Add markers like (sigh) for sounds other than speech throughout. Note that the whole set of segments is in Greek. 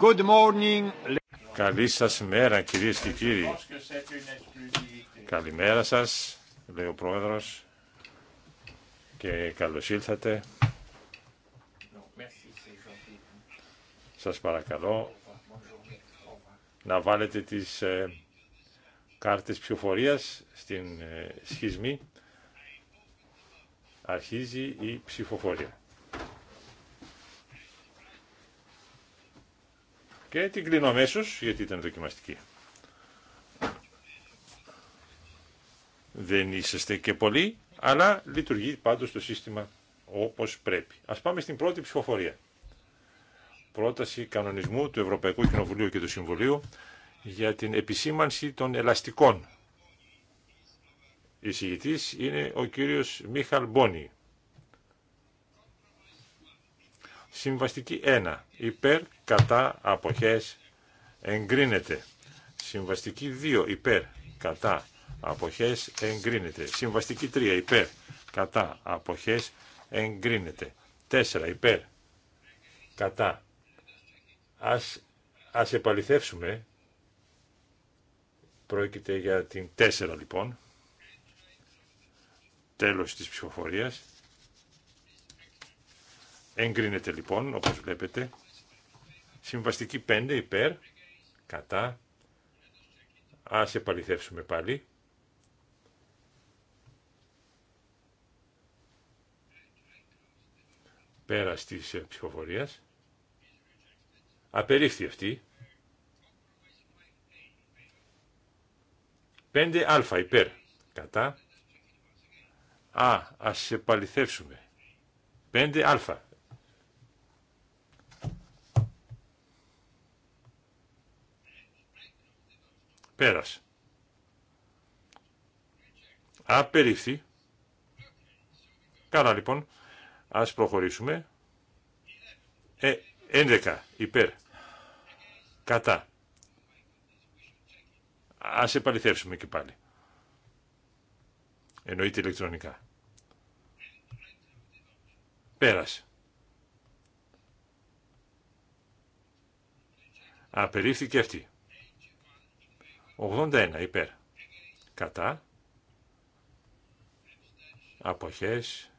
Good Καλή σας μέρα κυρίες και κύριοι. Καλημέρα σας, λέει ο Πρόεδρος και καλώς ήλθατε. Σας παρακαλώ να βάλετε τις ε, κάρτες ψηφοφορίας στην ε, σχισμή. Αρχίζει η ψηφοφορία. Και την κλείνω αμέσω γιατί ήταν δοκιμαστική. Δεν είσαστε και πολλοί, αλλά λειτουργεί πάντως το σύστημα όπως πρέπει. Ας πάμε στην πρώτη ψηφοφορία. Πρόταση κανονισμού του Ευρωπαϊκού Κοινοβουλίου και του Συμβουλίου για την επισήμανση των ελαστικών. Η είναι ο κύριος Μίχαλ Μπόνι. Συμβαστική 1. Υπέρ, κατά, αποχές, εγκρίνεται. Συμβαστική 2. Υπέρ, κατά, αποχές, εγκρίνεται. Συμβαστική 3. Υπέρ, κατά, αποχές, εγκρίνεται. 4. Υπέρ, κατά. Ας, ας επαληθεύσουμε. Πρόκειται για την 4 λοιπόν. Τέλος της ψηφοφορίας. Εγκρίνεται λοιπόν, όπως βλέπετε, συμβαστική 5 υπέρ, κατά, ας επαληθεύσουμε πάλι. Πέρα της ε, ψηφοφορίας. Απερίφθη αυτή. 5α υπέρ, κατά. Α, ας επαληθεύσουμε. 5α, Πέρας. Απερίφθη. Καλά λοιπόν. Ας προχωρήσουμε. Ε, 11 υπέρ. Κατά. Ας επαληθεύσουμε και πάλι. Εννοείται ηλεκτρονικά. Πέρασε. και αυτή. 81 υπέρ. Κατά. Αποχές.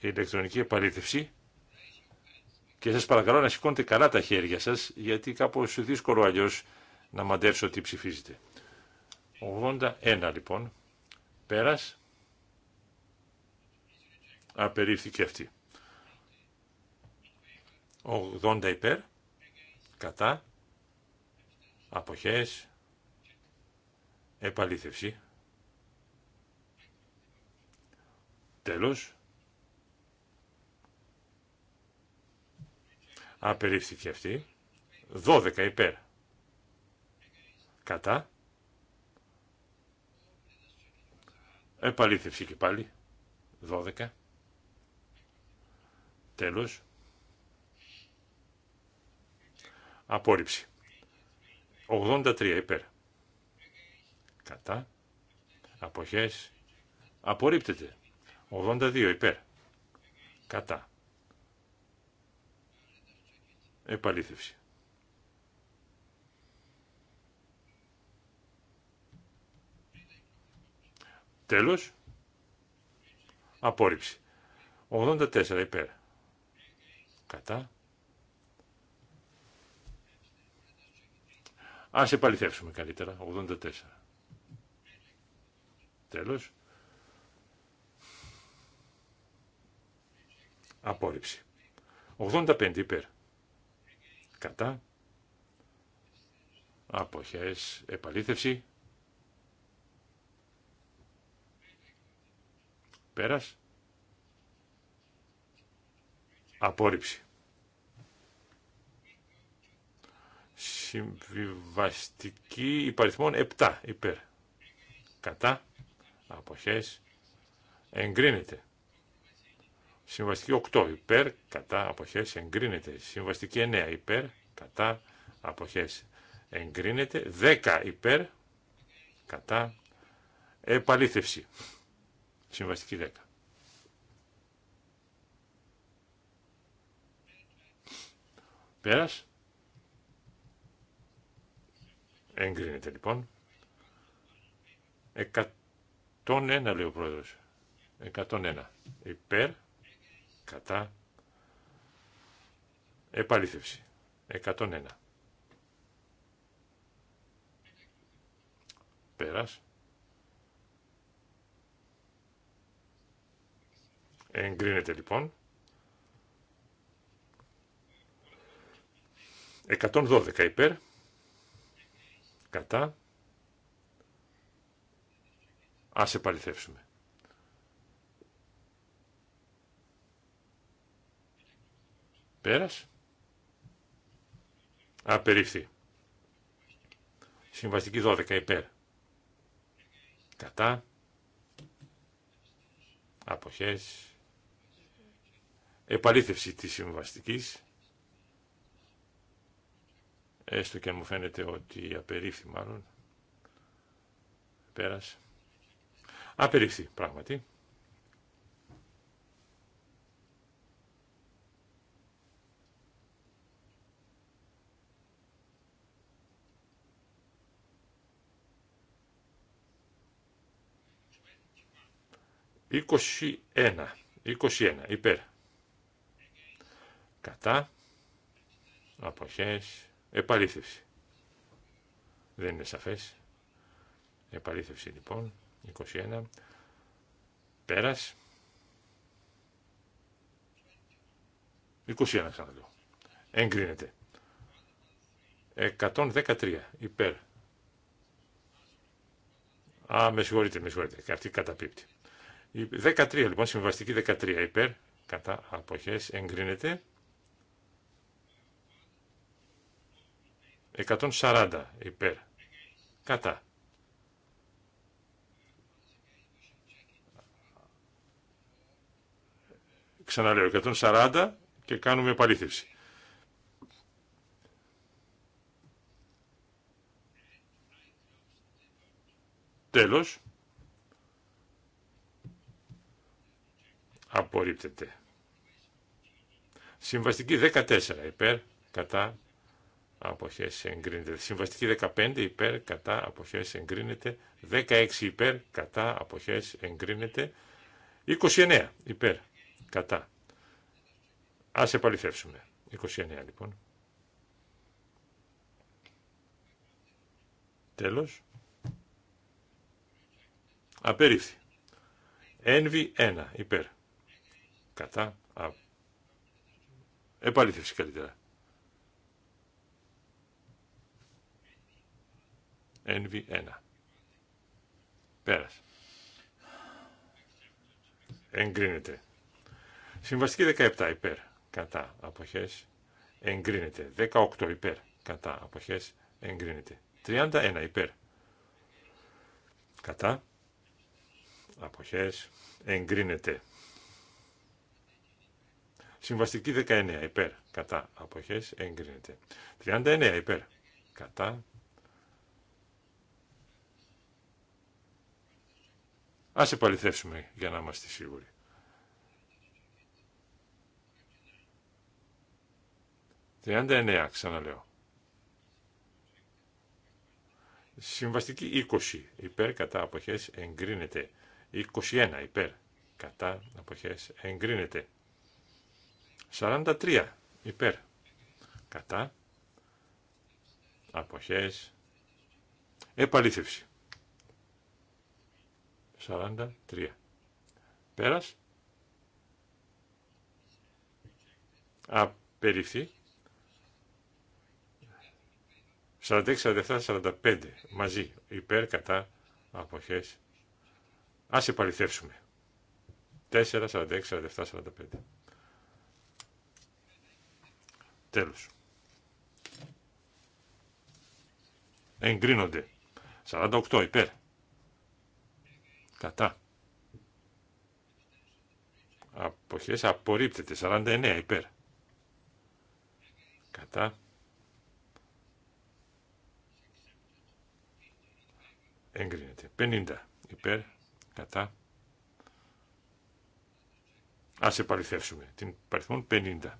Ηλεκτρονική επαλήθευση. Και σας παρακαλώ να σηκώνετε καλά τα χέρια σας, γιατί κάπως δύσκολο αλλιώς να μαντέψω τι ψηφίζετε. 81 λοιπόν. Πέρας. Απερίφθηκε αυτή. 80 υπέρ. Κατά αποχές, επαλήθευση. Τέλος. Απερίφθηκε αυτή. 12 υπέρ. Κατά. Επαλήθευση και πάλι. 12. Τέλος. Απόρριψη. 83 υπέρ. Κατά. Αποχές. Απορρίπτεται. 82 υπέρ. Κατά. Επαλήθευση. Τέλος. Απόρριψη. 84 υπέρ. Κατά. Ας επαληθεύσουμε καλύτερα. 84. Τέλος. Απόρριψη. 85 υπέρ. Κατά. Αποχές. Επαλήθευση. Πέρας. Απόρριψη. Συμβιβαστική υπαριθμών 7 υπέρ. Κατά. Αποχές. Εγκρίνεται. Συμβαστική 8 υπέρ. Κατά. Αποχές. Εγκρίνεται. Συμβαστική 9 υπέρ. Κατά. Αποχές. Εγκρίνεται. 10 υπέρ. Κατά. Επαλήθευση. Συμβαστική 10. Πέρας. Εγκρίνεται λοιπόν. 101 λέει ο πρόεδρος. 101. Υπέρ, κατά, επαλήθευση. 101. Πέρας. Εγκρίνεται λοιπόν. 112 υπέρ, Κατά. Ας επαληθεύσουμε. Πέρας. Απερίφθη. Συμβαστική 12 υπέρ. Κατά. Αποχές. Επαλήθευση της συμβαστικής έστω και μου φαίνεται ότι απερίφθη μάλλον, Πέρασε. απερίφθη πράγματι. Είκοσι ένα, είκοσι ένα, υπέρ. Κατά, αποχές, Επαλήθευση. Δεν είναι σαφές. Επαλήθευση λοιπόν. 21. Πέρας. 21 ξαναλέω. Εγκρίνεται. 113 υπέρ. Α, με συγχωρείτε, με συγχωρείτε. Αυτή καταπίπτει. 13 λοιπόν, συμβαστική 13 υπέρ. Κατά αποχές εγκρίνεται. 140 υπέρ. Κατά. Ξαναλέω 140 και κάνουμε επαλήθευση. Τέλος. Απορρίπτεται. Συμβαστική 14 υπέρ. Κατά αποχές εγκρίνεται. Συμβαστική 15 υπέρ κατά αποχές εγκρίνεται. 16 υπέρ κατά αποχές εγκρίνεται. 29 υπέρ κατά. Ας επαληθεύσουμε. 29 λοιπόν. Τέλος. Απερίφθη. Ενβι 1 υπέρ. Κατά. Α... καλύτερα. NV1. Πέρας. Εγκρίνεται. Συμβαστική 17 υπέρ κατά αποχές εγκρίνεται. 18 υπέρ κατά αποχές εγκρίνεται. 31 υπέρ κατά αποχές εγκρίνεται. Συμβαστική 19 υπέρ κατά αποχές εγκρίνεται. 39 υπέρ κατά Ας επαληθεύσουμε για να είμαστε σίγουροι. Τριάντα εννέα, ξαναλέω. Συμβαστική 20 υπέρ κατά αποχές εγκρίνεται. 21 υπέρ κατά αποχές εγκρίνεται. 43 υπέρ κατά αποχές επαλήθευση. 43. Πέρας. Απεριφθεί. 46, 47, 45 μαζί. Υπέρ, κατά, αποχές. Ας επαληθεύσουμε. 4, 46, 47, 45. Τέλος. Εγκρίνονται. 48 υπέρ. Κατά. Αποχές απορρίπτεται. 49 υπέρ. Κατά. Εγκρίνεται. 50 υπέρ. Κατά. Ας επαληθεύσουμε. Την παριθμόν 50.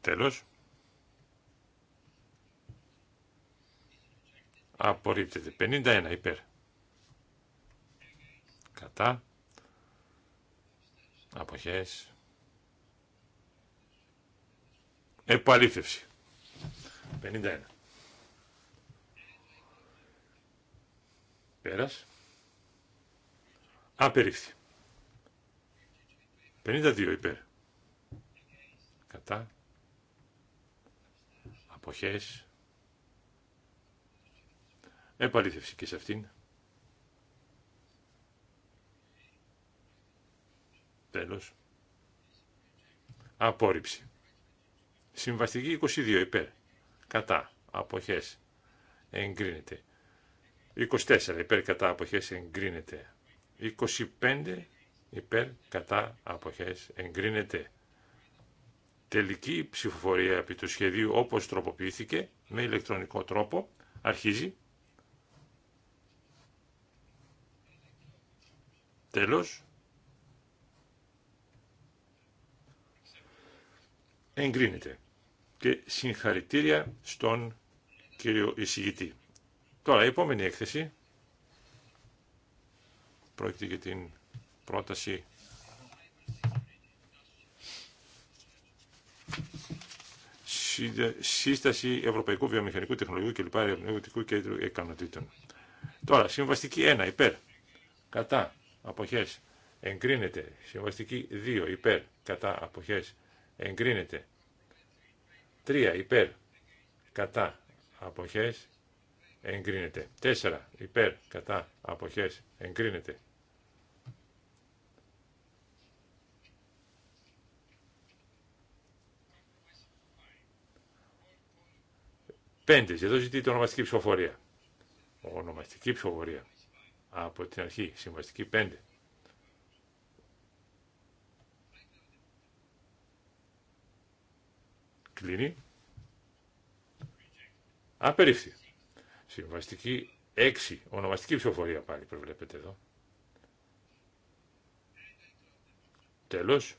Τέλος. απορρίπτεται. 51 υπέρ. Κατά. Αποχές. Επαλήθευση. 51. Πέρας. Απερίφθη. 52 υπέρ. Κατά. Αποχές. Επαλήθευση και σε αυτήν. Τέλος. Απόρριψη. Συμβαστική 22 υπέρ. Κατά. Αποχές. Εγκρίνεται. 24 υπέρ κατά αποχές εγκρίνεται. 25 υπέρ κατά αποχές εγκρίνεται. Τελική ψηφοφορία επί του σχεδίου όπως τροποποιήθηκε με ηλεκτρονικό τρόπο αρχίζει. Τέλος. Εγκρίνεται. Και συγχαρητήρια στον κύριο εισηγητή. Τώρα, η επόμενη έκθεση πρόκειται για την πρόταση σύσταση Ευρωπαϊκού Βιομηχανικού Τεχνολογικού λοιπά Ευρωπαϊκού Κέντρου Εκανοτήτων. Τώρα, συμβαστική 1, υπέρ, κατά, αποχές εγκρίνεται. Συμβαστική 2 υπέρ κατά αποχές εγκρίνεται. 3 υπέρ κατά αποχές εγκρίνεται. 4 υπέρ κατά αποχές εγκρίνεται. Πέντε. Εδώ ζητείται ονομαστική ψηφοφορία. Ονομαστική ψηφοφορία από την αρχή, συμβαστική 5. Κλείνει. Απερίφθη. Συμβαστική 6. Ονομαστική ψηφοφορία πάλι προβλέπετε εδώ. Τέλος.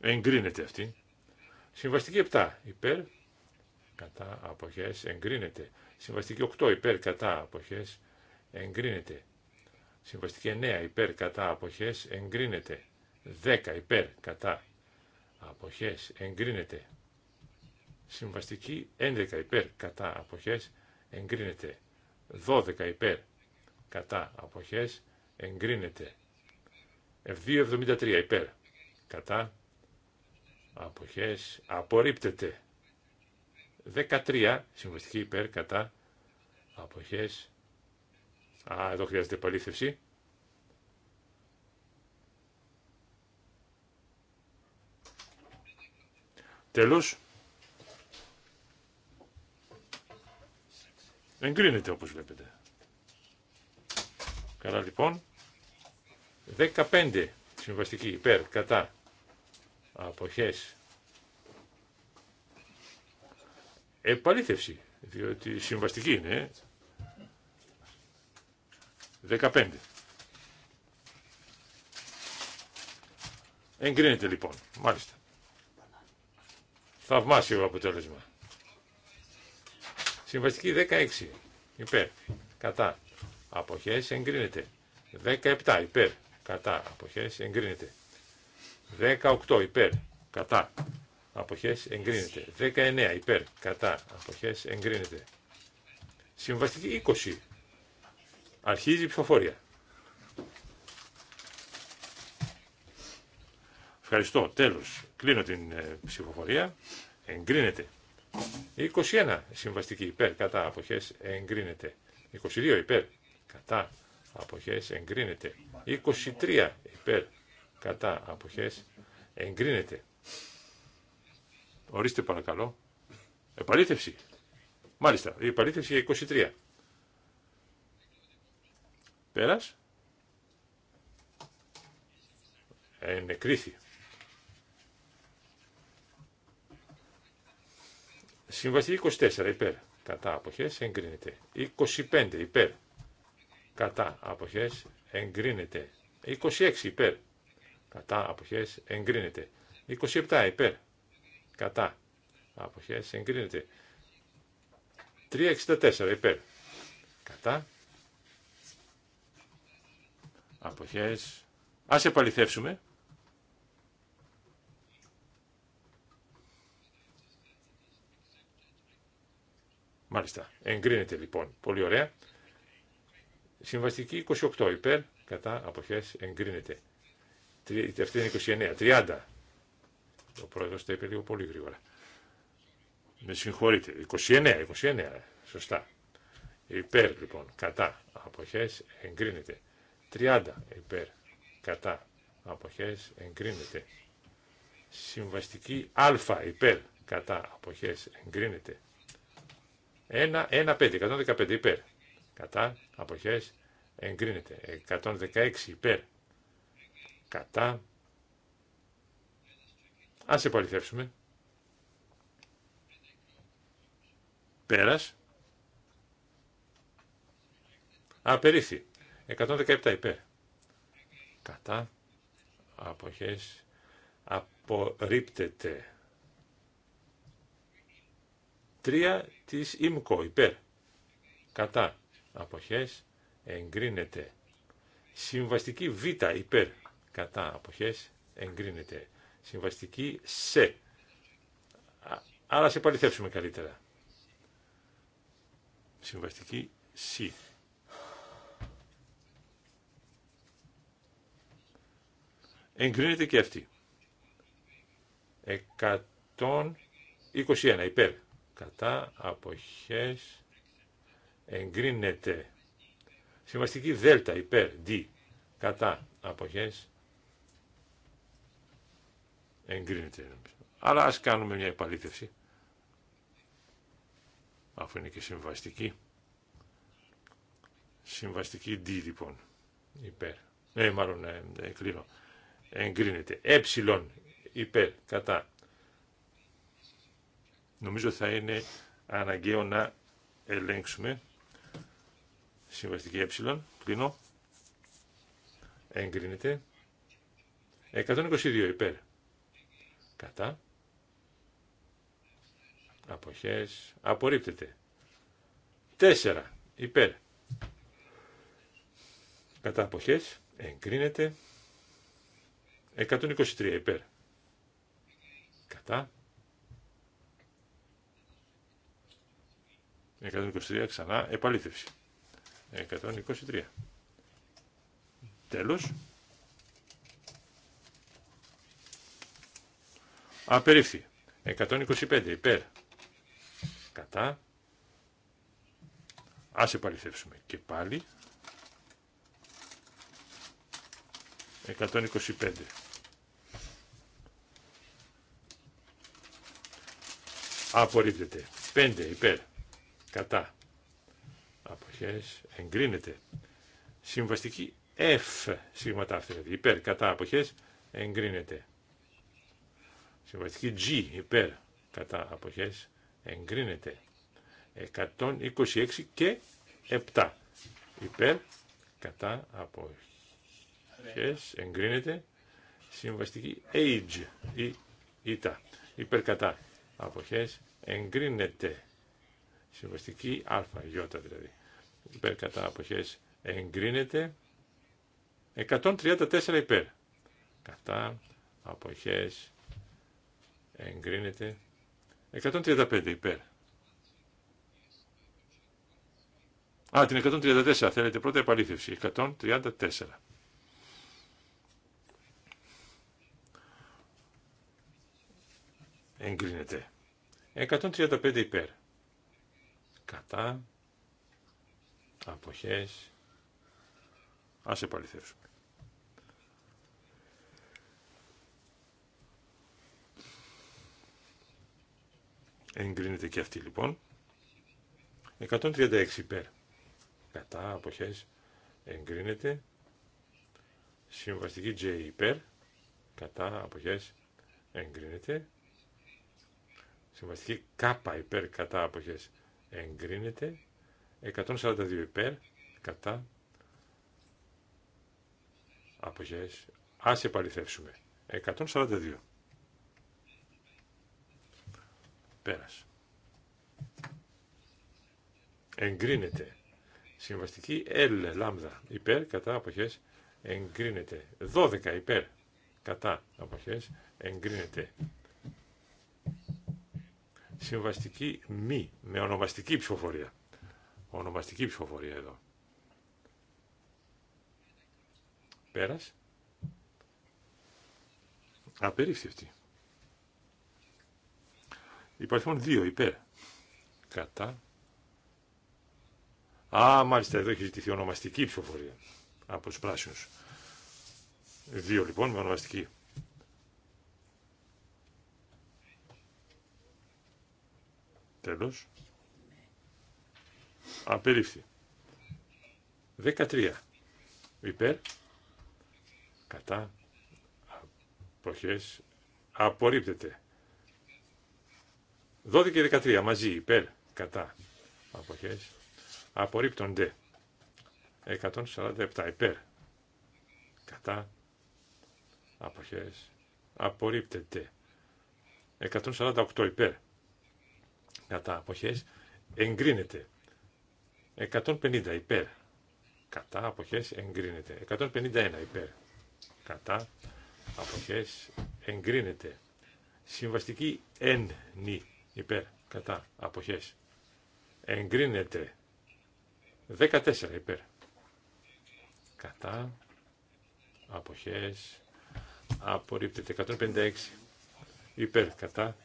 Εγκρίνεται αυτή. Συμβαστική 7. Υπέρ. Κατά αποχές εγκρίνεται. Συμβαστική 8 υπέρ κατά αποχές εγκρίνεται. Συμβαστική 9 υπέρ κατά αποχές εγκρίνεται. 10 υπέρ κατά αποχές εγκρίνεται. Συμβαστική 11 υπέρ κατά αποχές εγκρίνεται. 12 υπέρ κατά αποχές εγκρίνεται. 273 υπέρ κατά αποχές απορρίπτεται. 13, συμβαστική υπέρ, κατά, αποχές. Α, εδώ χρειάζεται επαλήθευση. Τέλος. Εγκρίνεται όπως βλέπετε. Καλά λοιπόν. 15 συμβαστική υπέρ κατά αποχές επαλήθευση, διότι συμβαστική είναι. 15. Ε. Εγκρίνεται λοιπόν, μάλιστα. Θαυμάσιο αποτέλεσμα. Συμβαστική 16. Υπέρ. Κατά. Αποχές εγκρίνεται. 17. Υπέρ. Κατά. Αποχές εγκρίνεται. 18. Υπέρ. Κατά αποχές εγκρίνεται. 19 υπέρ, κατά, αποχές εγκρίνεται. Συμβαστική 20. Αρχίζει η ψηφοφορία. Ευχαριστώ. Τέλος. Κλείνω την ε, ψηφοφορία. Εγκρίνεται. 21 συμβαστική υπέρ, κατά, αποχές εγκρίνεται. 22 υπέρ, κατά, αποχές εγκρίνεται. 23 υπέρ, κατά, αποχές εγκρίνεται. Ορίστε παρακαλώ. Επαλήθευση. Μάλιστα, η επαλήθευση 23. Πέρας. Ενεκρίθη. Συμβαστή 24 υπέρ. Κατά αποχές εγκρίνεται. 25 υπέρ. Κατά αποχές εγκρίνεται. 26 υπέρ. Κατά αποχές εγκρίνεται. 27 υπέρ. Κατά. Αποχές εγκρίνεται. 364 υπέρ. Κατά. Αποχές. Ας επαληθεύσουμε. Μάλιστα. Εγκρίνεται λοιπόν. Πολύ ωραία. Συμβαστική 28 υπέρ. Κατά αποχές εγκρίνεται. Αυτή είναι 29. 30 ο πρόεδρο τα είπε λίγο πολύ γρήγορα. Με συγχωρείτε. 29, 29, ε, σωστά. Υπέρ λοιπόν, κατά απόχέ εγκρίνεται. 30 υπέρ, κατά απόχέ εγκρίνεται. Συμβαστική α υπέρ, κατά απόχέ, εγκρίνεται. 1, 1, 5, 115 υπέρ, κατά αποχές εγκρίνεται. 116 υπέρ, κατά Ας επαληθεύσουμε. Πέρας. Απερίφθη. 117 υπέρ. Κατά. Αποχές. Απορρίπτεται. 3 της ΙΜΚΟ υπέρ. Κατά. Αποχές. Εγκρίνεται. Συμβαστική Β υπέρ. Κατά. Αποχές. Εγκρίνεται. Συμβαστική σε. Άρα σε παληθεύσουμε καλύτερα. Συμβαστική σι. Εγκρίνεται και αυτή. 121 υπέρ. Κατά αποχές εγκρίνεται. Συμβαστική δέλτα υπέρ. Δι. Κατά αποχές Εγκρίνεται. Αλλά ας κάνουμε μια επαλήθευση. Αφού είναι και συμβαστική. Συμβαστική D λοιπόν. Υπέρ. Ε, μάλλον ε, ε, κλείνω. Εγκρίνεται. Ε υπέρ κατά. Νομίζω θα είναι αναγκαίο να ελέγξουμε. Συμβαστική ε. Κλείνω. Εγκρίνεται. 122 υπέρ. Κατά. Αποχές. Απορρίπτεται. 4. Υπέρ. Κατά αποχές. Εγκρίνεται. 123 υπέρ. Κατά. 123 ξανά επαλήθευση. 123. Τέλος. Απερίφθη. 125 υπέρ. Κατά. Ας επαληθεύσουμε και πάλι. 125. Απορρίπτεται. 5 υπέρ. Κατά. Αποχές. Εγκρίνεται. Συμβαστική F. Σίγματα αυτή. Δηλαδή. Υπέρ. Κατά. Αποχές. Εγκρίνεται. Συμβαστική G υπέρ κατά αποχές εγκρίνεται 126 και 7 υπέρ κατά αποχές εγκρίνεται συμβαστική age ή ήτα υπέρ κατά αποχές εγκρίνεται συμβαστική α δηλαδή υπέρ κατά αποχές εγκρίνεται 134 υπέρ κατά αποχές εγκρίνεται 135 υπέρ. Α, την 134 θέλετε πρώτα επαλήθευση. 134. Εγκρίνεται. 135 υπέρ. Κατά. Αποχές. Ας επαληθεύσουμε. Εγκρίνεται και αυτή λοιπόν. 136 υπέρ. Κατά αποχές εγκρίνεται. Συμβαστική J υπέρ. Κατά αποχές εγκρίνεται. Συμβαστική K υπέρ κατά αποχές εγκρίνεται. 142 υπέρ κατά αποχές. Ας επαληθεύσουμε. 142. Πέρας. Εγκρίνεται. Συμβαστική L, λάμδα, υπέρ, κατά, αποχές, εγκρίνεται. 12 υπέρ, κατά, αποχές, εγκρίνεται. Συμβαστική μη, με ονομαστική ψηφοφορία. Ονομαστική ψηφοφορία εδώ. Πέρας. Απερίφθη Υπάρχουν δύο υπέρ. Κατά. Α, μάλιστα εδώ έχει ζητηθεί ονομαστική ψηφοφορία από τους πράσινους. Δύο λοιπόν με ονομαστική. Τέλο Απερίφθη. 13. Υπέρ. Κατά. Προχές. Απορρίπτεται. 12 και 13 μαζί υπέρ κατά αποχές απορρίπτονται 147 υπέρ κατά αποχές απορρίπτεται 148 υπέρ κατά αποχές εγκρίνεται 150 υπέρ κατά αποχές εγκρίνεται 151 υπέρ κατά αποχές εγκρίνεται συμβαστική εν νη υπέρ, κατά, αποχές. Εγκρίνεται 14 υπέρ, κατά, αποχές. Απορρίπτεται 156 υπέρ, κατά,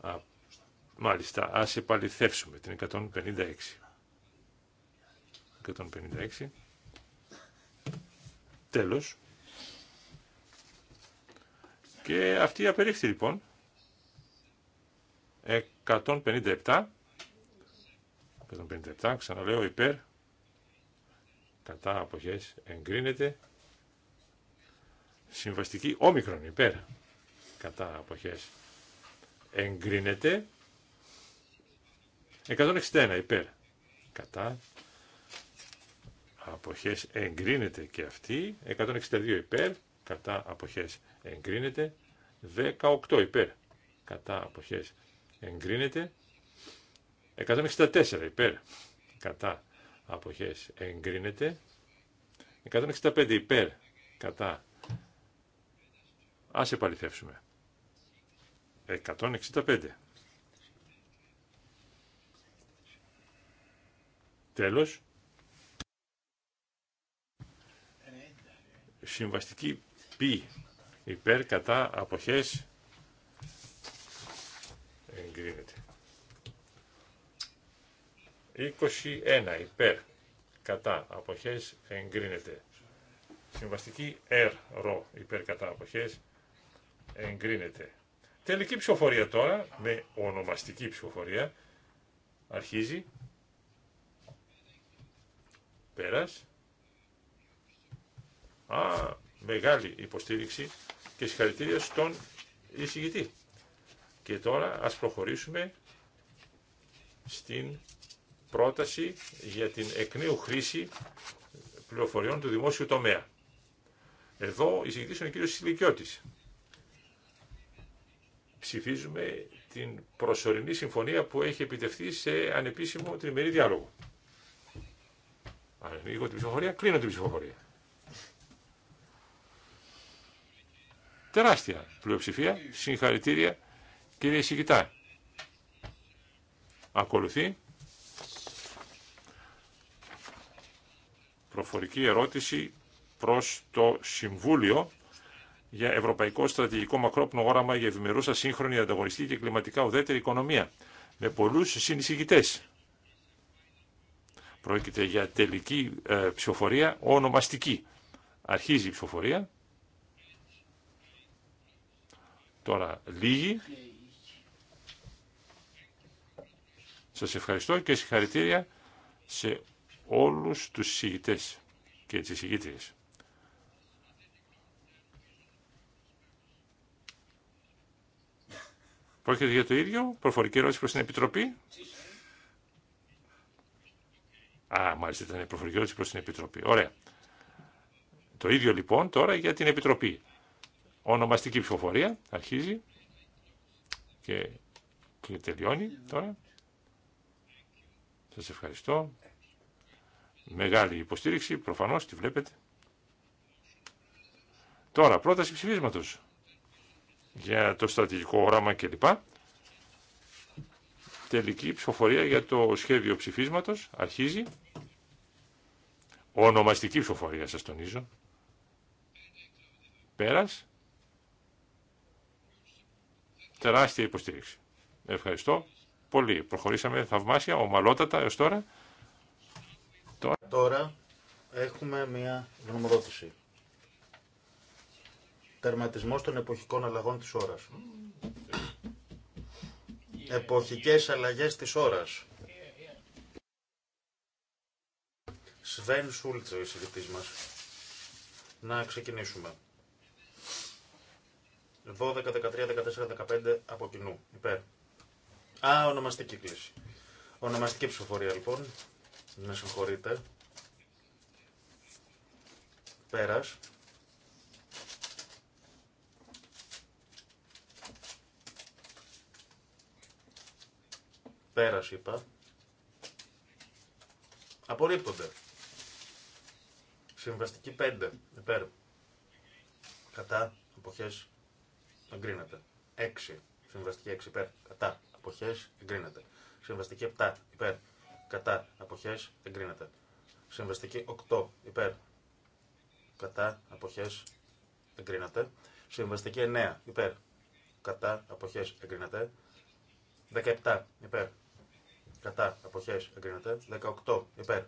α, μάλιστα, ας επαληθεύσουμε την 156. 156. Τέλος. Και αυτή απερίφθη λοιπόν. 157. 157, ξαναλέω υπέρ. Κατά αποχές εγκρίνεται. Συμβαστική όμικρον υπέρ. Κατά αποχές εγκρίνεται. 161 υπέρ. Κατά αποχές εγκρίνεται και αυτή. 162 υπέρ. Κατά αποχές εγκρίνεται. 18 υπέρ. Κατά αποχές εγκρίνεται. 164 υπέρ κατά αποχές εγκρίνεται. 165 υπέρ κατά ας επαληθεύσουμε. 165 Τέλος. Συμβαστική π υπέρ κατά αποχές εγκρίνεται. 21 υπέρ κατά αποχές εγκρίνεται. Συμβαστική R ρο υπέρ κατά αποχές εγκρίνεται. Τελική ψηφοφορία τώρα με ονομαστική ψηφοφορία αρχίζει. Πέρας. Α, μεγάλη υποστήριξη και συγχαρητήρια στον εισηγητή. Και τώρα ας προχωρήσουμε στην πρόταση για την εκ νέου χρήση πληροφοριών του δημόσιου τομέα. Εδώ η είναι ο κύριος Σιλικιώτης. Ψηφίζουμε την προσωρινή συμφωνία που έχει επιτευχθεί σε ανεπίσημο τριμερή διάλογο. Ανοίγω την ψηφοφορία, κλείνω την ψηφοφορία. Τεράστια πλειοψηφία, συγχαρητήρια Κύριε Σιγητά, ακολουθεί προφορική ερώτηση προς το Συμβούλιο για Ευρωπαϊκό Στρατηγικό Μακρόπνο Όραμα για Ευημερούσα Σύγχρονη Ανταγωνιστική και Κλιματικά Ουδέτερη Οικονομία με πολλούς συνεισηγητές. Πρόκειται για τελική ε, ψηφοφορία ονομαστική. Αρχίζει η ψηφοφορία. Τώρα λίγοι... Σας ευχαριστώ και συγχαρητήρια σε όλους τους συγητές και τις συγγήτριες. Πρόκειται για το ίδιο, προφορική ερώτηση προς την Επιτροπή. Α, μάλιστα ήταν η προφορική ερώτηση προς την Επιτροπή. Ωραία. Το ίδιο λοιπόν τώρα για την Επιτροπή. Ονομαστική ψηφοφορία αρχίζει και τελειώνει τώρα. Σας ευχαριστώ. Μεγάλη υποστήριξη, προφανώς τη βλέπετε. Τώρα, πρόταση ψηφίσματος για το στρατηγικό όραμα κλπ. Τελική ψηφοφορία για το σχέδιο ψηφίσματος αρχίζει. Ονομαστική ψηφοφορία σας τονίζω. Πέρας. Τεράστια υποστήριξη. Ευχαριστώ πολύ. Προχωρήσαμε θαυμάσια, ομαλότατα έως τώρα. Τώρα, τώρα έχουμε μια γνωμοδότηση. Τερματισμός των εποχικών αλλαγών της ώρας. Εποχικές αλλαγές της ώρας. Σβέν Σούλτσε, ο εισηγητής μας. Να ξεκινήσουμε. 12, 13, 14, 15 από κοινού. Υπέρ. Α, ονομαστική κλίση. Ονομαστική ψηφοφορία λοιπόν. Με συγχωρείτε. Πέρας. Πέρας είπα. Απορρίπτονται. Συμβαστική 5. Υπέρ. Κατά. Εποχές. Αγκρίνεται. 6. Συμβαστική 6. Υπέρ. Κατά αποχές εγκρίνεται. Συμβαστική 7 υπέρ κατά αποχέ, εγκρίνεται. Συμβαστική 8 υπέρ κατά αποχέ, εγκρίνεται. Συμβαστική 9 υπέρ κατά αποχέ, εγκρίνεται. 17 υπέρ κατά αποχέ, εγκρίνεται. 18 υπέρ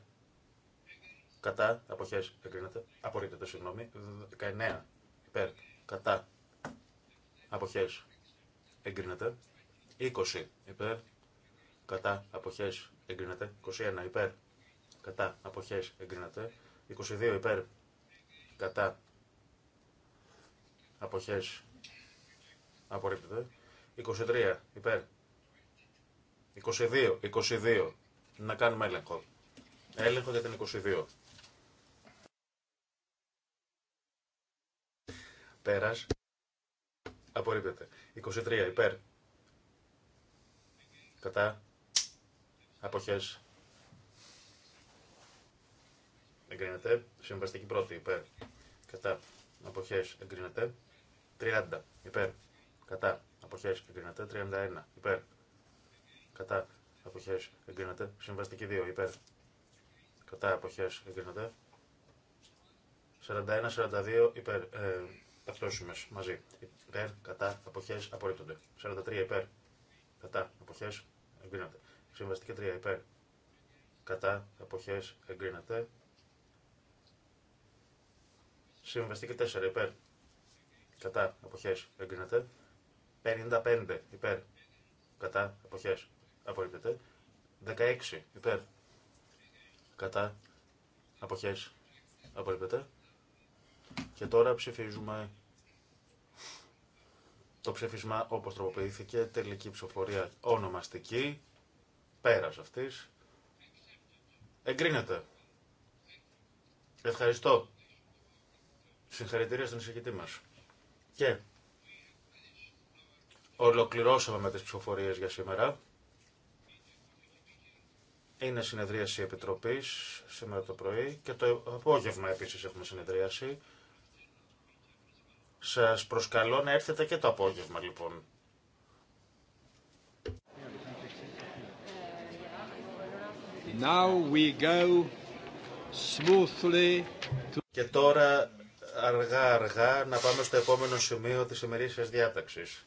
κατά αποχέ, εγκρίνεται. Απορρίπτεται, συγγνώμη. 19 υπέρ κατά αποχέ, εγκρίνεται. 20 υπέρ, κατά αποχές εγκρίνεται. 21 υπέρ, κατά αποχές εγκρίνεται. 22 υπέρ, κατά αποχές απορρίπτεται. 23 υπέρ, 22, 22, να κάνουμε έλεγχο. Έλεγχο για την 22. Πέρας. Απορρίπτεται. 23 υπέρ. Κατά. Αποχές. Εγκρίνεται. Συμβαστική πρώτη. Υπέρ. Κατά. Αποχές. Εγκρίνεται. 30. Υπέρ. Κατά. Αποχές. Εγκρίνεται. 31. Υπέρ. Κατά. Αποχές. Εγκρίνεται. Συμβαστική 2. Υπέρ. Κατά. Αποχές. Εγκρίνεται. 41-42 υπέρ. Ε, μαζί. Υπέρ. Κατά. Αποχές. Απορρίπτονται. 43 υπέρ. Κατά. Αποχές εγκρίνεται. Συμβαστική 3 υπέρ. Κατά εποχές, εγκρίνεται. Συμβαστική 4 υπέρ. Κατά εποχές, εγκρίνεται. 55 υπέρ. Κατά εποχές, απορρίπτεται. 16 υπέρ. Κατά εποχές, απορρίπτεται. Και τώρα ψηφίζουμε το ψήφισμα όπως τροποποιήθηκε, τελική ψηφοφορία ονομαστική, πέρας αυτής, εγκρίνεται. Ευχαριστώ. Συγχαρητήρια στον εισηγητή μας. Και ολοκληρώσαμε με τις ψηφοφορίες για σήμερα. Είναι συνεδρίαση επιτροπής σήμερα το πρωί και το απόγευμα επίσης έχουμε συνεδρίαση. Σας προσκαλώ να έρθετε και το απόγευμα λοιπόν. Now Και τώρα αργά αργά να πάμε στο επόμενο σημείο της ημερήσιας διάταξης.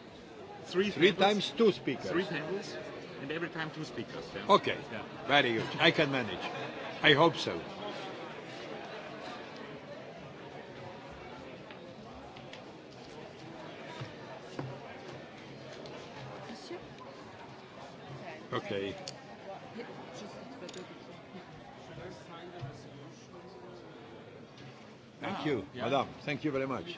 three, three times two speakers. Three panels, and every time two speakers. Yeah. Okay, yeah. very good. I can manage. I hope so. Okay. Thank you, Madame. Thank you very much.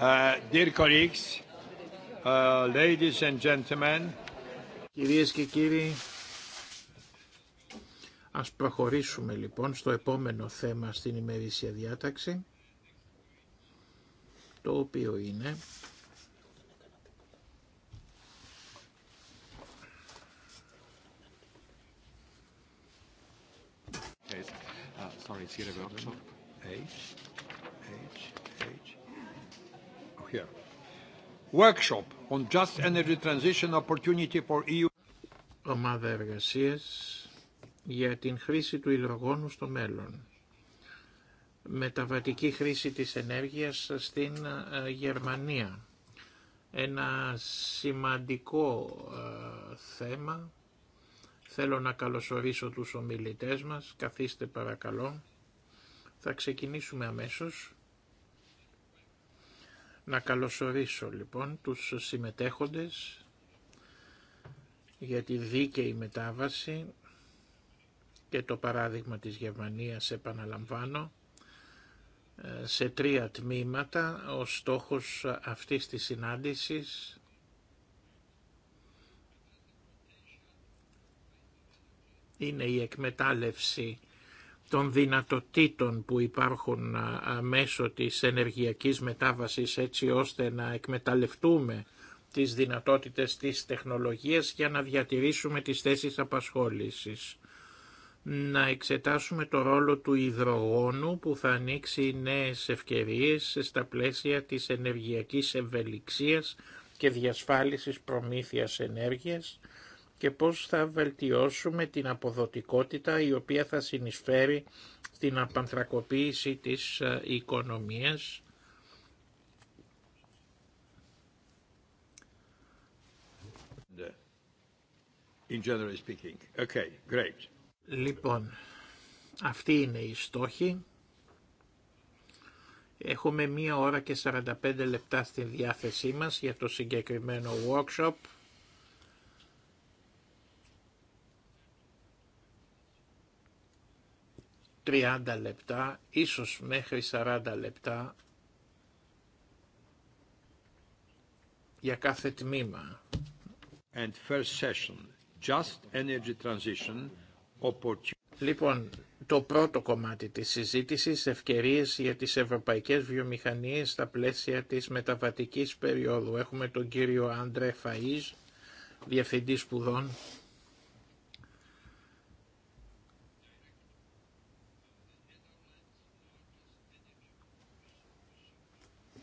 Ε, dear colleagues, uh, ladies and gentlemen. Κυρίες και κύριοι, ας προχωρήσουμε λοιπόν στο επόμενο θέμα στην ημερήσια διάταξη, το οποίο είναι okay. Uh, sorry, it's here workshop. E Ομάδα εργασία για την χρήση του υδρογόνου στο μέλλον. Μεταβατική χρήση της ενέργειας στην ε, Γερμανία. Ένα σημαντικό ε, θέμα. Θέλω να καλωσορίσω τους ομιλητές μας. Καθίστε παρακαλώ. Θα ξεκινήσουμε αμέσως. Να καλωσορίσω λοιπόν τους συμμετέχοντες για τη δίκαιη μετάβαση και το παράδειγμα της Γερμανίας επαναλαμβάνω σε τρία τμήματα ο στόχος αυτής της συνάντησης είναι η εκμετάλλευση των δυνατοτήτων που υπάρχουν μέσω της ενεργειακής μετάβασης έτσι ώστε να εκμεταλλευτούμε τις δυνατότητες της τεχνολογίας για να διατηρήσουμε τις θέσεις απασχόλησης. Να εξετάσουμε το ρόλο του υδρογόνου που θα ανοίξει νέες ευκαιρίες στα πλαίσια της ενεργειακής ευελιξίας και διασφάλισης προμήθειας ενέργειας και πώς θα βελτιώσουμε την αποδοτικότητα η οποία θα συνεισφέρει στην απανθρακοποίηση της ε, οικονομίας In general speaking. Okay, great. Λοιπόν, αυτή είναι η στόχη. Έχουμε μία ώρα και 45 λεπτά στη διάθεσή μας για το συγκεκριμένο workshop. 30 λεπτά, ίσως μέχρι 40 λεπτά για κάθε τμήμα. And first session, just energy transition, λοιπόν, το πρώτο κομμάτι της συζήτησης, ευκαιρίες για τις ευρωπαϊκές βιομηχανίες στα πλαίσια της μεταβατικής περίοδου. Έχουμε τον κύριο Άντρε Φαΐζ, Διευθυντή Σπουδών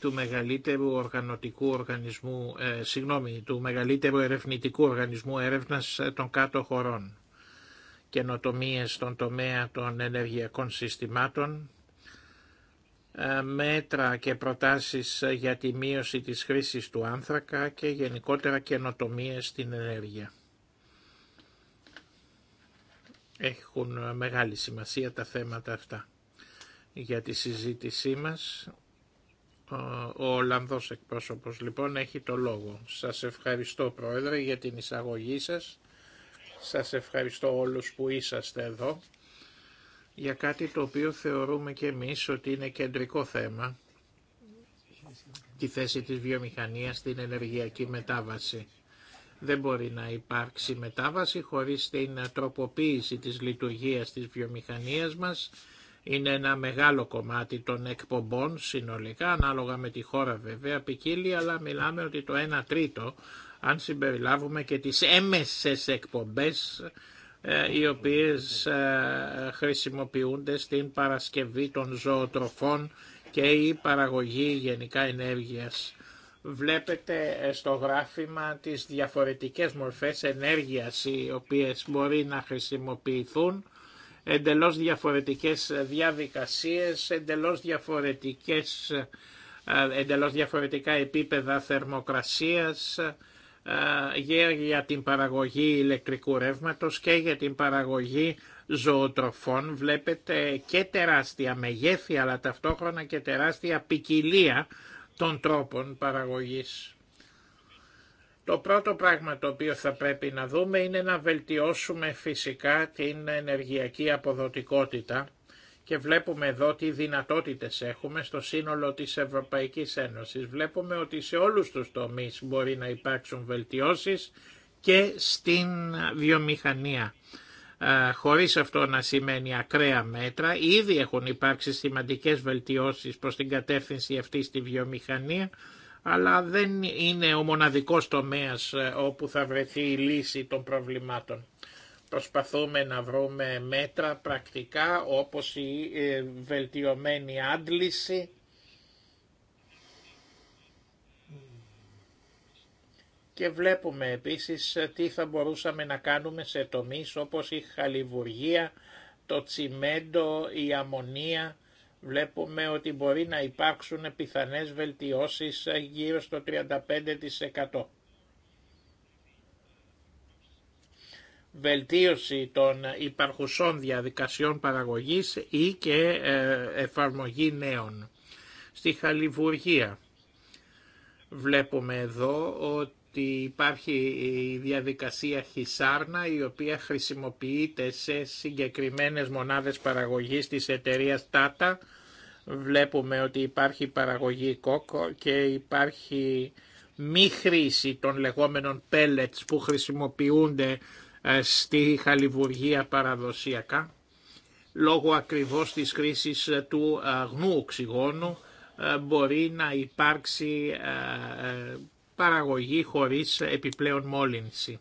του μεγαλύτερου οργανωτικού οργανισμού, ε, του μεγαλύτερου ερευνητικού οργανισμού έρευνα ε, των κάτω χωρών. καινοτομίε στον τομέα των ενεργειακών συστημάτων, ε, μέτρα και προτάσεις ε, για τη μείωση της χρήσης του άνθρακα και γενικότερα καινοτομίε στην ενέργεια. Έχουν μεγάλη σημασία τα θέματα αυτά για τη συζήτησή μας. Ο Ολλανδός εκπρόσωπος λοιπόν έχει το λόγο. Σας ευχαριστώ Πρόεδρε για την εισαγωγή σας. Σας ευχαριστώ όλους που είσαστε εδώ για κάτι το οποίο θεωρούμε και εμείς ότι είναι κεντρικό θέμα τη θέση της βιομηχανίας στην ενεργειακή μετάβαση. Δεν μπορεί να υπάρξει μετάβαση χωρίς την τροποποίηση της λειτουργίας της βιομηχανίας μας είναι ένα μεγάλο κομμάτι των εκπομπών συνολικά, ανάλογα με τη χώρα βέβαια, ποικίλει, αλλά μιλάμε ότι το 1 τρίτο, αν συμπεριλάβουμε και τις έμεσες εκπομπές, ε, οι οποίες ε, χρησιμοποιούνται στην παρασκευή των ζωοτροφών και η παραγωγή γενικά ενέργειας. Βλέπετε ε, στο γράφημα τις διαφορετικές μορφές ενέργειας οι οποίες μπορεί να χρησιμοποιηθούν εντελώς διαφορετικές διαδικασίες, εντελώς, διαφορετικές, ε, διαφορετικά επίπεδα θερμοκρασίας ε, για την παραγωγή ηλεκτρικού ρεύματος και για την παραγωγή ζωοτροφών. Βλέπετε και τεράστια μεγέθη αλλά ταυτόχρονα και τεράστια ποικιλία των τρόπων παραγωγής. Το πρώτο πράγμα το οποίο θα πρέπει να δούμε είναι να βελτιώσουμε φυσικά την ενεργειακή αποδοτικότητα και βλέπουμε εδώ τι δυνατότητες έχουμε στο σύνολο της Ευρωπαϊκής Ένωσης. Βλέπουμε ότι σε όλους τους τομείς μπορεί να υπάρξουν βελτιώσεις και στην βιομηχανία. Χωρίς αυτό να σημαίνει ακραία μέτρα, ήδη έχουν υπάρξει σημαντικές βελτιώσεις προς την κατεύθυνση αυτή στη βιομηχανία αλλά δεν είναι ο μοναδικός τομέας ε, όπου θα βρεθεί η λύση των προβλημάτων. Προσπαθούμε να βρούμε μέτρα πρακτικά όπως η ε, βελτιωμένη άντληση, και βλέπουμε επίσης ε, τι θα μπορούσαμε να κάνουμε σε τομείς όπως η χαλιβουργία, το τσιμέντο, η αμμονία βλέπουμε ότι μπορεί να υπάρξουν πιθανές βελτιώσεις γύρω στο 35%. βελτίωση των υπαρχουσών διαδικασιών παραγωγής ή και ε, εφαρμογή νέων. Στη Χαλιβουργία βλέπουμε εδώ ότι ότι υπάρχει η διαδικασία Χισάρνα η οποία χρησιμοποιείται σε συγκεκριμένες μονάδες παραγωγής της εταιρείας ΤΑΤΑ. Βλέπουμε ότι υπάρχει παραγωγή κόκο και υπάρχει μη χρήση των λεγόμενων pellets που χρησιμοποιούνται ε, στη χαλιβουργία παραδοσιακά λόγω ακριβώς της χρήσης ε, του ε, αγνού οξυγόνου μπορεί να υπάρξει παραγωγή χωρίς επιπλέον μόλυνση.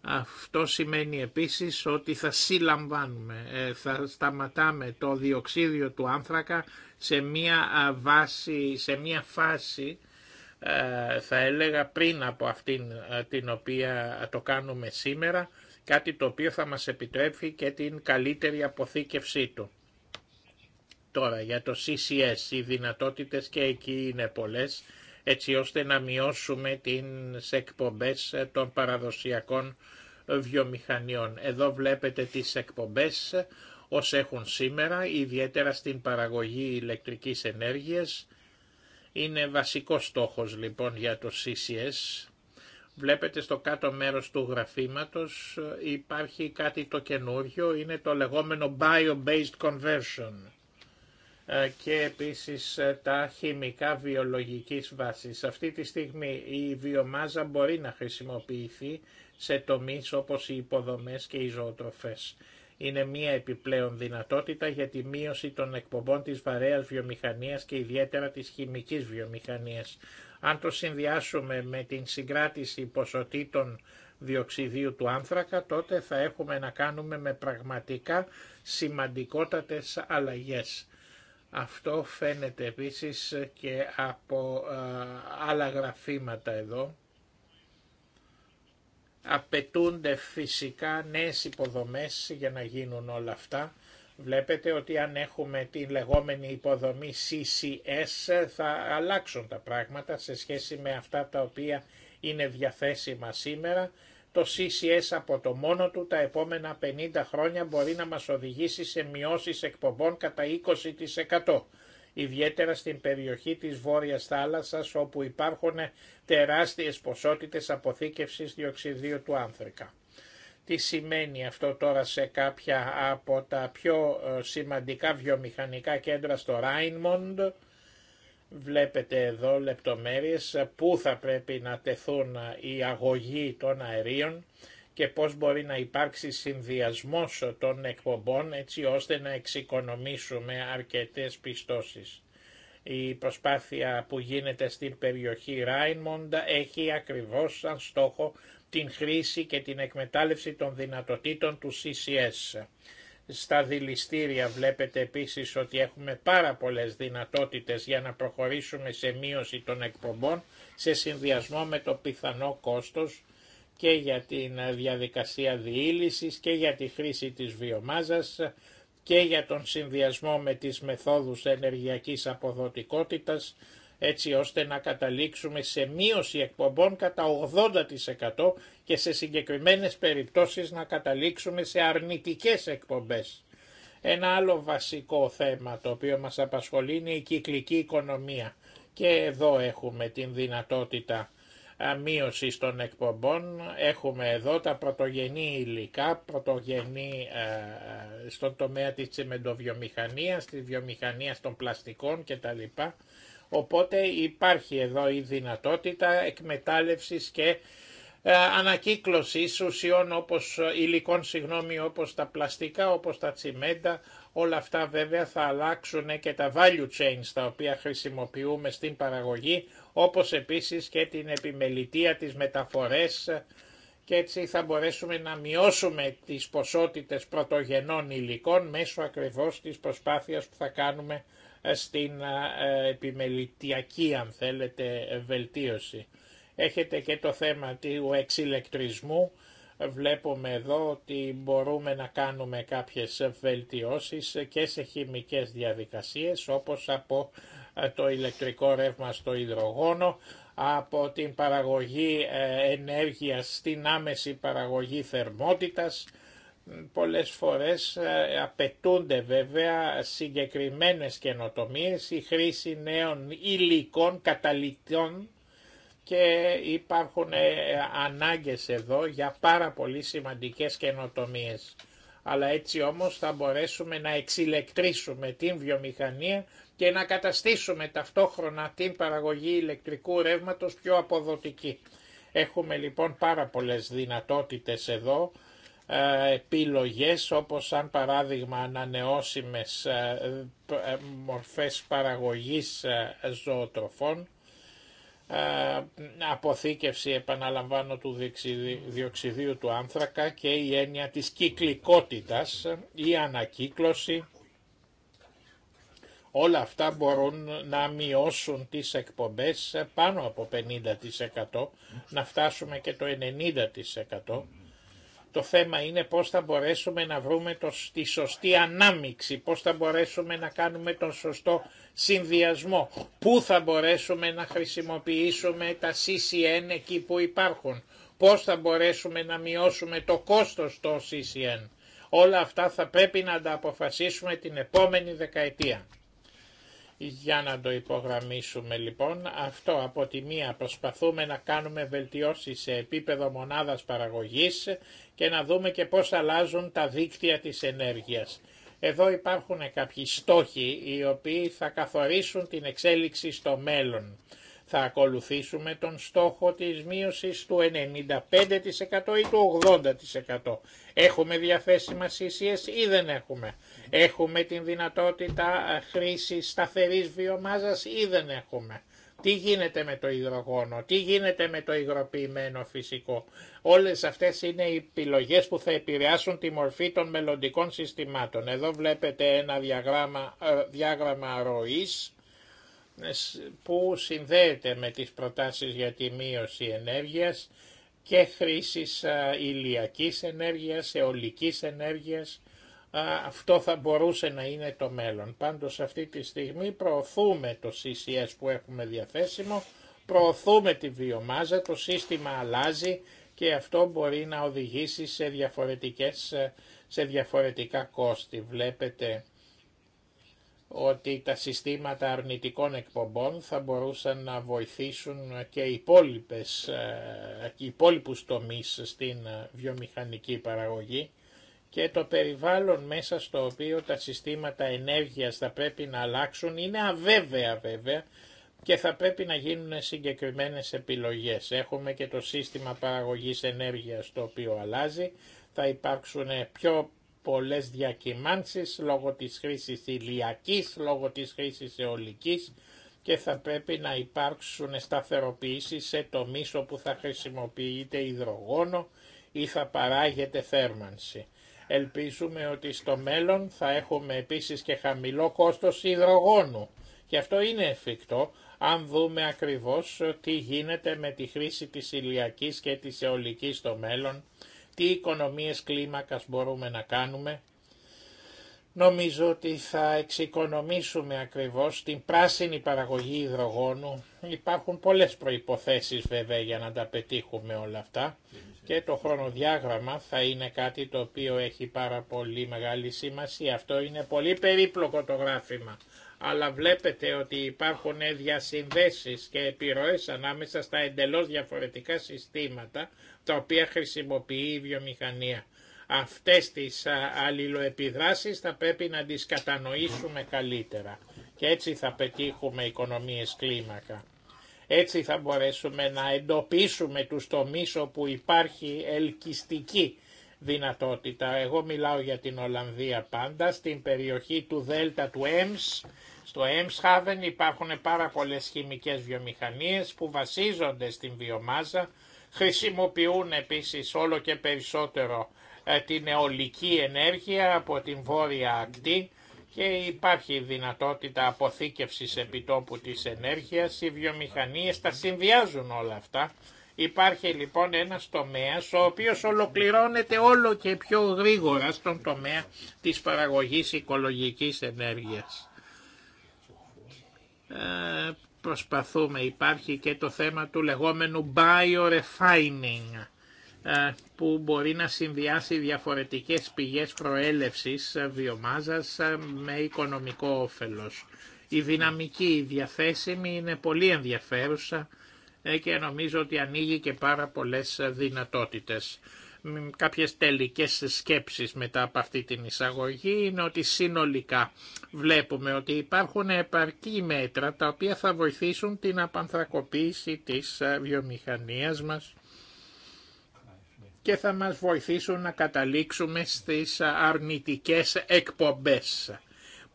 Αυτό σημαίνει επίσης ότι θα συλλαμβάνουμε, ε, θα σταματάμε το διοξίδιο του άνθρακα σε μια, βάση, σε μια φάση ε, θα έλεγα πριν από αυτήν ε, την οποία το κάνουμε σήμερα, κάτι το οποίο θα μας επιτρέψει και την καλύτερη αποθήκευσή του. Τώρα για το CCS οι δυνατότητες και εκεί είναι πολλές έτσι ώστε να μειώσουμε την εκπομπές των παραδοσιακών βιομηχανιών. Εδώ βλέπετε τις εκπομπές ως έχουν σήμερα, ιδιαίτερα στην παραγωγή ηλεκτρικής ενέργειας. Είναι βασικός στόχος λοιπόν για το CCS. Βλέπετε στο κάτω μέρος του γραφήματος υπάρχει κάτι το καινούριο, είναι το λεγόμενο Bio-Based Conversion ε, και επίσης ε, τα χημικά βιολογικής βάσης. Αυτή τη στιγμή η βιομάζα μπορεί να χρησιμοποιηθεί σε τομείς όπως οι υποδομές και οι ζωοτροφές. Είναι μία επιπλέον δυνατότητα για τη μείωση των εκπομπών της βαρέας βιομηχανίας και ιδιαίτερα της χημικής βιομηχανίας. Αν το συνδυάσουμε με την συγκράτηση ποσοτήτων διοξιδίου του άνθρακα, τότε θα έχουμε να κάνουμε με πραγματικά σημαντικότατες αλλαγές. Αυτό φαίνεται επίσης και από άλλα γραφήματα εδώ. Απαιτούνται φυσικά νέες υποδομές για να γίνουν όλα αυτά. Βλέπετε ότι αν έχουμε την λεγόμενη υποδομή CCS θα αλλάξουν τα πράγματα σε σχέση με αυτά τα οποία είναι διαθέσιμα σήμερα το CCS από το μόνο του τα επόμενα 50 χρόνια μπορεί να μας οδηγήσει σε μειώσεις εκπομπών κατά 20%. Ιδιαίτερα στην περιοχή της Βόρειας Θάλασσας όπου υπάρχουν τεράστιες ποσότητες αποθήκευσης διοξιδίου του άνθρακα. Τι σημαίνει αυτό τώρα σε κάποια από τα πιο ε, σημαντικά βιομηχανικά κέντρα στο Ράινμοντ, Βλέπετε εδώ λεπτομέρειες πού θα πρέπει να τεθούν οι αγωγοί των αερίων και πώς μπορεί να υπάρξει συνδυασμός των εκπομπών έτσι ώστε να εξοικονομήσουμε αρκετές πιστώσεις. Η προσπάθεια που γίνεται στην περιοχή Ράινμοντα έχει ακριβώς σαν στόχο την χρήση και την εκμετάλλευση των δυνατοτήτων του CCS. Στα δηληστήρια βλέπετε επίσης ότι έχουμε πάρα πολλές δυνατότητες για να προχωρήσουμε σε μείωση των εκπομπών σε συνδυασμό με το πιθανό κόστος και για την διαδικασία διήλυσης και για τη χρήση της βιομάζας και για τον συνδυασμό με τις μεθόδους ενεργειακής αποδοτικότητας έτσι ώστε να καταλήξουμε σε μείωση εκπομπών κατά 80% και σε συγκεκριμένες περιπτώσεις να καταλήξουμε σε αρνητικές εκπομπές. Ένα άλλο βασικό θέμα το οποίο μας απασχολεί είναι η κυκλική οικονομία και εδώ έχουμε την δυνατότητα μείωση των εκπομπών. Έχουμε εδώ τα πρωτογενή υλικά, πρωτογενή ε, στον τομέα της τσιμεντοβιομηχανίας, της βιομηχανίας των πλαστικών κτλ. Οπότε υπάρχει εδώ η δυνατότητα εκμετάλλευσης και ε, ανακύκλωσης ουσιών όπως ε, υλικών συγγνώμη όπως τα πλαστικά, όπως τα τσιμέντα, όλα αυτά βέβαια θα αλλάξουν και τα value chains τα οποία χρησιμοποιούμε στην παραγωγή όπως επίσης και την επιμελητία της μεταφορές και έτσι θα μπορέσουμε να μειώσουμε τις ποσότητες πρωτογενών υλικών μέσω ακριβώς της προσπάθειας που θα κάνουμε στην ε, επιμελητιακή αν θέλετε βελτίωση. Έχετε και το θέμα του εξηλεκτρισμού. Βλέπουμε εδώ ότι μπορούμε να κάνουμε κάποιες βελτιώσεις και σε χημικές διαδικασίες όπως από ε, το ηλεκτρικό ρεύμα στο υδρογόνο, από την παραγωγή ε, ενέργειας στην άμεση παραγωγή θερμότητας, Πολλές φορές ε, απαιτούνται βέβαια συγκεκριμένες καινοτομίες, η χρήση νέων υλικών, καταλυτών και υπάρχουν ε, ανάγκες εδώ για πάρα πολύ σημαντικές καινοτομίες. Αλλά έτσι όμως θα μπορέσουμε να εξηλεκτρήσουμε την βιομηχανία και να καταστήσουμε ταυτόχρονα την παραγωγή ηλεκτρικού ρεύματος πιο αποδοτική. Έχουμε λοιπόν πάρα πολλές δυνατότητες εδώ ε, επιλογές όπως σαν παράδειγμα ανανεώσιμες ε, ε, μορφές παραγωγής ζωοτροφών, αποθήκευση επαναλαμβάνω του διοξιδίου του άνθρακα και η έννοια της κυκλικότητας, η ανακύκλωση. Όλα αυτά μπορούν να μειώσουν τις εκπομπές πάνω από 50%, να φτάσουμε και το 90% το θέμα είναι πώς θα μπορέσουμε να βρούμε το, τη σωστή ανάμιξη, πώς θα μπορέσουμε να κάνουμε τον σωστό συνδυασμό, πού θα μπορέσουμε να χρησιμοποιήσουμε τα CCN εκεί που υπάρχουν, πώς θα μπορέσουμε να μειώσουμε το κόστος των CCN. Όλα αυτά θα πρέπει να τα αποφασίσουμε την επόμενη δεκαετία. Για να το υπογραμμίσουμε λοιπόν, αυτό από τη μία προσπαθούμε να κάνουμε βελτιώσεις σε επίπεδο μονάδας παραγωγής και να δούμε και πώς αλλάζουν τα δίκτυα της ενέργειας. Εδώ υπάρχουν κάποιοι στόχοι οι οποίοι θα καθορίσουν την εξέλιξη στο μέλλον. Θα ακολουθήσουμε τον στόχο της μείωσης του 95% ή του 80%. Έχουμε διαθέσιμα CCS ή δεν έχουμε. Έχουμε την δυνατότητα ε, χρήσης σταθερής βιομάζας ή δεν έχουμε. Τι γίνεται με το υδρογόνο, τι γίνεται με το υγροποιημένο φυσικό. Όλες αυτές είναι οι επιλογές που θα επηρεάσουν τη μορφή των μελλοντικών συστημάτων. Εδώ βλέπετε ένα διαγράμμα, ε, διάγραμμα ροής που συνδέεται με τις προτάσεις για τη μείωση ενέργειας και χρήσης ηλιακής ενέργειας, αιωλικής ενέργειας. Αυτό θα μπορούσε να είναι το μέλλον. Πάντως αυτή τη στιγμή προωθούμε το CCS που έχουμε διαθέσιμο, προωθούμε τη βιομάζα, το σύστημα αλλάζει και αυτό μπορεί να οδηγήσει σε, διαφορετικές, σε διαφορετικά κόστη. Βλέπετε ότι τα συστήματα αρνητικών εκπομπών θα μπορούσαν να βοηθήσουν και οι υπόλοιπες, ε, και υπόλοιπους τομείς στην ε, βιομηχανική παραγωγή και το περιβάλλον μέσα στο οποίο τα συστήματα ενέργειας θα πρέπει να αλλάξουν είναι αβέβαια βέβαια και θα πρέπει να γίνουν συγκεκριμένες επιλογές. Έχουμε και το σύστημα παραγωγής ενέργειας το οποίο αλλάζει, θα υπάρξουν πιο πολλές διακυμάνσεις λόγω της χρήσης ηλιακής, λόγω της χρήσης αιωλικής και θα πρέπει να υπάρξουν σταθεροποιήσεις σε τομείς όπου θα χρησιμοποιείται υδρογόνο ή θα παράγεται θέρμανση. Ελπίζουμε ότι στο μέλλον θα έχουμε επίσης και χαμηλό κόστος υδρογόνου και αυτό είναι εφικτό αν δούμε ακριβώς τι γίνεται με τη χρήση της ηλιακής και της αιωλικής στο μέλλον τι οικονομίες κλίμακας μπορούμε να κάνουμε, νομίζω ότι θα εξοικονομήσουμε ακριβώς την πράσινη παραγωγή υδρογόνου. Υπάρχουν πολλές προϋποθέσεις βέβαια για να τα πετύχουμε όλα αυτά και το χρονοδιάγραμμα θα είναι κάτι το οποίο έχει πάρα πολύ μεγάλη σημασία. Αυτό είναι πολύ περίπλοκο το γράφημα αλλά βλέπετε ότι υπάρχουν διασυνδέσεις και επιρροές ανάμεσα στα εντελώς διαφορετικά συστήματα τα οποία χρησιμοποιεί η βιομηχανία. Αυτές τις αλληλοεπιδράσεις θα πρέπει να τις κατανοήσουμε καλύτερα και έτσι θα πετύχουμε οικονομίες κλίμακα. Έτσι θα μπορέσουμε να εντοπίσουμε τους τομείς όπου υπάρχει ελκυστική δυνατότητα. Εγώ μιλάω για την Ολλανδία πάντα, στην περιοχή του Δέλτα του Εμς, στο Εμσχάβεν υπάρχουν πάρα πολλές χημικές βιομηχανίες που βασίζονται στην βιομάζα, χρησιμοποιούν επίσης όλο και περισσότερο ε, την εολική ενέργεια από την βόρεια ακτή και υπάρχει δυνατότητα αποθήκευσης επιτόπου της ενέργειας, οι βιομηχανίες τα συνδυάζουν όλα αυτά Υπάρχει λοιπόν ένας τομέας ο οποίος ολοκληρώνεται όλο και πιο γρήγορα στον τομέα της παραγωγής οικολογικής ενέργειας. Ε, προσπαθούμε, υπάρχει και το θέμα του λεγόμενου biorefining ε, που μπορεί να συνδυάσει διαφορετικές πηγές προέλευσης βιομάζας ε, με οικονομικό όφελος. Η δυναμική διαθέσιμη είναι πολύ ενδιαφέρουσα ε, και νομίζω ότι ανοίγει και πάρα πολλές δυνατότητες. Κάποιες τελικές σκέψεις μετά από αυτή την εισαγωγή είναι ότι συνολικά βλέπουμε ότι υπάρχουν επαρκή μέτρα τα οποία θα βοηθήσουν την απανθρακοποίηση της ε, βιομηχανίας μας και θα μας βοηθήσουν να καταλήξουμε στις αρνητικές εκπομπές.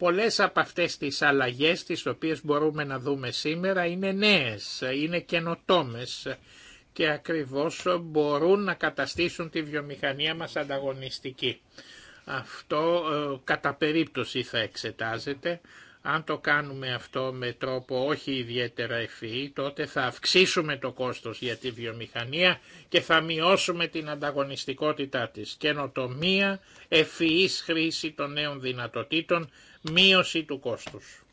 Πολλές από αυτές τις αλλαγές τις οποίες μπορούμε να δούμε σήμερα είναι νέες, είναι καινοτόμες και ακριβώς μπορούν να καταστήσουν τη βιομηχανία μας ανταγωνιστική. Αυτό ε, κατά περίπτωση θα εξετάζεται. Αν το κάνουμε αυτό με τρόπο όχι ιδιαίτερα ευφυή, τότε θα αυξήσουμε το κόστος για τη βιομηχανία και θα μειώσουμε την ανταγωνιστικότητά της. Καινοτομία, ευφυής χρήση των νέων δυνατοτήτων μείωση του κόστους.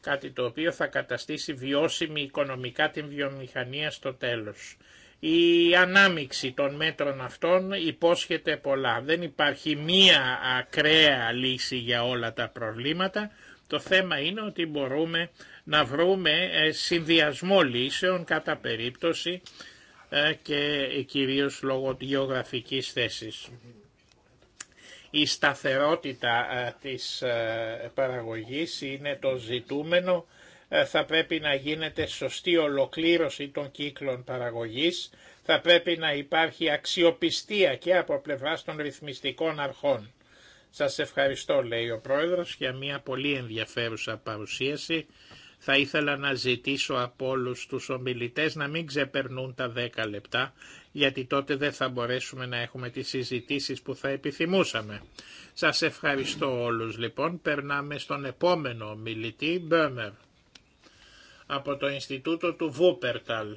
Κάτι το οποίο θα καταστήσει βιώσιμη οικονομικά την βιομηχανία στο τέλος. Η ανάμιξη των μέτρων αυτών υπόσχεται πολλά. Δεν υπάρχει μία ακραία λύση για όλα τα προβλήματα. Το θέμα είναι ότι μπορούμε να βρούμε ε, συνδυασμό λύσεων κατά περίπτωση ε, και κυρίως λόγω γεωγραφικής θέσης. Η σταθερότητα ε, της ε, παραγωγής είναι το ζητούμενο. Ε, θα πρέπει να γίνεται σωστή ολοκλήρωση των κύκλων παραγωγής. Θα πρέπει να υπάρχει αξιοπιστία και από πλευράς των ρυθμιστικών αρχών. Σας ευχαριστώ, λέει ο Πρόεδρος, για μια πολύ ενδιαφέρουσα παρουσίαση. Θα ήθελα να ζητήσω από όλους τους ομιλητές να μην ξεπερνούν τα 10 λεπτά, γιατί τότε δεν θα μπορέσουμε να έχουμε τις συζητήσεις που θα επιθυμούσαμε. Σας ευχαριστώ όλους λοιπόν. Περνάμε στον επόμενο μιλητή, Μπέμερ, από το Ινστιτούτο του Βούπερταλ.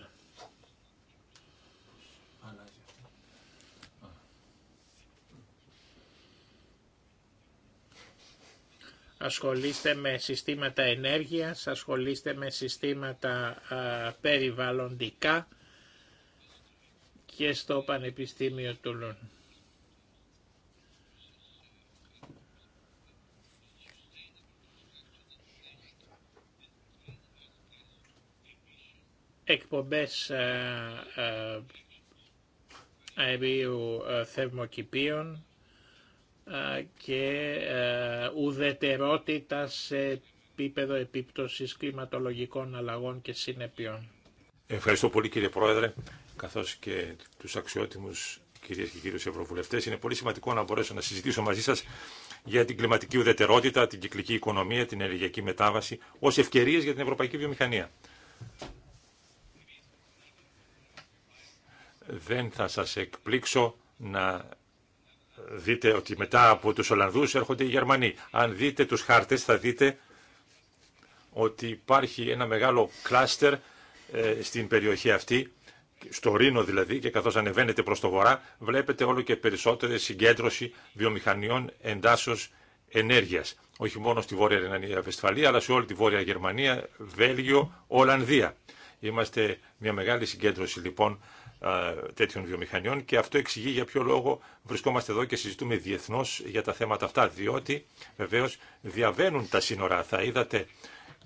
ασχολείστε με συστήματα ενέργειας, ασχολείστε με συστήματα περιβαλλοντικά, και στο Πανεπιστήμιο του Λουν. Εκπομπές ε, ε, αερίου ε, θερμοκηπίων και ουδετερότητα σε επίπεδο επίπτωσης κλιματολογικών αλλαγών και συνεπειών. Ευχαριστώ πολύ κύριε Πρόεδρε καθώς και τους αξιότιμους κυρίες και κύριους ευρωβουλευτές. Είναι πολύ σημαντικό να μπορέσω να συζητήσω μαζί σας για την κλιματική ουδετερότητα, την κυκλική οικονομία, την ενεργειακή μετάβαση, ως ευκαιρίες για την ευρωπαϊκή βιομηχανία. Δεν θα σας εκπλήξω να δείτε ότι μετά από τους Ολλανδούς έρχονται οι Γερμανοί. Αν δείτε τους χάρτες θα δείτε ότι υπάρχει ένα μεγάλο κλάστερ ε, στην περιοχή αυτή στο Ρήνο δηλαδή και καθώς ανεβαίνετε προς το βορρά βλέπετε όλο και περισσότερη συγκέντρωση βιομηχανιών εντάσσεως ενέργειας. Όχι μόνο στη Βόρεια Ρενανία Βεσφαλία αλλά σε όλη τη Βόρεια Γερμανία, Βέλγιο, Ολλανδία. Είμαστε μια μεγάλη συγκέντρωση λοιπόν τέτοιων βιομηχανιών και αυτό εξηγεί για ποιο λόγο βρισκόμαστε εδώ και συζητούμε διεθνώ για τα θέματα αυτά διότι βεβαίως διαβαίνουν τα σύνορα. Θα είδατε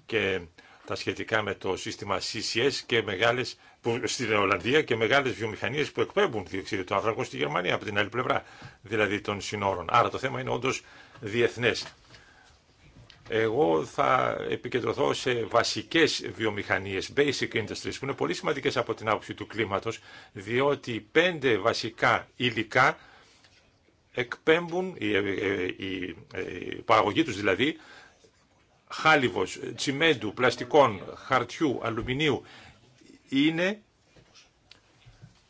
και τα σχετικά με το σύστημα CCS και μεγάλες, που, στην Ολλανδία και μεγάλες βιομηχανίες που εκπέμπουν διοξείδιο του άνθρακο στη Γερμανία από την άλλη πλευρά, δηλαδή των συνόρων. Άρα το θέμα είναι όντως διεθνές. Εγώ θα επικεντρωθώ σε βασικές βιομηχανίες, basic industries, που είναι πολύ σημαντικές από την άποψη του κλίματος, διότι πέντε βασικά υλικά εκπέμπουν, η, ε, ε, η, η, ε, η παραγωγή τους δηλαδή, χάλιβος, ε, τσιμέντου, πλαστικών, χαρτιού, αλουμινίου είναι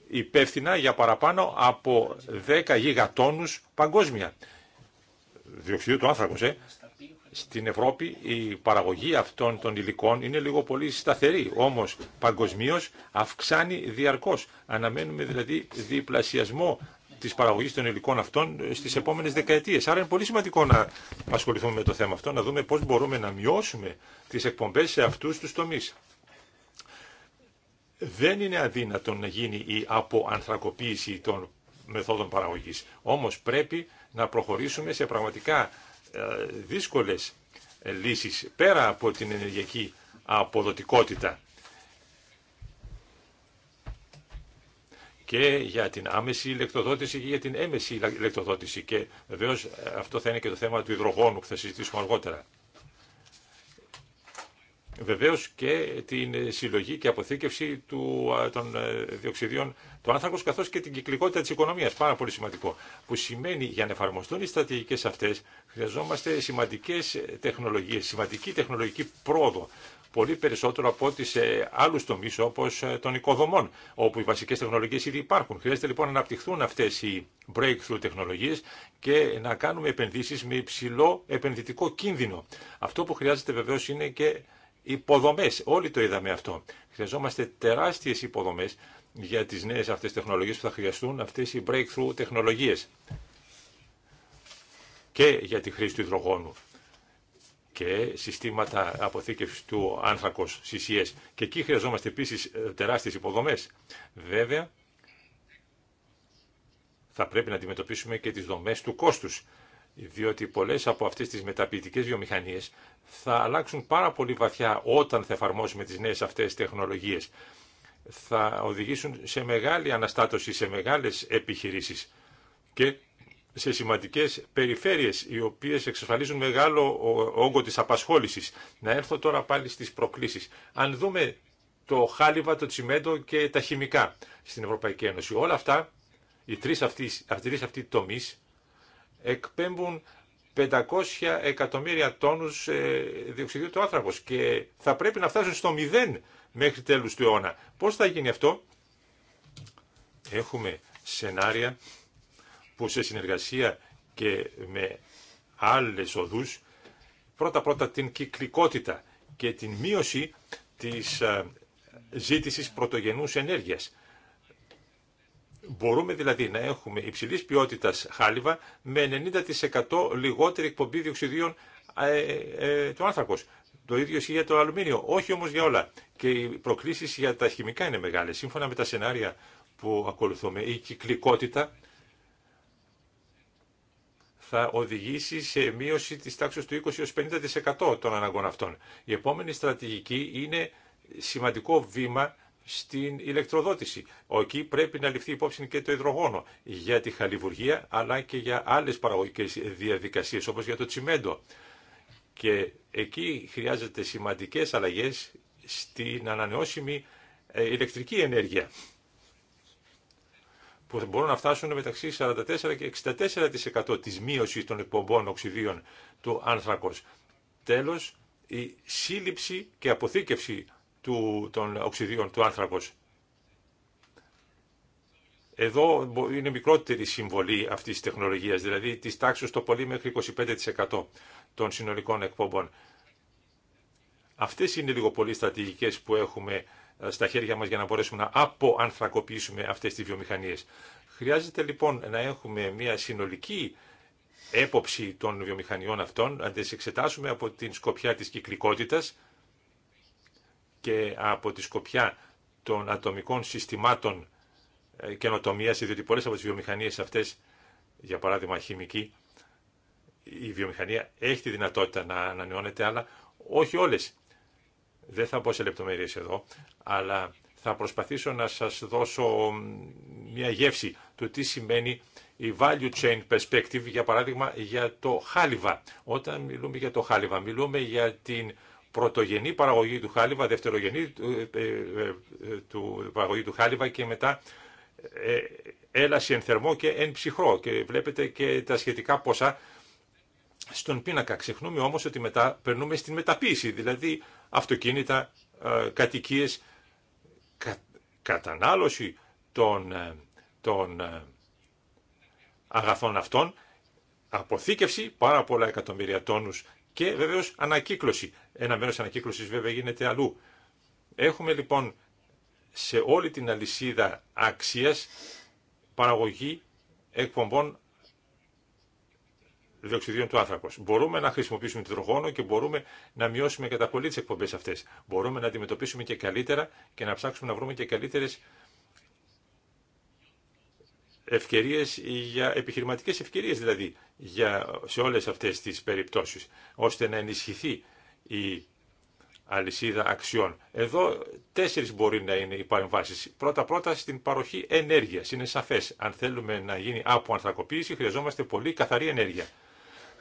υπεύθυνα για παραπάνω από 10 γιγατόνους παγκόσμια. Διοξιδίου του άνθρακος, ε. Στην Ευρώπη η παραγωγή αυτών των υλικών είναι λίγο πολύ σταθερή, όμως παγκοσμίω αυξάνει διαρκώς. Αναμένουμε δηλαδή διπλασιασμό Τη παραγωγής των υλικών αυτών ε, στις επόμενες δεκαετίες. Άρα είναι πολύ σημαντικό να ασχοληθούμε με το θέμα αυτό, να δούμε πώς μπορούμε να μειώσουμε τις εκπομπές σε αυτούς του τομείς. Δεν είναι αδύνατο να γίνει η αποανθρακοποίηση των μεθόδων παραγωγής. Όμω πρέπει να προχωρήσουμε σε πραγματικά ε, δύσκολε ε, λύσει πέρα από την ενεργειακή αποδοτικότητα. και για την άμεση ηλεκτροδότηση και για την έμεση ηλεκτροδότηση. Και βεβαίω ε, αυτό θα είναι και το θέμα του υδρογόνου που θα συζητήσουμε αργότερα. Βεβαίω και την ε, συλλογή και αποθήκευση του, των ε, διοξιδίων του άνθρακο καθώ και την κυκλικότητα τη οικονομία. Πάρα πολύ σημαντικό. Που σημαίνει για να εφαρμοστούν οι στρατηγικέ αυτέ χρειαζόμαστε σημαντικέ τεχνολογίε, σημαντική τεχνολογική πρόοδο πολύ περισσότερο από ό,τι σε άλλου τομεί όπω ε, των οικοδομών, όπου οι βασικέ τεχνολογίε ήδη υπάρχουν. Χρειάζεται λοιπόν να αναπτυχθούν αυτέ οι breakthrough τεχνολογίε και να κάνουμε επενδύσει με υψηλό επενδυτικό κίνδυνο. Αυτό που χρειάζεται βεβαίω είναι και υποδομέ. Όλοι το είδαμε αυτό. Χρειαζόμαστε τεράστιε υποδομέ για τι νέε αυτέ τεχνολογίε που θα χρειαστούν αυτέ οι breakthrough τεχνολογίε και για τη χρήση του υδρογόνου και συστήματα αποθήκευσης του άνθρακο CCS. Και εκεί χρειαζόμαστε επίσης ε, τεράστιες υποδομές. Βέβαια, θα πρέπει να αντιμετωπίσουμε και τις δομές του κόστους, διότι πολλές από αυτές τις μεταποιητικές βιομηχανίες θα αλλάξουν πάρα πολύ βαθιά όταν θα εφαρμόσουμε τις νέες αυτές τεχνολογίες. Θα οδηγήσουν σε μεγάλη αναστάτωση, σε μεγάλες επιχειρήσει. και σε σημαντικές περιφέρειες οι οποίες εξασφαλίζουν μεγάλο όγκο της απασχόλησης. Να έρθω τώρα πάλι στις προκλήσεις. Αν δούμε το χάλιβα, το τσιμέντο και τα χημικά στην Ευρωπαϊκή Ένωση. Όλα αυτά, οι τρεις αυτοί, αυτοί, τομείς εκπέμπουν 500 εκατομμύρια τόνους ε, του άνθρακο και θα πρέπει να φτάσουν στο μηδέν μέχρι τέλους του αιώνα. Πώς θα γίνει αυτό? Έχουμε σενάρια που σε συνεργασία και με άλλες οδούς, πρώτα-πρώτα την κυκλικότητα και την μείωση της ε, ζήτησης πρωτογενούς ενέργειας. Μπορούμε δηλαδή να έχουμε υψηλής ποιότητας χάλιβα με 90% λιγότερη εκπομπή διοξιδίων ε, ε, του άνθρακος. Το ίδιο ισχύει για το αλουμίνιο, όχι όμως για όλα. Και οι προκλήσεις για τα χημικά είναι μεγάλες. Σύμφωνα με τα σενάρια που ακολουθούμε, η κυκλικότητα θα οδηγήσει σε μείωση της τάξης του 20-50% των αναγκών αυτών. Η επόμενη στρατηγική είναι σημαντικό βήμα στην ηλεκτροδότηση. Εκεί πρέπει να ληφθεί υπόψη και το υδρογόνο για τη χαλιβουργία αλλά και για άλλες παραγωγικές διαδικασίες όπως για το τσιμέντο. Και εκεί χρειάζεται σημαντικές αλλαγές στην ανανεώσιμη ε, ηλεκτρική ενέργεια που μπορούν να φτάσουν μεταξύ 44 και 64% της μείωσης των εκπομπών οξυδίων του άνθρακος. Τέλος, η σύλληψη και αποθήκευση του, των οξυδίων του άνθρακος. Εδώ είναι μικρότερη συμβολή αυτής της τεχνολογίας, δηλαδή της τάξης το πολύ μέχρι 25% των συνολικών εκπομπών. Αυτές είναι λίγο πολύ στρατηγικές που έχουμε στα χέρια μας για να μπορέσουμε να αποανθρακοποιήσουμε αυτές τις βιομηχανίες. Χρειάζεται λοιπόν να έχουμε μια συνολική έποψη των βιομηχανιών αυτών, να τις εξετάσουμε από την σκοπιά της κυκλικότητας και από τη σκοπιά των ατομικών συστημάτων ε, καινοτομία, διότι πολλές από τις βιομηχανίες αυτές, για παράδειγμα χημική, η βιομηχανία έχει τη δυνατότητα να ανανεώνεται, αλλά όχι όλες. Δεν θα μπω σε λεπτομέρειες εδώ, αλλά θα προσπαθήσω να σας δώσω μια γεύση του τι σημαίνει η value chain perspective, για παράδειγμα, για το χάλιβα. Όταν μιλούμε για το χάλιβα, μιλούμε για την πρωτογενή παραγωγή του χάλιβα, δευτερογενή ε, ε, ε, του, παραγωγή του χάλιβα και μετά έλαση εν θερμό και εν ψυχρό. Και βλέπετε και τα σχετικά ποσά στον πίνακα. Ξεχνούμε όμως ότι μετά περνούμε στην μεταποίηση, δηλαδή αυτοκίνητα, ε, κατοικίες, κατανάλωση των, ε, των ε, αγαθών αυτών, αποθήκευση πάρα πολλά εκατομμύρια τόνους και βεβαίως ανακύκλωση. Ένα μέρος ανακύκλωσης βέβαια γίνεται αλλού. Έχουμε λοιπόν σε όλη την αλυσίδα αξίας παραγωγή εκπομπών διοξιδίων του άνθρακο. Μπορούμε να χρησιμοποιήσουμε τροχόνο και μπορούμε να μειώσουμε κατά πολύ τι εκπομπέ αυτέ. Μπορούμε να αντιμετωπίσουμε και καλύτερα και να ψάξουμε να βρούμε και καλύτερε ευκαιρίε για επιχειρηματικέ ευκαιρίε, δηλαδή για, σε όλε αυτέ τι περιπτώσει, ώστε να ενισχυθεί η αλυσίδα αξιών. Εδώ τέσσερι μπορεί να είναι οι παρεμβάσει. πρωτα Πρώτα-πρώτα στην παροχή ενέργεια, Είναι σαφέ. αν θέλουμε να γίνει από ανθρακοποίηση χρειαζόμαστε πολύ καθαρή ενέργεια.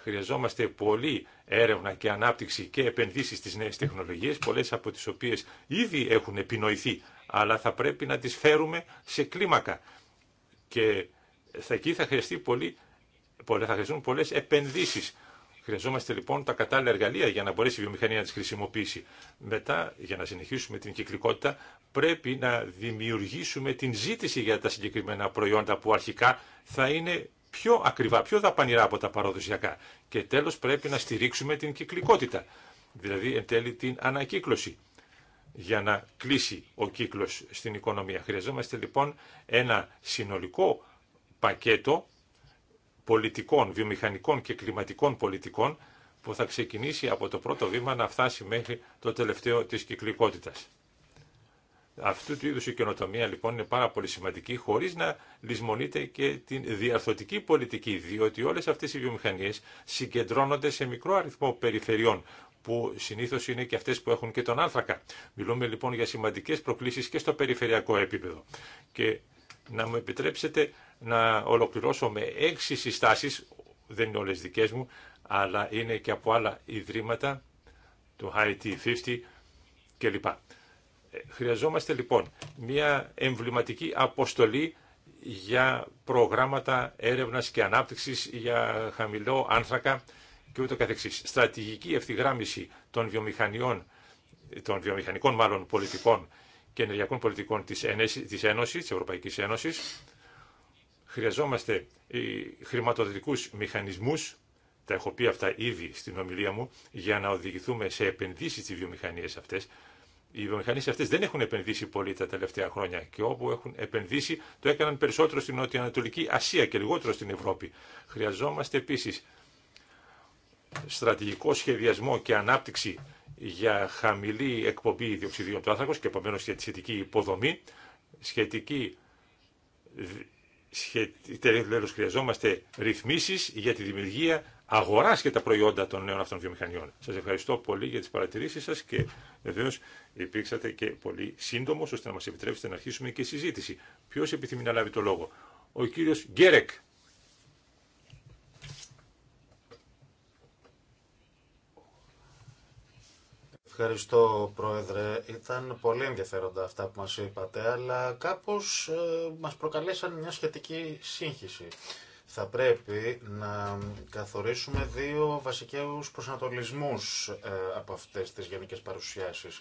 Χρειαζόμαστε πολύ έρευνα και ανάπτυξη και επενδύσει στις νέες τεχνολογίες, πολλέ από τι οποίε ήδη έχουν επινοηθεί, αλλά θα πρέπει να τι φέρουμε σε κλίμακα. Και θα εκεί θα, χρειαστεί πολύ, θα χρειαστούν πολλές επενδύσεις. Χρειαζόμαστε λοιπόν τα κατάλληλα εργαλεία για να μπορέσει η βιομηχανία να τι χρησιμοποιήσει. Μετά, για να συνεχίσουμε την κυκλικότητα, πρέπει να δημιουργήσουμε την ζήτηση για τα συγκεκριμένα προϊόντα που αρχικά θα είναι πιο ακριβά, πιο δαπανηρά από τα παραδοσιακά. Και τέλος πρέπει να στηρίξουμε την κυκλικότητα, δηλαδή εν τέλει την ανακύκλωση για να κλείσει ο κύκλος στην οικονομία. Χρειαζόμαστε λοιπόν ένα συνολικό πακέτο πολιτικών, βιομηχανικών και κλιματικών πολιτικών που θα ξεκινήσει από το πρώτο βήμα να φτάσει μέχρι το τελευταίο της κυκλικότητας. Αυτού του είδους η καινοτομία λοιπόν είναι πάρα πολύ σημαντική χωρίς να λησμονείται και την διαρθωτική πολιτική διότι όλες αυτές οι βιομηχανίες συγκεντρώνονται σε μικρό αριθμό περιφερειών που συνήθως είναι και αυτές που έχουν και τον άνθρακα. Μιλούμε λοιπόν για σημαντικές προκλήσεις και στο περιφερειακό επίπεδο. Και να μου επιτρέψετε να ολοκληρώσω με έξι συστάσεις, δεν είναι όλες δικές μου, αλλά είναι και από άλλα ιδρύματα του IT50 κλπ. Χρειαζόμαστε λοιπόν μια εμβληματική αποστολή για προγράμματα έρευνας και ανάπτυξης για χαμηλό άνθρακα και ούτω καθεξής. Στρατηγική ευθυγράμμιση των βιομηχανιών, των βιομηχανικών μάλλον πολιτικών και ενεργειακών πολιτικών της Ένωσης, της, Ένωσης, της Ευρωπαϊκής Ένωσης. Χρειαζόμαστε ε, χρηματοδοτικούς μηχανισμούς, τα έχω πει αυτά ήδη στην ομιλία μου, για να οδηγηθούμε σε επενδύσεις στις βιομηχανίες αυτές, οι βιομηχανίε αυτέ δεν έχουν επενδύσει πολύ τα τελευταία χρόνια και όπου έχουν επενδύσει το έκαναν περισσότερο στην Ανατολική Ασία και λιγότερο στην Ευρώπη. Χρειαζόμαστε επίση στρατηγικό σχεδιασμό και ανάπτυξη για χαμηλή εκπομπή διοξιδίων του άνθρακο και επομένω για τη σχετική υποδομή. Σχετική, χρειαζόμαστε ρυθμίσει για τη δημιουργία αγοράς και τα προϊόντα των νέων αυτών βιομηχανιών. Σας ευχαριστώ πολύ για τις παρατηρήσεις σας και βεβαίω υπήρξατε και πολύ σύντομο ώστε να μα επιτρέψετε να αρχίσουμε και συζήτηση. Ποιος επιθυμεί να λάβει το λόγο. Ο κύριος Γκέρεκ. Ευχαριστώ Πρόεδρε. Ήταν πολύ ενδιαφέροντα αυτά που μας είπατε, αλλά κάπως ε, μας προκαλέσαν μια σχετική σύγχυση. Θα πρέπει να καθορίσουμε δύο βασικούς προσανατολισμούς ε, από αυτές τις γενικές παρουσιάσεις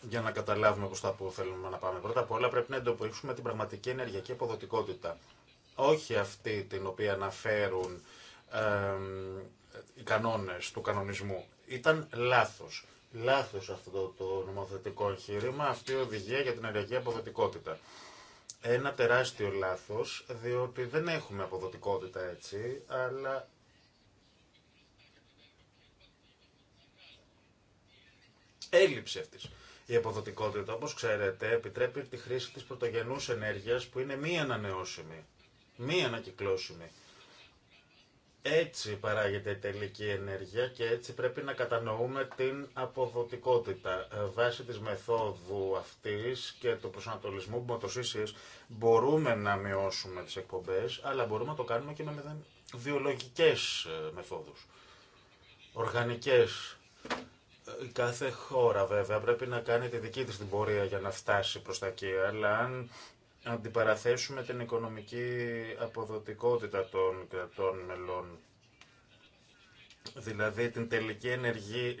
για να καταλάβουμε προς θα που θέλουμε να πάμε. Πρώτα απ' όλα πρέπει να εντοπίσουμε την πραγματική ενεργειακή αποδοτικότητα. Όχι αυτή την οποία αναφέρουν ε, οι κανόνες του κανονισμού. Ήταν λάθος. Λάθος αυτό το, το νομοθετικό εγχείρημα, αυτή η οδηγία για την ενεργειακή αποδοτικότητα ένα τεράστιο λάθος, διότι δεν έχουμε αποδοτικότητα έτσι, αλλά έλλειψη αυτής. Η αποδοτικότητα, όπως ξέρετε, επιτρέπει τη χρήση της πρωτογενούς ενέργειας που είναι μη ανανεώσιμη, μη ανακυκλώσιμη. Έτσι παράγεται η τελική ενέργεια και έτσι πρέπει να κατανοούμε την αποδοτικότητα. Ε, βάσει της μεθόδου αυτής και του προσανατολισμού μοτοσύσης μπορούμε να μειώσουμε τις εκπομπές, αλλά μπορούμε να το κάνουμε και με βιολογικές ε, μεθόδους, οργανικές. Ε, κάθε χώρα βέβαια πρέπει να κάνει τη δική της την πορεία για να φτάσει προς τα κύρια, αλλά αν αντιπαραθέσουμε την οικονομική αποδοτικότητα των κρατών μελών. Δηλαδή την τελική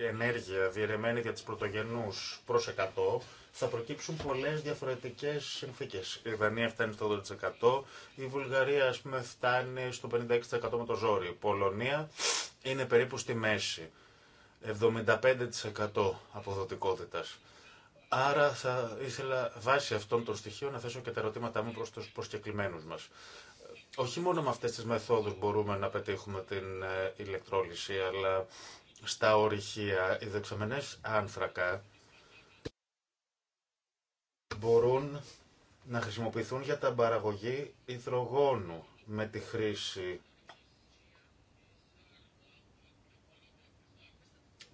ενέργεια διαιρεμένη για τις πρωτογενούς προς 100, θα προκύψουν πολλές διαφορετικές συνθήκες. Η Δανία φτάνει στο 80%, η Βουλγαρία ας φτάνει στο 56% με το ζόρι, η Πολωνία είναι περίπου στη μέση, 75% αποδοτικότητας. Άρα θα ήθελα βάσει αυτών των στοιχείων να θέσω και τα ερωτήματά μου προς τους προσκεκλημένους μας. Όχι μόνο με αυτές τις μεθόδους μπορούμε να πετύχουμε την ε, ηλεκτρόλυση, αλλά στα ορυχεία οι δεξαμενές άνθρακα μπορούν να χρησιμοποιηθούν για τα παραγωγή υδρογόνου με τη χρήση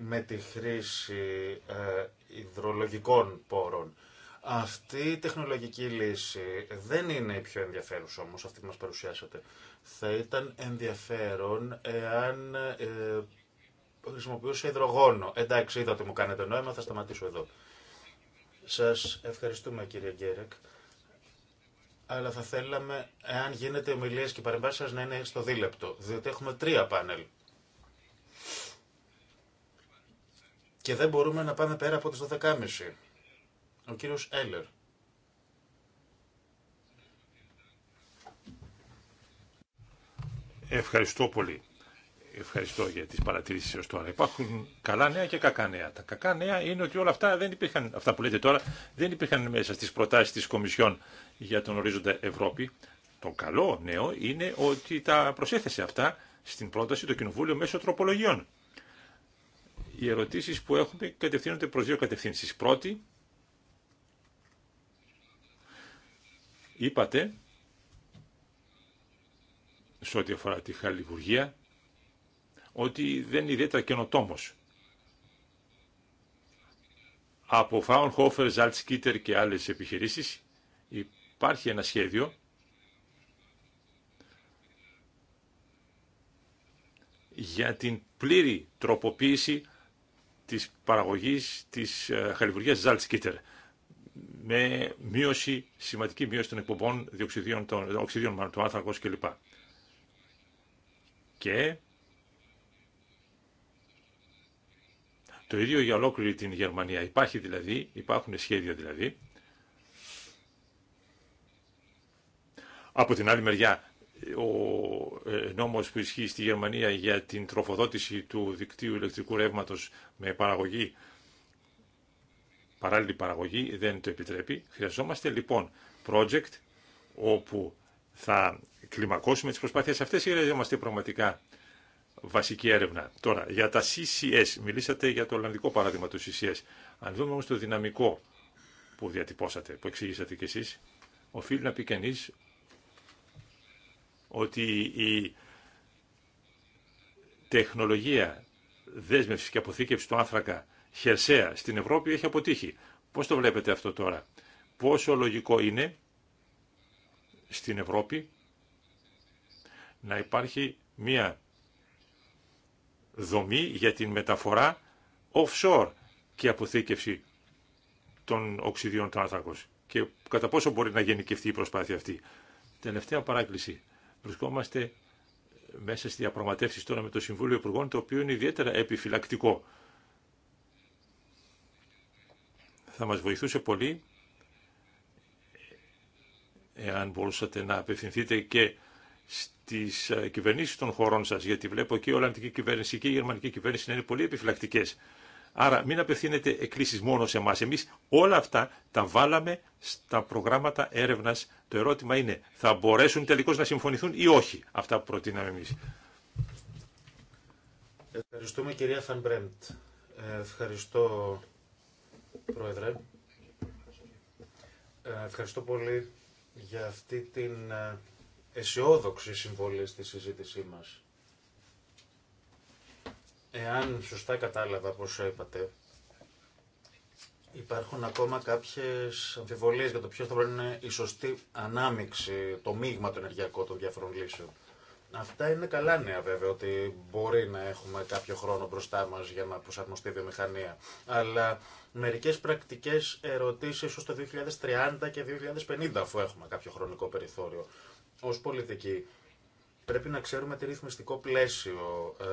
με τη χρήση ε, υδρολογικών πόρων. Αυτή η τεχνολογική λύση δεν είναι η πιο ενδιαφέρουσα όμως αυτή που μας παρουσιάσατε. Θα ήταν ενδιαφέρον εάν ε, χρησιμοποιούσε υδρογόνο. Εντάξει, είδα ότι μου κάνετε νόημα, θα σταματήσω εδώ. Σας ευχαριστούμε κύριε Γκέρεκ. Αλλά θα θέλαμε, εάν γίνεται ομιλίε και παρεμβάσει να είναι στο δίλεπτο. Διότι έχουμε τρία πάνελ και δεν μπορούμε να πάμε πέρα από τις 12.30. Ο κύριος Έλλερ. Ευχαριστώ πολύ. Ευχαριστώ για τις παρατηρήσεις έως τώρα. Υπάρχουν καλά νέα και κακά νέα. Τα κακά νέα είναι ότι όλα αυτά, δεν υπήρχαν, αυτά που λέτε τώρα δεν υπήρχαν μέσα στις προτάσεις της Κομισιόν για τον ορίζοντα Ευρώπη. Το καλό νέο είναι ότι τα προσέθεσε αυτά στην πρόταση το Κοινοβούλιο μέσω τροπολογιών οι ερωτήσεις που έχουμε κατευθύνονται προς δύο κατευθύνσεις. Πρώτη, είπατε, σε ό,τι αφορά τη χαλιβουργία, ότι δεν είναι ιδιαίτερα καινοτόμο Από Φάουνχόφερ, Ζαλτσκίτερ και άλλες επιχειρήσεις υπάρχει ένα σχέδιο για την πλήρη τροποποίηση της παραγωγής της ε, χαλιβουργίας Κίτερ με μείωση, σημαντική μείωση των εκπομπών διοξιδίων, των, οξυδίων του άνθρακος κλπ. Και το ίδιο για ολόκληρη την Γερμανία. Υπάρχει δηλαδή, υπάρχουν σχέδια δηλαδή. Από την άλλη μεριά ο ε, νόμος που ισχύει στη Γερμανία για την τροφοδότηση του δικτύου ηλεκτρικού ρεύματος με παραγωγή, παράλληλη παραγωγή, δεν το επιτρέπει. Χρειαζόμαστε λοιπόν project όπου θα κλιμακώσουμε τις προσπάθειες αυτές ή χρειαζόμαστε πραγματικά βασική έρευνα. Τώρα, για τα CCS, μιλήσατε για το ολλανδικό παράδειγμα του CCS. Αν δούμε όμως το δυναμικό που διατυπώσατε, που εξήγησατε κι εσείς, οφείλει να πει κανεί ότι η τεχνολογία δέσμευση και αποθήκευση του άνθρακα χερσαία στην Ευρώπη έχει αποτύχει. Πώς το βλέπετε αυτό τώρα. Πόσο λογικό είναι στην Ευρώπη να υπάρχει μία δομή για την μεταφορά offshore και αποθήκευση των οξυδίων του άνθρακος και κατά πόσο μπορεί να γενικευτεί η προσπάθεια αυτή. Τελευταία παράκληση βρισκόμαστε μέσα στη διαπραγματεύσεις τώρα με το Συμβούλιο Υπουργών, το οποίο είναι ιδιαίτερα επιφυλακτικό. Θα μας βοηθούσε πολύ εάν μπορούσατε να απευθυνθείτε και στις ε, κυβερνήσεις των χωρών σας, γιατί βλέπω και η Ολλανδική κυβέρνηση και η Γερμανική κυβέρνηση να είναι πολύ επιφυλακτικές Άρα μην απευθύνετε εκκλήσεις μόνο σε εμάς. Εμείς όλα αυτά τα βάλαμε στα προγράμματα έρευνας. Το ερώτημα είναι θα μπορέσουν τελικώς να συμφωνηθούν ή όχι. Αυτά που προτείναμε εμείς. Ευχαριστούμε κυρία Φανμπρέμπτ. Ε, ευχαριστώ πρόεδρε. Ε, ευχαριστώ πολύ για αυτή την ε, αισιόδοξη συμβολή στη συζήτησή μας. Εάν σωστά κατάλαβα όπω είπατε, υπάρχουν ακόμα κάποιες αμφιβολίες για το ποιο θα πρέπει να είναι η σωστή ανάμειξη, το μείγμα το ενεργειακό των διάφορων λύσεων. Αυτά είναι καλά νέα βέβαια ότι μπορεί να έχουμε κάποιο χρόνο μπροστά μας για να προσαρμοστεί η βιομηχανία. Αλλά μερικές πρακτικές ερωτήσεις ίσως το 2030 και 2050 αφού έχουμε κάποιο χρονικό περιθώριο. Ως πολιτική Πρέπει να ξέρουμε τι ρυθμιστικό πλαίσιο ε,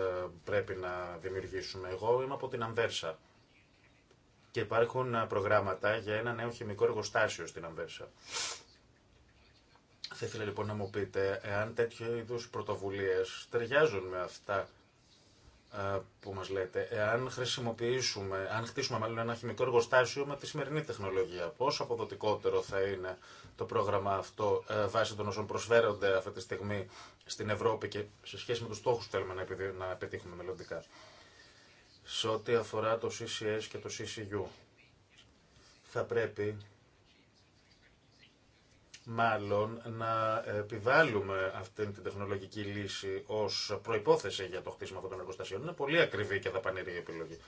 πρέπει να δημιουργήσουμε. Εγώ είμαι από την Αμβέρσα και υπάρχουν ε, προγράμματα για ένα νέο χημικό εργοστάσιο στην Αμβέρσα. Θα ήθελα λοιπόν να μου πείτε εάν τέτοιου είδους πρωτοβουλίες ταιριάζουν με αυτά που μας λέτε. Εάν χρησιμοποιήσουμε, αν χτίσουμε μάλλον ένα χημικό εργοστάσιο με τη σημερινή τεχνολογία, πόσο αποδοτικότερο θα είναι το πρόγραμμα αυτό ε, βάσει των όσων προσφέρονται αυτή τη στιγμή στην Ευρώπη και σε σχέση με τους στόχους που θέλουμε να πετύχουμε μελλοντικά. Σε ό,τι αφορά το CCS και το CCU, θα πρέπει μάλλον να επιβάλλουμε αυτή την τεχνολογική λύση ως προϋπόθεση για το χτίσμα αυτών των εργοστασίων. Είναι πολύ ακριβή και δαπανηρή η επιλογή.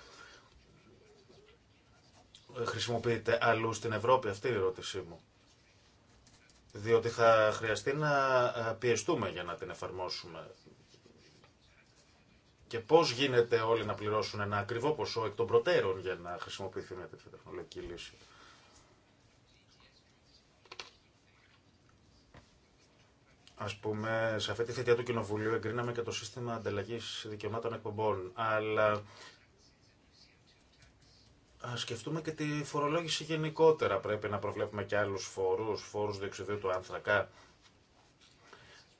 Χρησιμοποιείται αλλού στην Ευρώπη αυτή η ερώτησή μου. Διότι θα χρειαστεί να ε, πιεστούμε για να την εφαρμόσουμε. Και πώς γίνεται όλοι να πληρώσουν ένα ακριβό ποσό εκ των προτέρων για να χρησιμοποιηθεί μια τέτοια τεχνολογική λύση. Ας πούμε, σε αυτή τη θητεία του Κοινοβουλίου εγκρίναμε και το σύστημα ανταλλαγή δικαιωμάτων εκπομπών, αλλά Α σκεφτούμε και τη φορολόγηση γενικότερα. Πρέπει να προβλέπουμε και άλλους φόρους, φόρους διεξουδίου του άνθρακα,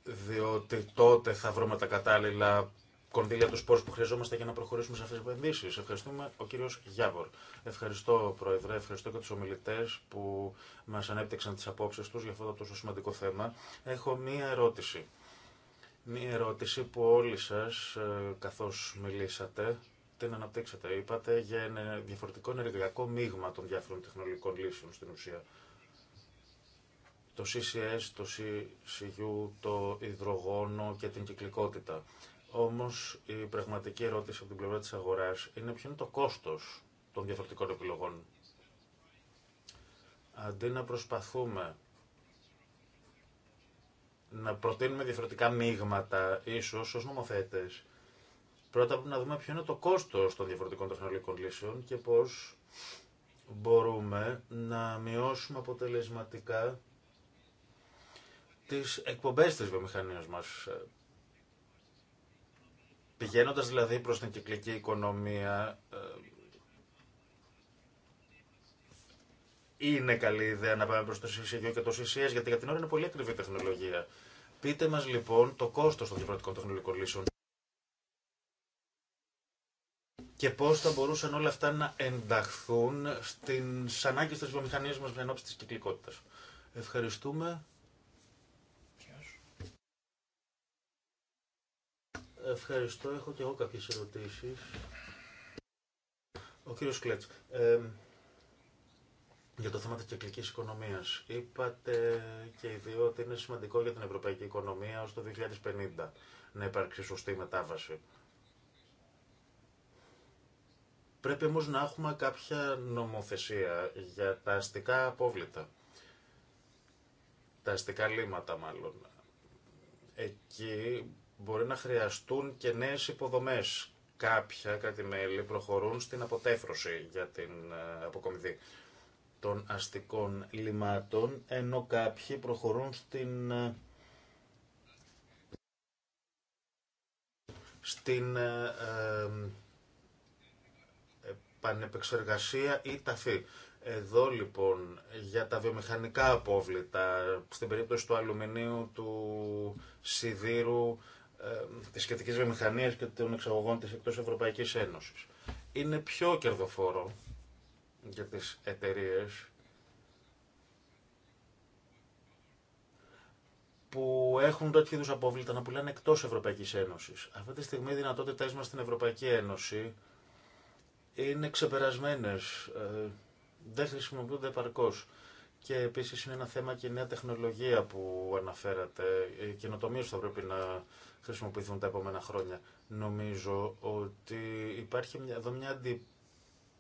διότι τότε θα βρούμε τα κατάλληλα κονδύλια, του σπόρου που χρειαζόμαστε για να προχωρήσουμε σε αυτέ τι επενδύσει. Ευχαριστούμε ο κύριο Γιάβορ. Ευχαριστώ, Πρόεδρε, ευχαριστώ και του ομιλητέ που μα ανέπτυξαν τι απόψει του για αυτό το τόσο σημαντικό θέμα. Έχω μία ερώτηση. Μία ερώτηση που όλοι σα, ε, καθώ μιλήσατε, την αναπτύξατε. Είπατε για ένα διαφορετικό ενεργειακό μείγμα των διάφορων τεχνολογικών λύσεων στην ουσία. Το CCS, το CCU, το υδρογόνο και την κυκλικότητα. Όμως η πραγματική ερώτηση από την πλευρά τη αγοράς είναι ποιο είναι το κόστος των διαφορετικών επιλογών. Αντί να προσπαθούμε να προτείνουμε διαφορετικά μείγματα, ίσως ως νομοθέτε, πρώτα πρέπει να δούμε ποιο είναι το κόστος των διαφορετικών τεχνολογικών λύσεων και πώς μπορούμε να μειώσουμε αποτελεσματικά τις εκπομπές της βιομηχανίας μας. Πηγαίνοντας δηλαδή προς την κυκλική οικονομία, ε, είναι καλή ιδέα να πάμε προς το CCG και το CCS, γιατί για την ώρα είναι πολύ ακριβή τεχνολογία. Πείτε μας λοιπόν το κόστος των διαφορετικών τεχνολογικών λύσεων και πώς θα μπορούσαν όλα αυτά να ενταχθούν στις ανάγκες της βιομηχανίας μας με ενόψη της κυκλικότητας. Ευχαριστούμε. Ευχαριστώ. Έχω και εγώ κάποιες ερωτήσεις. Ο κύριος Κλέτς, για το θέμα της κυκλικής οικονομίας. Είπατε και οι δύο ότι είναι σημαντικό για την ευρωπαϊκή οικονομία ως το 2050 να υπάρξει σωστή μετάβαση. Πρέπει όμως να έχουμε κάποια νομοθεσία για τα αστικά απόβλητα. Τα αστικά λύματα μάλλον. Εκεί Μπορεί να χρειαστούν και νέε υποδομες υποδομές. κάτι κράτη-μέλη προχωρούν στην αποτέφρωση για την ε, αποκομιδή των αστικών λιμάτων, ενώ κάποιοι προχωρούν στην, ε, στην ε, πανεπεξεργασία ή ταφή. Εδώ λοιπόν για τα βιομηχανικά απόβλητα, στην περίπτωση του αλουμινίου, του σιδήρου, Τη σχετική βιομηχανία και των εξαγωγών της εκτό Ευρωπαϊκής Ένωσης. Είναι πιο κερδοφόρο για τις εταιρείε που έχουν τέτοιου είδου απόβλητα να πουλάνε εκτό Ευρωπαϊκή Ένωση. Αυτή τη στιγμή οι δυνατότητέ μα στην Ευρωπαϊκή Ένωση είναι ξεπερασμένε. Ε, δεν χρησιμοποιούνται επαρκώ. Και επίση είναι ένα θέμα και η νέα τεχνολογία που αναφέρατε. Οι καινοτομίε θα πρέπει να χρησιμοποιηθούν τα επόμενα χρόνια. Νομίζω ότι υπάρχει μια, εδώ μια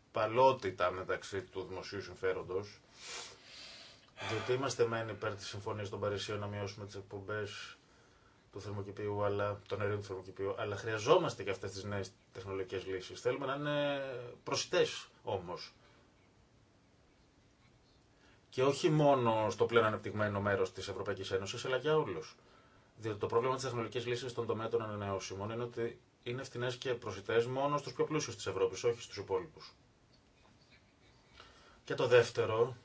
αντιπαλότητα μεταξύ του δημοσίου συμφέροντο. διότι είμαστε μεν υπέρ τη συμφωνία των Παρισίων να μειώσουμε τι εκπομπέ του θερμοκηπίου, αλλά, των αερίων του θερμοκηπίου, αλλά χρειαζόμαστε και αυτέ τι νέε τεχνολογικέ λύσει. Θέλουμε να είναι προσιτέ όμω. Και όχι μόνο στο πλέον ανεπτυγμένο μέρο τη Ευρωπαϊκή Ένωση, αλλά για όλου. Διότι το πρόβλημα τη τεχνολογική λύση στον τομέα των ανανεώσιμων είναι ότι είναι φθηνέ και προσιτέ μόνο στου πιο πλούσιου τη Ευρώπη, όχι στου υπόλοιπου. Και το δεύτερο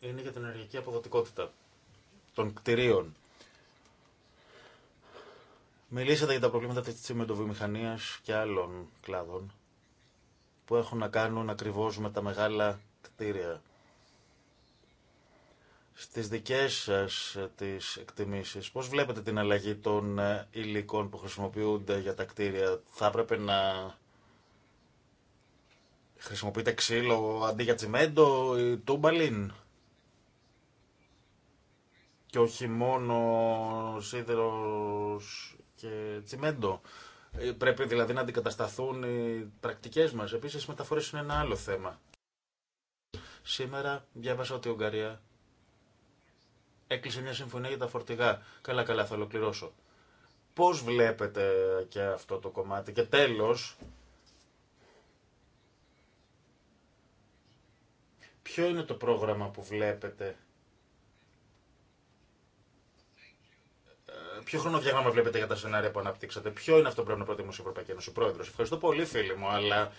είναι για την ενεργειακή αποδοτικότητα των κτηρίων. Μιλήσατε για τα προβλήματα της τσιμεντοβιομηχανίας και άλλων κλάδων που έχουν να κάνουν ακριβώ με τα μεγάλα κτίρια στις δικές σας ε, τις εκτιμήσεις, πώς βλέπετε την αλλαγή των ε, υλικών που χρησιμοποιούνται για τα κτίρια. Θα έπρεπε να χρησιμοποιείτε ξύλο αντί για τσιμέντο ή τούμπαλιν. Και όχι μόνο σίδερος και τσιμέντο. Ε, πρέπει δηλαδή να αντικατασταθούν οι πρακτικές μας. Επίσης, μεταφορές είναι ένα άλλο θέμα. Σήμερα διάβασα ότι η Ουγγαρία έκλεισε μια συμφωνία για τα φορτηγά. Καλά, καλά, θα ολοκληρώσω. Πώ βλέπετε και αυτό το κομμάτι. Και τέλο. ποιο είναι το πρόγραμμα που βλέπετε. Ε, ποιο χρονοδιάγραμμα βλέπετε για τα σενάρια που αναπτύξατε, Ποιο είναι αυτό που πρέπει να προτιμούσε η Ευρωπαϊκή Ένωση, Πρόεδρο. Ευχαριστώ πολύ, φίλοι μου, αλλά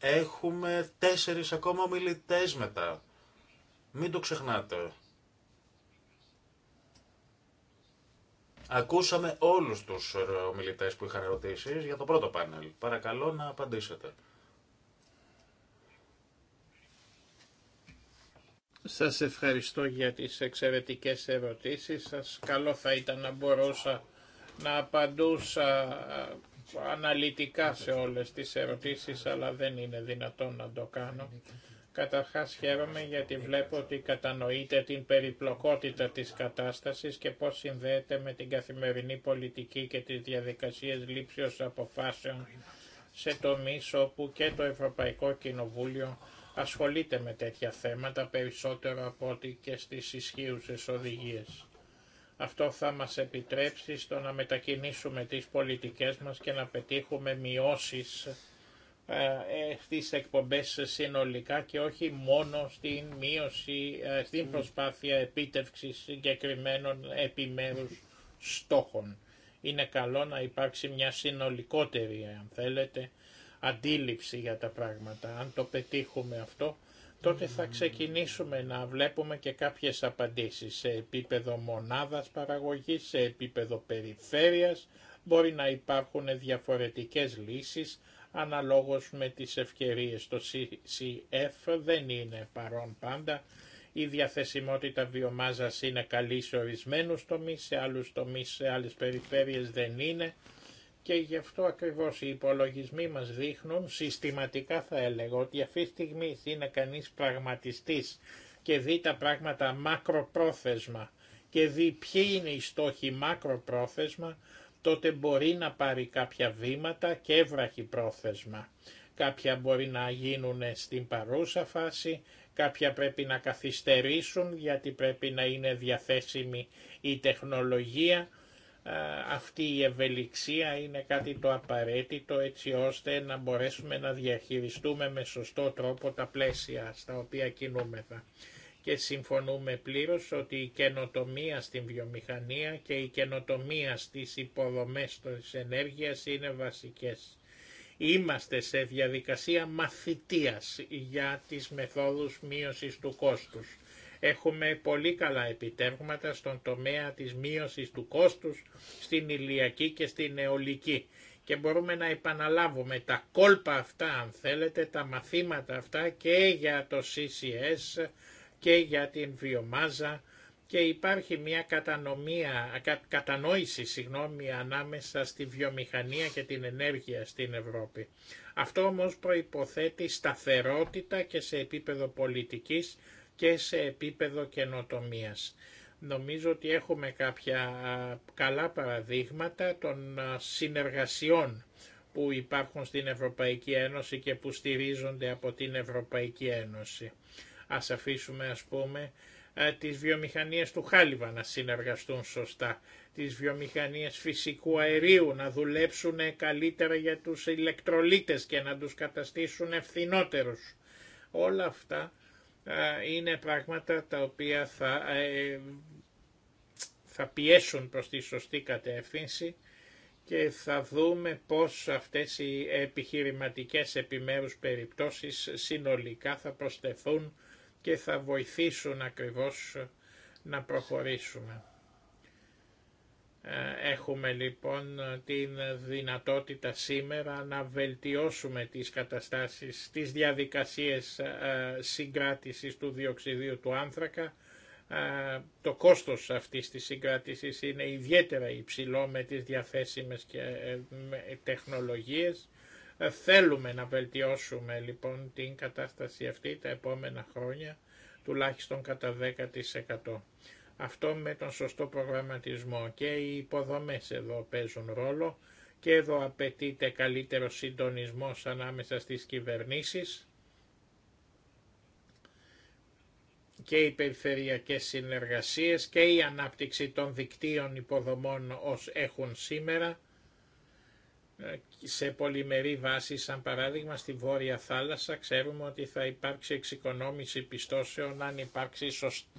έχουμε τέσσερι ακόμα ομιλητέ μετά. Μην το ξεχνάτε. Ακούσαμε όλους τους ε, ομιλητές που είχαν ερωτήσεις για το πρώτο πάνελ. Παρακαλώ να απαντήσετε. Σας ευχαριστώ για τις εξαιρετικές ερωτήσεις σας. Καλό θα ήταν να μπορούσα να απαντούσα ε, αναλυτικά σε όλες τις ερωτήσεις, αλλά δεν είναι δυνατόν να το κάνω. Καταρχάς χαίρομαι γιατί βλέπω ότι κατανοείτε την περιπλοκότητα της κατάστασης και πώς συνδέεται με την καθημερινή πολιτική και τις διαδικασίες λήψεως αποφάσεων σε τομείς όπου και το Ευρωπαϊκό Κοινοβούλιο ασχολείται με τέτοια θέματα περισσότερο από ό,τι και στις ισχύουσες οδηγίες. Αυτό θα μας επιτρέψει στο να μετακινήσουμε τις πολιτικές μας και να πετύχουμε μειώσεις ε, ε, στις εκπομπές συνολικά και όχι μόνο στην μείωση, ε, στην mm. προσπάθεια επίτευξης συγκεκριμένων επιμέρους στόχων. Είναι καλό να υπάρξει μια συνολικότερη, αν θέλετε, αντίληψη για τα πράγματα. Αν το πετύχουμε αυτό, τότε θα mm. ξεκινήσουμε να βλέπουμε και κάποιες απαντήσεις σε επίπεδο μονάδας παραγωγής, σε επίπεδο περιφέρειας, μπορεί να υπάρχουν διαφορετικές λύσεις, αναλόγως με τις ευκαιρίες. Το CCF δεν είναι παρόν πάντα. Η διαθεσιμότητα βιομάζας είναι καλή σε ορισμένους τομείς, σε άλλους τομείς, σε άλλες περιφέρειες δεν είναι και γι' αυτό ακριβώς οι υπολογισμοί μας δείχνουν συστηματικά θα έλεγα ότι αυτή τη στιγμή είναι κανείς πραγματιστής και δει τα πράγματα μακροπρόθεσμα και δει ποιοι είναι οι στόχοι μακροπρόθεσμα, τότε μπορεί να πάρει κάποια βήματα και εύραχη πρόθεσμα. Κάποια μπορεί να γίνουν στην παρούσα φάση, κάποια πρέπει να καθυστερήσουν γιατί πρέπει να είναι διαθέσιμη η τεχνολογία. Αυτή η ευελιξία είναι κάτι το απαραίτητο έτσι ώστε να μπορέσουμε να διαχειριστούμε με σωστό τρόπο τα πλαίσια στα οποία κινούμεθα και συμφωνούμε πλήρως ότι η καινοτομία στην βιομηχανία και η καινοτομία στις υποδομές της ενέργειας είναι βασικές. Είμαστε σε διαδικασία μαθητείας για τις μεθόδους μείωσης του κόστους. Έχουμε πολύ καλά επιτεύγματα στον τομέα της μείωσης του κόστους στην ηλιακή και στην αιωλική και μπορούμε να επαναλάβουμε τα κόλπα αυτά αν θέλετε, τα μαθήματα αυτά και για το CCS και για την βιομάζα και υπάρχει μια κατανομία, κα, κατανόηση ανάμεσα στη βιομηχανία και την ενέργεια στην Ευρώπη. Αυτό όμως προϋποθέτει σταθερότητα και σε επίπεδο πολιτικής και σε επίπεδο καινοτομίας. Νομίζω ότι έχουμε κάποια καλά παραδείγματα των συνεργασιών που υπάρχουν στην Ευρωπαϊκή Ένωση και που στηρίζονται από την Ευρωπαϊκή Ένωση. Ας αφήσουμε ας πούμε ε, τις βιομηχανίες του Χάλιβα να συνεργαστούν σωστά, τις βιομηχανίες φυσικού αερίου να δουλέψουν καλύτερα για τους ηλεκτρολίτες και να τους καταστήσουν ευθυνότερους. Όλα αυτά ε, είναι πράγματα τα οποία θα, ε, θα πιέσουν προς τη σωστή κατεύθυνση και θα δούμε πώς αυτές οι επιχειρηματικές επιμέρους περιπτώσεις συνολικά θα προσθεθούν και θα βοηθήσουν ακριβώς να προχωρήσουμε. Ε, έχουμε λοιπόν την δυνατότητα σήμερα να βελτιώσουμε τις καταστάσεις, τις διαδικασίες ε, συγκράτησης του διοξιδίου του άνθρακα. Ε, το κόστος αυτής της συγκράτησης είναι ιδιαίτερα υψηλό με τις διαθέσιμες και τεχνολογίες ε, θέλουμε να βελτιώσουμε λοιπόν την κατάσταση αυτή τα επόμενα χρόνια τουλάχιστον κατά 10%. Αυτό με τον σωστό προγραμματισμό και οι υποδομές εδώ παίζουν ρόλο και εδώ απαιτείται καλύτερο συντονισμός ανάμεσα στις κυβερνήσεις και οι περιφερειακές συνεργασίες και η ανάπτυξη των δικτύων υποδομών ως έχουν σήμερα ε, σε πολυμερή βάση, σαν παράδειγμα στη Βόρεια Θάλασσα, ξέρουμε ότι θα υπάρξει εξοικονόμηση πιστώσεων αν υπάρξει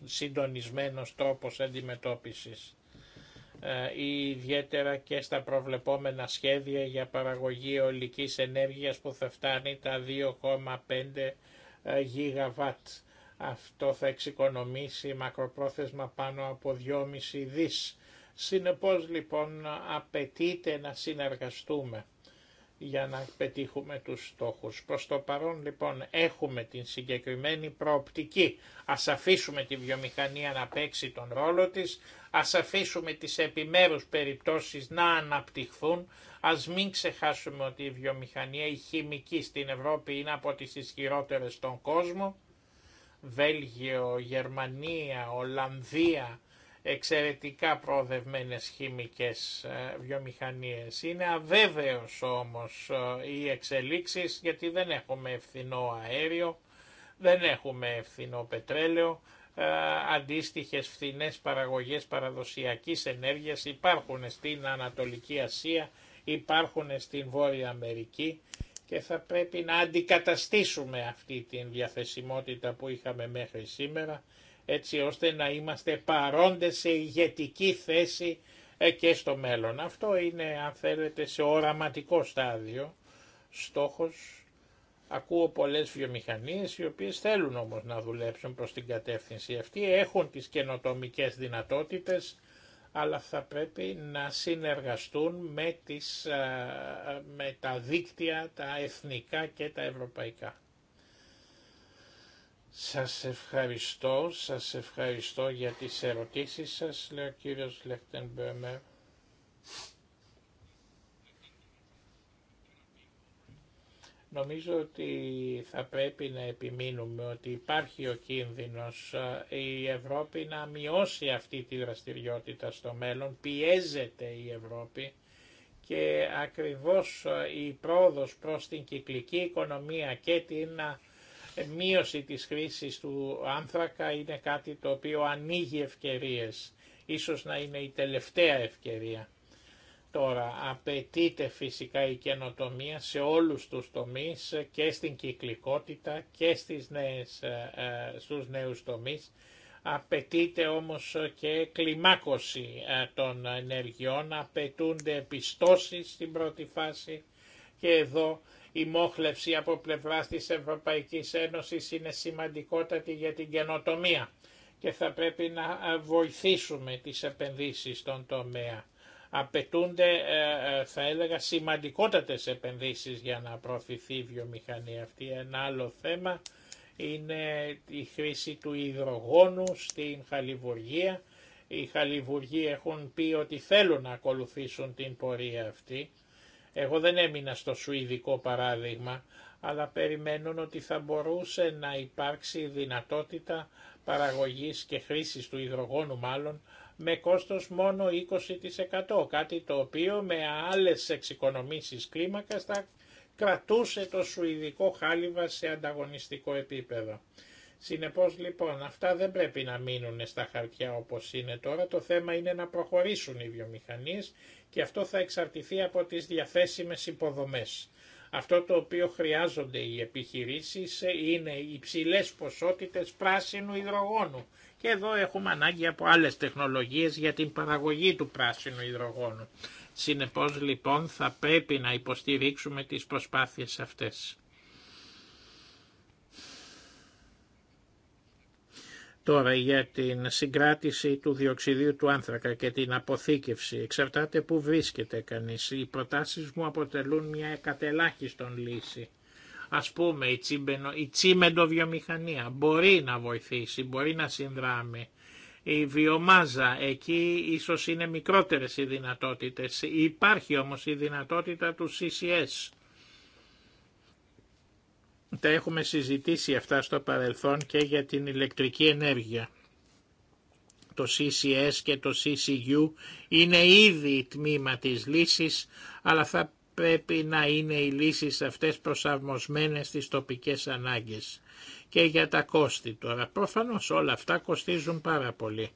συντονισμένος τρόπος αντιμετώπισης. Ή ε, ιδιαίτερα και στα προβλεπόμενα σχέδια για παραγωγή ολικής ενέργειας που θα φτάνει τα 2,5 ε, γιγαβάτ. Αυτό θα εξοικονομήσει μακροπρόθεσμα πάνω από 2,5 δις Συνεπώς λοιπόν απαιτείται να συνεργαστούμε για να πετύχουμε τους στόχους. Προς το παρόν λοιπόν έχουμε την συγκεκριμένη προοπτική. Ας αφήσουμε τη βιομηχανία να παίξει τον ρόλο της, ας αφήσουμε τις επιμέρους περιπτώσεις να αναπτυχθούν, ας μην ξεχάσουμε ότι η βιομηχανία η χημική στην Ευρώπη είναι από τις ισχυρότερες στον κόσμο. Βέλγιο, Γερμανία, Ολλανδία, εξαιρετικά προοδευμένες χημικές ε, βιομηχανίες. Είναι αβέβαιος όμως ε, οι εξελίξεις γιατί δεν έχουμε ευθυνό αέριο, δεν έχουμε ευθυνό πετρέλαιο, ε, αντίστοιχες φθηνές παραγωγές παραδοσιακής ενέργειας υπάρχουν στην Ανατολική Ασία, υπάρχουν στην Βόρεια Αμερική και θα πρέπει να αντικαταστήσουμε αυτή την διαθεσιμότητα που είχαμε μέχρι σήμερα έτσι ώστε να είμαστε παρόντες σε ηγετική θέση ε, και στο μέλλον. Αυτό είναι αν θέλετε σε οραματικό στάδιο στόχος. Ακούω πολλές βιομηχανίες οι οποίες θέλουν όμως να δουλέψουν προς την κατεύθυνση αυτή, έχουν τις καινοτομικές δυνατότητες, αλλά θα πρέπει να συνεργαστούν με, τις, ε, ε, με τα δίκτυα, τα εθνικά και τα ευρωπαϊκά. Σας ευχαριστώ, σας ευχαριστώ για τις ερωτήσεις σας, λέει ο κύριος Λεχτενμπέμερ. Νομίζω ότι θα πρέπει να επιμείνουμε ότι υπάρχει ο κίνδυνος η Ευρώπη να μειώσει αυτή τη δραστηριότητα στο μέλλον, πιέζεται η Ευρώπη και ακριβώς η πρόοδος προς την κυκλική οικονομία και την μείωση της χρήσης του άνθρακα είναι κάτι το οποίο ανοίγει ευκαιρίες. Ίσως να είναι η τελευταία ευκαιρία. Τώρα απαιτείται φυσικά η καινοτομία σε όλους τους τομείς και στην κυκλικότητα και στις νέες, ε, ε, στους νέους τομείς. Απαιτείται όμως και κλιμάκωση ε, των ενεργειών, απαιτούνται επιστώσεις στην πρώτη φάση και εδώ η μόχλευση από πλευρά της Ευρωπαϊκή Ένωση είναι σημαντικότατη για την καινοτομία και θα πρέπει να ε, βοηθήσουμε τις επενδύσεις στον τομέα. Απαιτούνται, ε, ε, θα έλεγα, σημαντικότατες επενδύσεις για να προωθηθεί η βιομηχανία αυτή. Ένα άλλο θέμα είναι η χρήση του υδρογόνου στην χαλιβουργία. Οι χαλιβουργοί έχουν πει ότι θέλουν να ακολουθήσουν την πορεία αυτή εγώ δεν έμεινα στο σουηδικό παράδειγμα, αλλά περιμένουν ότι θα μπορούσε να υπάρξει δυνατότητα παραγωγής και χρήσης του υδρογόνου μάλλον με κόστος μόνο 20%, κάτι το οποίο με άλλες εξοικονομήσεις κλίμακας θα κρατούσε το σουηδικό χάλιβα σε ανταγωνιστικό επίπεδο. Συνεπώς λοιπόν αυτά δεν πρέπει να μείνουν στα χαρτιά όπως είναι τώρα, το θέμα είναι να προχωρήσουν οι βιομηχανίες και αυτό θα εξαρτηθεί από τις διαθέσιμες υποδομές. Αυτό το οποίο χρειάζονται οι επιχειρήσεις είναι υψηλές ποσότητες πράσινου υδρογόνου και εδώ έχουμε ανάγκη από άλλες τεχνολογίες για την παραγωγή του πράσινου υδρογόνου. Συνεπώς λοιπόν θα πρέπει να υποστηρίξουμε τις προσπάθειες αυτές. Τώρα για την συγκράτηση του διοξιδίου του άνθρακα και την αποθήκευση. Εξαρτάται που βρίσκεται κανείς. Οι προτάσεις μου αποτελούν μια κατελάχιστον λύση. Ας πούμε η, τσίμπενο, η τσίμεντοβιομηχανία μπορεί να βοηθήσει, μπορεί να συνδράμει. Η βιομάζα, εκεί ίσως είναι μικρότερες οι δυνατότητες. Υπάρχει όμως η δυνατότητα του CCS τα έχουμε συζητήσει αυτά στο παρελθόν και για την ηλεκτρική ενέργεια. Το CCS και το CCU είναι ήδη τμήμα της λύσης, αλλά θα πρέπει να είναι οι λύσεις αυτές προσαρμοσμένες στις τοπικές ανάγκες. Και για τα κόστη τώρα. Προφανώς όλα αυτά κοστίζουν πάρα πολύ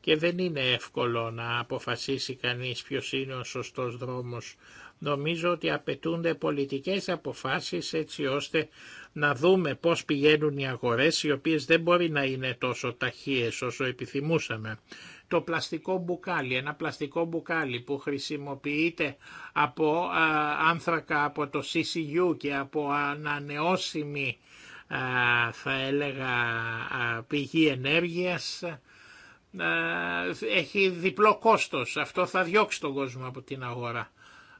και δεν είναι εύκολο να αποφασίσει κανείς ποιος είναι ο σωστός δρόμος Νομίζω ότι απαιτούνται πολιτικές αποφάσεις έτσι ώστε να δούμε πώς πηγαίνουν οι αγορές οι οποίες δεν μπορεί να είναι τόσο ταχύες όσο επιθυμούσαμε. Το πλαστικό μπουκάλι, ένα πλαστικό μπουκάλι που χρησιμοποιείται από άνθρακα από το CCU και από ανανεώσιμη θα έλεγα πηγή ενέργειας έχει διπλό κόστος. Αυτό θα διώξει τον κόσμο από την αγορά.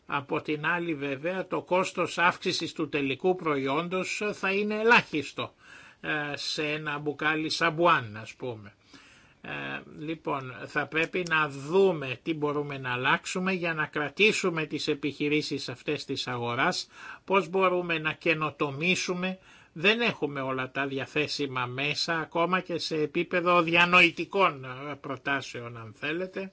Από την άλλη βέβαια το κόστος αύξησης του τελικού προϊόντος θα είναι ελάχιστο ε, σε ένα μπουκάλι σαμπουάν ας πούμε. Ε, λοιπόν, θα πρέπει να δούμε τι μπορούμε να αλλάξουμε για να κρατήσουμε τις επιχειρήσεις αυτές της αγοράς, πώς μπορούμε να καινοτομήσουμε. Δεν έχουμε όλα τα διαθέσιμα μέσα, ακόμα και σε επίπεδο διανοητικών ε, προτάσεων αν θέλετε.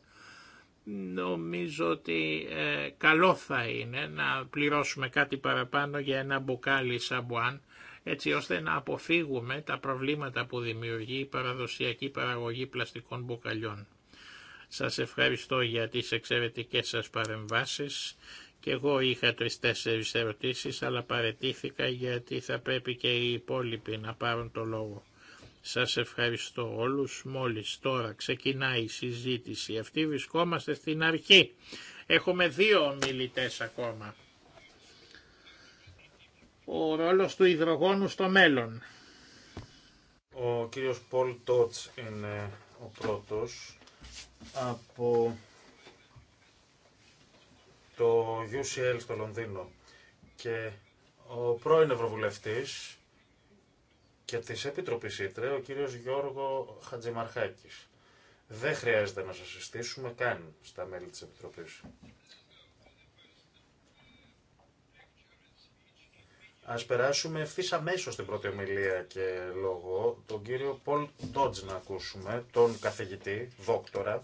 Νομίζω ότι ε, καλό θα είναι να πληρώσουμε κάτι παραπάνω για ένα μπουκάλι σαμπουάν έτσι ώστε να αποφύγουμε τα προβλήματα που δημιουργεί η παραδοσιακή παραγωγή πλαστικών μπουκαλιών. Σας ευχαριστώ για τις εξαιρετικές σας παρεμβάσεις και εγώ είχα τρεις-τέσσερις ερωτήσεις αλλά παρετήθηκα γιατί θα πρέπει και οι υπόλοιποι να πάρουν το λόγο. Σας ευχαριστώ όλους. Μόλις τώρα ξεκινάει η συζήτηση αυτή, βρισκόμαστε στην αρχή. Έχουμε δύο ομιλητές ακόμα. Ο ρόλος του υδρογόνου στο μέλλον. Ο κύριος Πολ Τότς είναι ο πρώτος από το UCL στο Λονδίνο και ο πρώην Ευρωβουλευτής και τη επίτροπή Ήτρε, ο κύριος Γιώργο Χατζημαρχάκης. Δεν χρειάζεται να σας συστήσουμε καν στα μέλη τη Επιτροπή. Ας περάσουμε ευθύ αμέσω στην πρώτη ομιλία και λόγο τον κύριο Πολ Τότζ να ακούσουμε, τον καθηγητή, δόκτορα,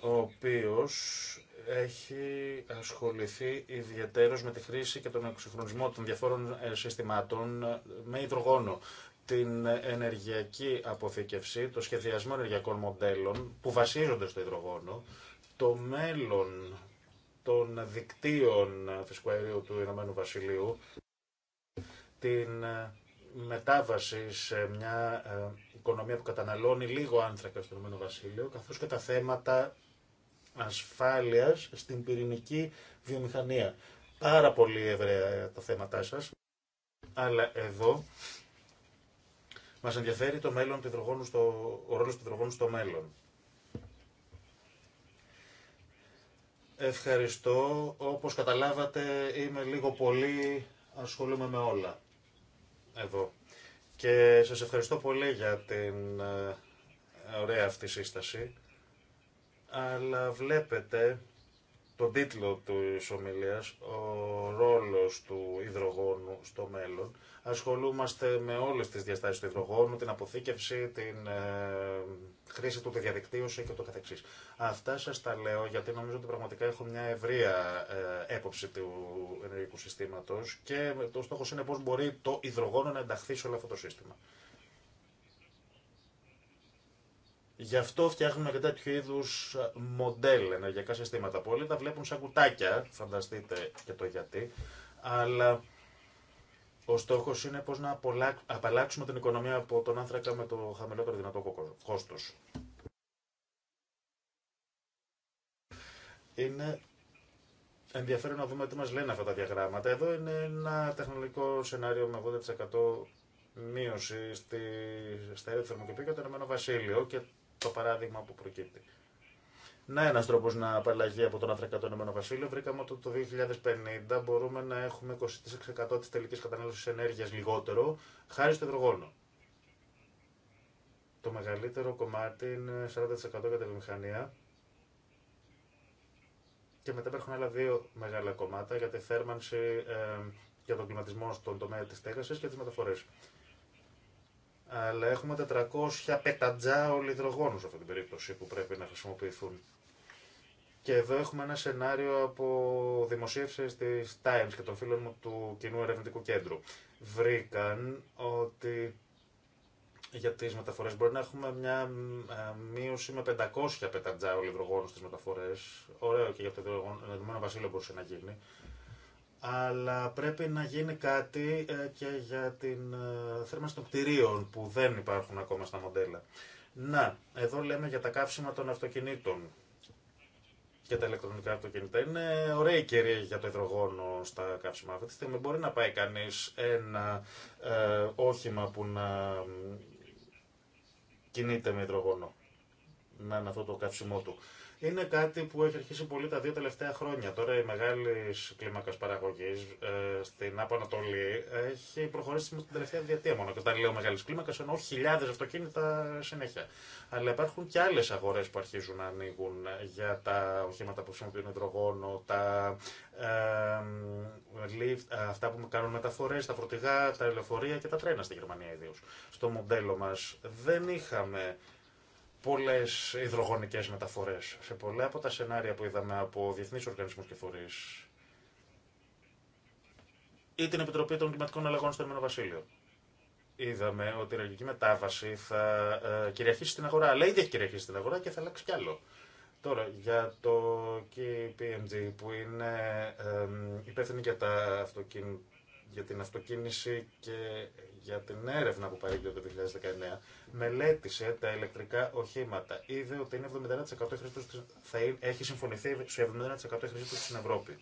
ο οποίος έχει ασχοληθεί ιδιαίτερως με τη χρήση και τον εξυγχρονισμό των διαφόρων ε, συστημάτων ε, με υδρογόνο την ενεργειακή αποθήκευση, το σχεδιασμό ενεργειακών μοντέλων που βασίζονται στο υδρογόνο, το μέλλον των δικτύων ε, φυσικού αερίου του Ηνωμένου Βασιλείου, την μετάβαση σε μια οικονομία που καταναλώνει λίγο άνθρακα στο Ηνωμένο Βασίλειο, καθώς και τα θέματα ασφάλειας στην πυρηνική βιομηχανία. Πάρα πολύ ευρέα τα θέματά σας, αλλά εδώ μας ενδιαφέρει το μέλλον τη στο, ο ρόλος του υδρογόνου στο μέλλον. Ευχαριστώ. Όπως καταλάβατε είμαι λίγο πολύ, ασχολούμαι με όλα εδώ. Και σας ευχαριστώ πολύ για την ε, ωραία αυτή σύσταση αλλά βλέπετε τον τίτλο του ομιλίας, ο ρόλος του υδρογόνου στο μέλλον. Ασχολούμαστε με όλες τις διαστάσεις του υδρογόνου, την αποθήκευση, την ε, χρήση του, τη διαδικτύωση και το καθεξής. Αυτά σας τα λέω γιατί νομίζω ότι πραγματικά έχω μια ευρεία ε, έποψη του ενεργικού συστήματος και το στόχος είναι πώς μπορεί το υδρογόνο να ενταχθεί σε όλο αυτό το σύστημα. Γι' αυτό φτιάχνουμε και τέτοιου είδου μοντέλ ενεργειακά συστήματα. Πολλοί τα βλέπουν σαν κουτάκια, φανταστείτε και το γιατί, αλλά ο στόχο είναι πώ να απαλλάξουμε την οικονομία από τον άνθρακα με το χαμηλότερο δυνατό κόστο. Είναι ενδιαφέρον να δούμε τι μα λένε αυτά τα διαγράμματα. Εδώ είναι ένα τεχνολογικό σενάριο με 80% μείωση στη στέρεο θερμοκηπίου και το Ηνωμένο Βασίλειο και το παράδειγμα που προκύπτει. Να ένας τρόπος να απαλλαγεί από τον ανθρακά Βασίλειο. Βρήκαμε ότι το 2050 μπορούμε να έχουμε 24% της τελικής κατανάλωσης ενέργειας λιγότερο, χάρη στο υδρογόνο. Το μεγαλύτερο κομμάτι είναι 40% για τη βιομηχανία. Και μετά υπάρχουν άλλα δύο μεγάλα κομμάτια για τη θέρμανση, ε, για τον κλιματισμό στον τομέα της στέγασης και τις μεταφορέ αλλά έχουμε 400 πετατζά ολυδρογόνους σε αυτή την περίπτωση που πρέπει να χρησιμοποιηθούν. Και εδώ έχουμε ένα σενάριο από δημοσίευση τη Times και των φίλων μου του Κοινού Ερευνητικού Κέντρου. Βρήκαν ότι για τις μεταφορές μπορεί να έχουμε μια ε, μείωση με 500 πετατζά ολυδρογόνου στις μεταφορές. Ωραίο και για το Ηνωμένο Βασίλειο μπορούσε να γίνει αλλά πρέπει να γίνει κάτι ε, και για την ε, θέρμανση των κτηρίων που δεν υπάρχουν ακόμα στα μοντέλα. Να, εδώ λέμε για τα καύσιμα των αυτοκινήτων και τα ηλεκτρονικά αυτοκίνητα. Είναι η κυρία για το υδρογόνο στα καύσιμα. Αυτή τη στιγμή μπορεί να πάει κανείς ένα ε, όχημα που να κινείται με υδρογόνο. Να αυτό το καύσιμό του είναι κάτι που έχει αρχίσει πολύ τα δύο τελευταία χρόνια. Τώρα η μεγάλη κλίμακα παραγωγή ε, στην Αποανατολή έχει προχωρήσει με την τελευταία διετία μόνο. Και όταν λέω μεγάλη κλίμακα, εννοώ χιλιάδε αυτοκίνητα συνέχεια. Αλλά υπάρχουν και άλλε αγορέ που αρχίζουν να ανοίγουν για τα οχήματα που χρησιμοποιούν υδρογόνο, τα ε, lift, αυτά που κάνουν μεταφορέ, τα φορτηγά, τα ελεφορία και τα τρένα στη Γερμανία ιδίω. Στο μοντέλο μα δεν είχαμε Πολλέ υδρογονικές μεταφορές. Σε πολλά από τα σενάρια που είδαμε από διεθνεί οργανισμού και φορείς ή την Επιτροπή των Κλιματικών Αλλαγών στο Ηνωμένο Βασίλειο. Είδαμε ότι η ενεργειακή βασιλειο ειδαμε οτι η ραγικη μεταβαση θα ε, κυριαρχήσει στην αγορά, αλλά ήδη έχει κυριαρχήσει στην αγορά και θα αλλάξει κι άλλο. Τώρα, για το KPMG που είναι ε, ε για τα αυτοκίνητα για την αυτοκίνηση και για την έρευνα που παρήγγειλε το 2019, μελέτησε τα ηλεκτρικά οχήματα. Είδε ότι είναι 71% θα έχει συμφωνηθεί σε 71% χρήση στην Ευρώπη.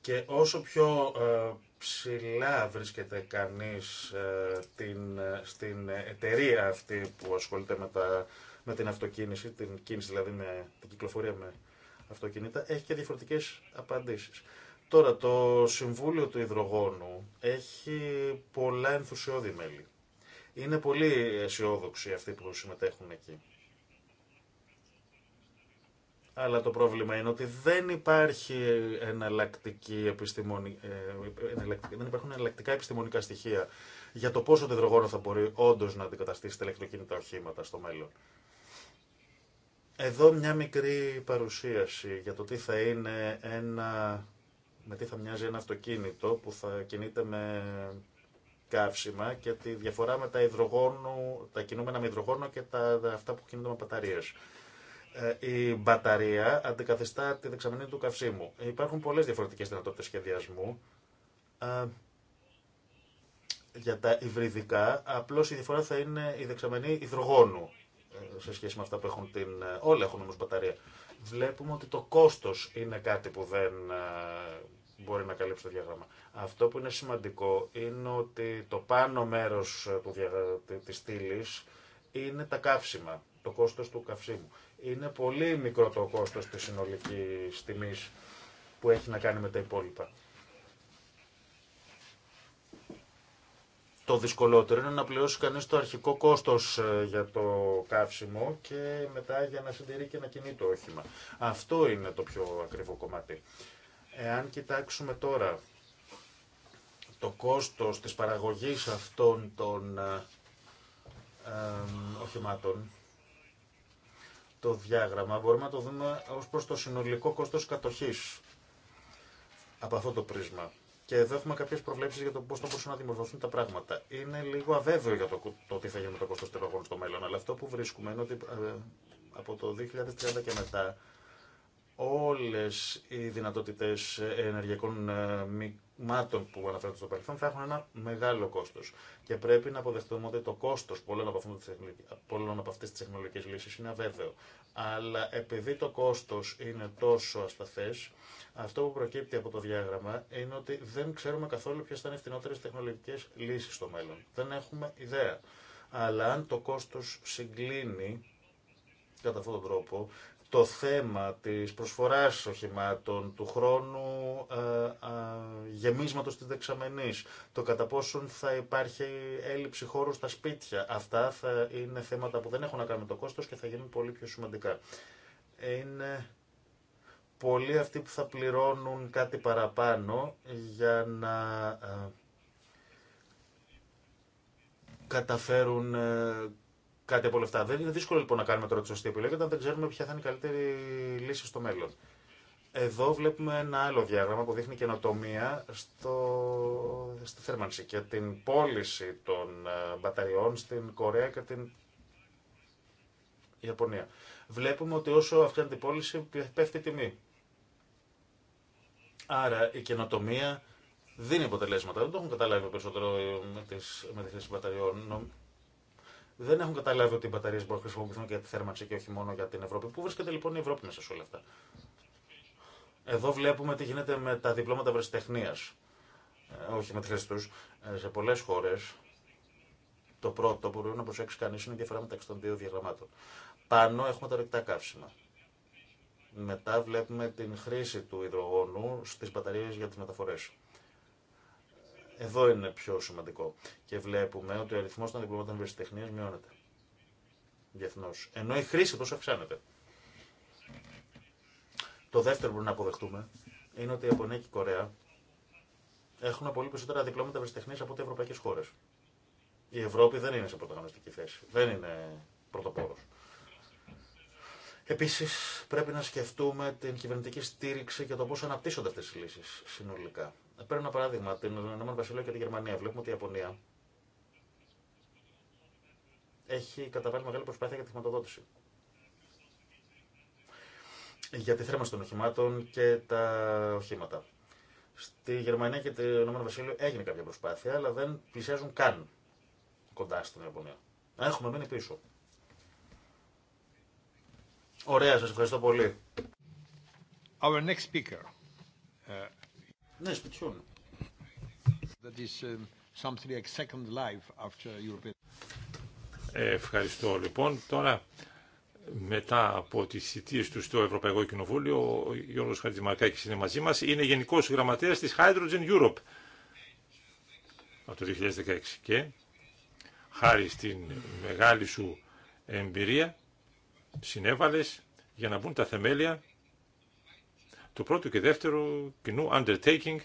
Και όσο πιο ε, ψηλά βρίσκεται κανείς ε, την, ε, στην εταιρεία αυτή που ασχολείται με, τα, με την αυτοκίνηση, την κίνηση δηλαδή με την κυκλοφορία με αυτοκίνητα έχει και διαφορετικές απαντήσεις. Τώρα, το Συμβούλιο του Ιδρογόνου έχει πολλά ενθουσιώδη μέλη. Είναι πολύ αισιόδοξοι αυτοί που συμμετέχουν εκεί. Αλλά το πρόβλημα είναι ότι δεν υπάρχει εναλλακτική επιστημονική, ε, δεν υπάρχουν εναλλακτικά επιστημονικά στοιχεία για το πόσο το υδρογόνο θα μπορεί όντω να αντικαταστήσει τα ηλεκτροκίνητα οχήματα στο μέλλον. Εδώ μια μικρή παρουσίαση για το τι θα είναι ένα, με τι θα μοιάζει ένα αυτοκίνητο που θα κινείται με καύσιμα και τη διαφορά με τα, υδρογόνου, τα κινούμενα με υδρογόνο και τα, αυτά που κινούνται με μπαταρίες. Ε, η μπαταρία αντικαθιστά τη δεξαμενή του καυσίμου. Υπάρχουν πολλές διαφορετικές δυνατότητες σχεδιασμού. Ε, για τα υβριδικά, απλώς η διαφορά θα είναι η δεξαμενή υδρογόνου σε σχέση με αυτά που έχουν την... Ε, Όλα έχουν όμως μπαταρία. Βλέπουμε ότι το κόστος είναι κάτι που δεν ε, μπορεί να καλύψει το διάγραμμα. Αυτό που είναι σημαντικό είναι ότι το πάνω μέρος ε, του της στήλη είναι τα καύσιμα, το κόστος του καυσίμου. Είναι πολύ μικρό το κόστος της συνολική τιμής που έχει να κάνει με τα υπόλοιπα. Το δυσκολότερο είναι να πληρώσει κανείς το αρχικό κόστος ε, για το καύσιμο και μετά για να συντηρεί και να κινεί το όχημα. Αυτό είναι το πιο ακριβό κομμάτι. Εάν κοιτάξουμε τώρα το κόστος της παραγωγής αυτών των ε, οχημάτων, το διάγραμμα μπορούμε να το δούμε ως προς το συνολικό κόστος κατοχής από αυτό το πρίσμα. Και εδώ έχουμε κάποιε προβλέψει για το πώ θα μπορούσαν να δημορφωθούν τα πράγματα. Είναι λίγο αβέβαιο για το, το τι θα γίνει με το κόστο τεραγών στο μέλλον, αλλά αυτό που βρίσκουμε είναι ότι ε, από το 2030 και μετά όλες οι δυνατότητες ε, ενεργειακών ε, μάτων που αναφέρονται στο παρελθόν θα έχουν ένα μεγάλο κόστο. Και πρέπει να αποδεχτούμε ότι το κόστο πολλών από αυτέ τι τεχνολογικέ λύσει είναι αβέβαιο. Αλλά επειδή το κόστο είναι τόσο ασταθέ, αυτό που προκύπτει από το διάγραμμα είναι ότι δεν ξέρουμε καθόλου ποιε θα είναι οι φθηνότερε τεχνολογικέ λύσει στο μέλλον. Δεν έχουμε ιδέα. Αλλά αν το κόστο συγκλίνει κατά αυτόν τον τρόπο, το θέμα της προσφοράς οχημάτων, του χρόνου ε, τη γεμίσματος της δεξαμενής, το κατά πόσον θα υπάρχει έλλειψη χώρου στα σπίτια. Αυτά θα είναι θέματα που δεν έχουν να κάνουν το κόστος και θα γίνουν πολύ πιο σημαντικά. Είναι πολλοί αυτοί που θα πληρώνουν κάτι παραπάνω για να... Ε, καταφέρουν ε, κάτι από όλα αυτά. Δεν είναι δύσκολο λοιπόν να κάνουμε τώρα τη σωστή επιλογή όταν δεν ξέρουμε ποια θα είναι η καλύτερη λύση στο μέλλον. Εδώ βλέπουμε ένα άλλο διάγραμμα που δείχνει καινοτομία στο, στη θέρμανση και την πώληση των ε, μπαταριών στην Κορέα και την Ιαπωνία. Βλέπουμε ότι όσο αυξάνεται η πώληση πέφτει η τιμή. Άρα η καινοτομία δίνει αποτελέσματα. Δεν το έχουν καταλάβει περισσότερο με τις, με τις μπαταριών δεν έχουν καταλάβει ότι οι μπαταρίε μπορούν να χρησιμοποιηθούν και για τη θέρμανση και όχι μόνο για την Ευρώπη. Πού βρίσκεται λοιπόν η Ευρώπη μέσα σε όλα αυτά. Εδώ βλέπουμε τι γίνεται με τα διπλώματα βρεσιτεχνία. Ε, όχι με τη χρήση του. Ε, σε πολλέ χώρε το πρώτο που μπορεί να προσέξει κανεί είναι η διαφορά μεταξύ των δύο διαγραμμάτων. Πάνω έχουμε τα ρεκτά καύσιμα. Μετά βλέπουμε την χρήση του υδρογόνου στι μπαταρίε για τι μεταφορέ. Εδώ είναι πιο σημαντικό. Και βλέπουμε ότι ο αριθμό των διπλωμάτων ευρεσιτεχνία μειώνεται. Διεθνώ. Ενώ η χρήση του αυξάνεται. Το δεύτερο που μπορούμε να αποδεχτούμε είναι ότι η Ιαπωνία και η Κορέα έχουν πολύ περισσότερα διπλώματα βιοτεχνία από ό,τι ευρωπαϊκέ χώρε. Η Ευρώπη δεν είναι σε πρωταγωνιστική θέση. Δεν είναι πρωτοπόρο. Επίση, πρέπει να σκεφτούμε την κυβερνητική στήριξη και το πώ αναπτύσσονται αυτέ τι λύσει συνολικά. Παίρνω ένα παράδειγμα, την Ενωμένη Βασιλεία και τη Γερμανία. Βλέπουμε ότι η Ιαπωνία έχει καταβάλει μεγάλη προσπάθεια για τη χρηματοδότηση. Για τη θέρμανση των οχημάτων και τα οχήματα. Στη Γερμανία και το Ηνωμένο Βασίλειο έγινε κάποια προσπάθεια, αλλά δεν πλησιάζουν καν κοντά στην Ιαπωνία. Έχουμε μείνει πίσω. Ωραία, σας ευχαριστώ πολύ. Our next speaker, uh, ναι, σπιτιών. Um, Ευχαριστώ λοιπόν. Τώρα μετά από τις θητείε του στο Ευρωπαϊκό Κοινοβούλιο, ο Γιώργο Χατζημαρκάκη είναι μαζί μα. είναι Γενικός Γραμματέας της Hydrogen Europe από το 2016 και χάρη στην μεγάλη σου εμπειρία συνέβαλες για να μπουν τα θεμέλια του πρώτου και δεύτερου κοινού undertaking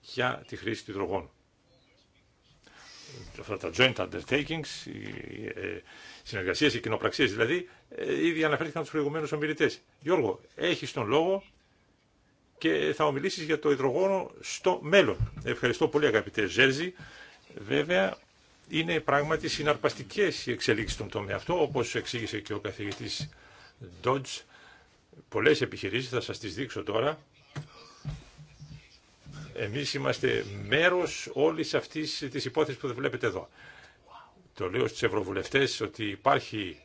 για τη χρήση του υδρογόνου. Αυτά τα joint undertakings, οι ε, συνεργασίες, οι κοινοπραξίες δηλαδή, ε, ήδη αναφέρθηκαν τους προηγουμένους ομιλητές. Γιώργο, έχεις τον λόγο και θα ομιλήσεις για το υδρογόνο στο μέλλον. Ευχαριστώ πολύ αγαπητέ Ζέρζη. Βέβαια, είναι πράγματι συναρπαστικές οι εξελίξεις στον τομέα αυτό, όπως εξήγησε και ο καθηγητής Dodge πολλές επιχειρήσεις, θα σας τις δείξω τώρα. Εμείς είμαστε μέρος όλης αυτής της υπόθεσης που βλέπετε εδώ. Το λέω στους ευρωβουλευτές ότι υπάρχει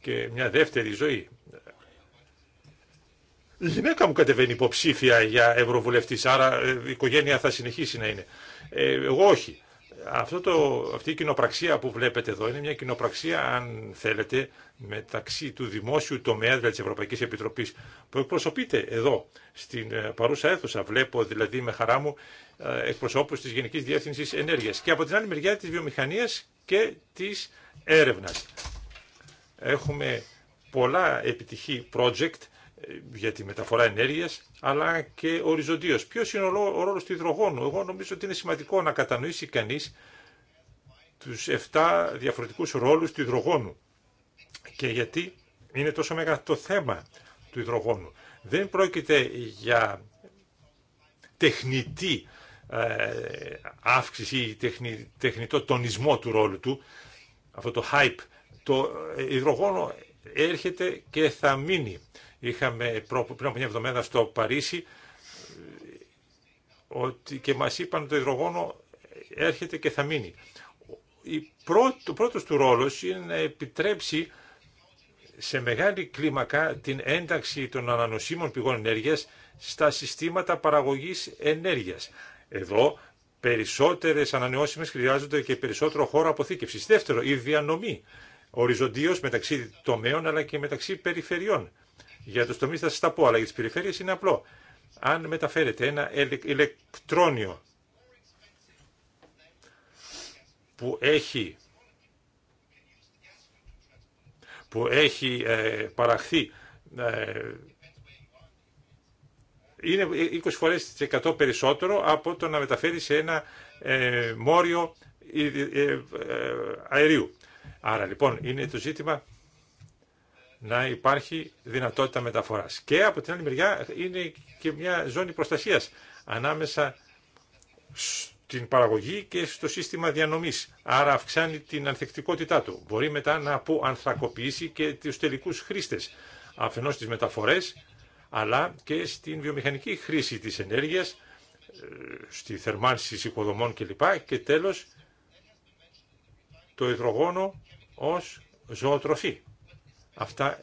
και μια δεύτερη ζωή. Η γυναίκα μου κατεβαίνει υποψήφια για ευρωβουλευτής, άρα η οικογένεια θα συνεχίσει να είναι. Ε, εγώ όχι. Αυτό το, αυτή η κοινοπραξία που βλέπετε εδώ είναι μια κοινοπραξία, αν θέλετε, μεταξύ του δημόσιου τομέα, δηλαδή της Ευρωπαϊκής Επιτροπής, που εκπροσωπείται εδώ, στην ε, παρούσα αίθουσα. Βλέπω δηλαδή με χαρά μου ε, εκπροσώπους της Γενικής Διεύθυνσης Ενέργειας και από την άλλη μεριά της βιομηχανίας και της έρευνας. Έχουμε πολλά επιτυχή project ε, για τη μεταφορά ενέργειας, αλλά και οριζοντίω. Ποιο είναι ο ρόλος του υδρογόνου. Εγώ νομίζω ότι είναι σημαντικό να κατανοήσει κανεί τους 7 διαφορετικούς ρόλους του υδρογόνου. Και γιατί είναι τόσο μεγάλο το θέμα του υδρογόνου. Δεν πρόκειται για τεχνητή ε, αύξηση ή τεχνη, τεχνητό τονισμό του ρόλου του, αυτό το hype. Το ε, υδρογόνο έρχεται και θα μείνει είχαμε πριν από μια εβδομάδα στο Παρίσι ότι και μας είπαν το υδρογόνο έρχεται και θα μείνει. Ο το πρώτος του ρόλος είναι να επιτρέψει σε μεγάλη κλίμακα την ένταξη των ανανοσίμων πηγών ενέργειας στα συστήματα παραγωγής ενέργειας. Εδώ περισσότερες ανανεώσιμες χρειάζονται και περισσότερο χώρο αποθήκευσης. Δεύτερο, η διανομή οριζοντίως μεταξύ τομέων αλλά και μεταξύ περιφερειών. Για τους τομείς θα σας τα πω, αλλά για τις περιφέρειες είναι απλό. Αν μεταφέρετε ένα ηλεκτρόνιο που έχει, που έχει ε, παραχθεί ε, είναι 20 φορές 100 περισσότερο από το να μεταφέρει σε ένα ε, μόριο αερίου. Άρα λοιπόν είναι το ζήτημα να υπάρχει δυνατότητα μεταφοράς. Και από την άλλη μεριά είναι και μια ζώνη προστασίας ανάμεσα στην παραγωγή και στο σύστημα διανομής. Άρα αυξάνει την ανθεκτικότητά του. Μπορεί μετά να αποανθρακοποιήσει και τους τελικούς χρήστες. Αφενός στις μεταφορές, αλλά και στην βιομηχανική χρήση της ενέργειας, ε, στη θερμάνση οικοδομών κλπ. Και τέλος, το υδρογόνο ως ζωοτροφή. Αυτά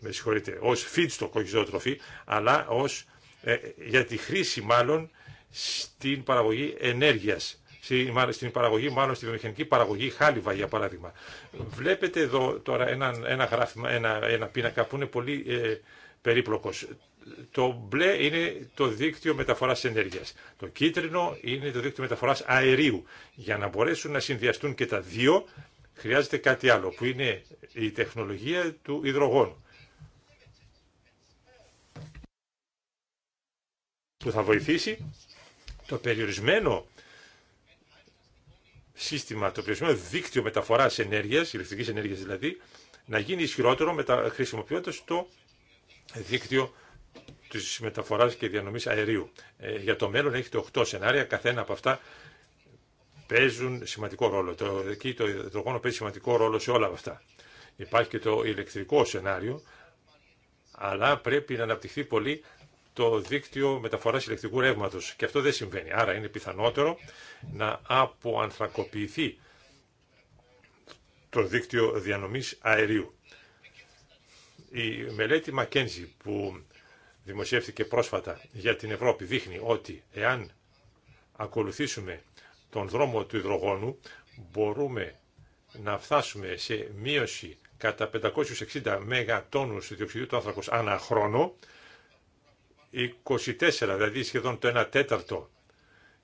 με συγχωρείτε, ως φίτστο όχι ζωοτροφή, αλλά ως, ε, για τη χρήση μάλλον στην παραγωγή ενέργειας, στην παραγωγή, μάλλον στη βιομηχανική παραγωγή χάλιβα, για παράδειγμα. Βλέπετε εδώ τώρα ένα, ένα γράφημα, ένα, ένα πίνακα που είναι πολύ ε, περίπλοκος. Το μπλε είναι το δίκτυο μεταφοράς ενέργειας. Το κίτρινο είναι το δίκτυο μεταφοράς αερίου. Για να μπορέσουν να συνδυαστούν και τα δύο, Χρειάζεται κάτι άλλο που είναι η τεχνολογία του υδρογόνου. που θα βοηθήσει το περιορισμένο σύστημα, το περιορισμένο δίκτυο μεταφοράς ενέργειας, ηλεκτρικής ενέργειας δηλαδή, να γίνει ισχυρότερο τα χρησιμοποιώντας το δίκτυο της μεταφοράς και διανομής αερίου. Ε, για το μέλλον έχετε 8 σενάρια, καθένα από αυτά παίζουν σημαντικό ρόλο. Το, εκεί το υδρογόνο παίζει σημαντικό ρόλο σε όλα αυτά. Υπάρχει και το ηλεκτρικό σενάριο, αλλά πρέπει να αναπτυχθεί πολύ το δίκτυο μεταφοράς ηλεκτρικού ρεύματος και αυτό δεν συμβαίνει. Άρα είναι πιθανότερο να αποανθρακοποιηθεί το δίκτυο διανομής αερίου. Η μελέτη McKenzie που δημοσιεύθηκε πρόσφατα για την Ευρώπη δείχνει ότι εάν ακολουθήσουμε τον δρόμο του υδρογόνου μπορούμε να φτάσουμε σε μείωση κατά 560 του διοξιδίου του άνθρακος ανά χρόνο, 24, δηλαδή σχεδόν το 1 τέταρτο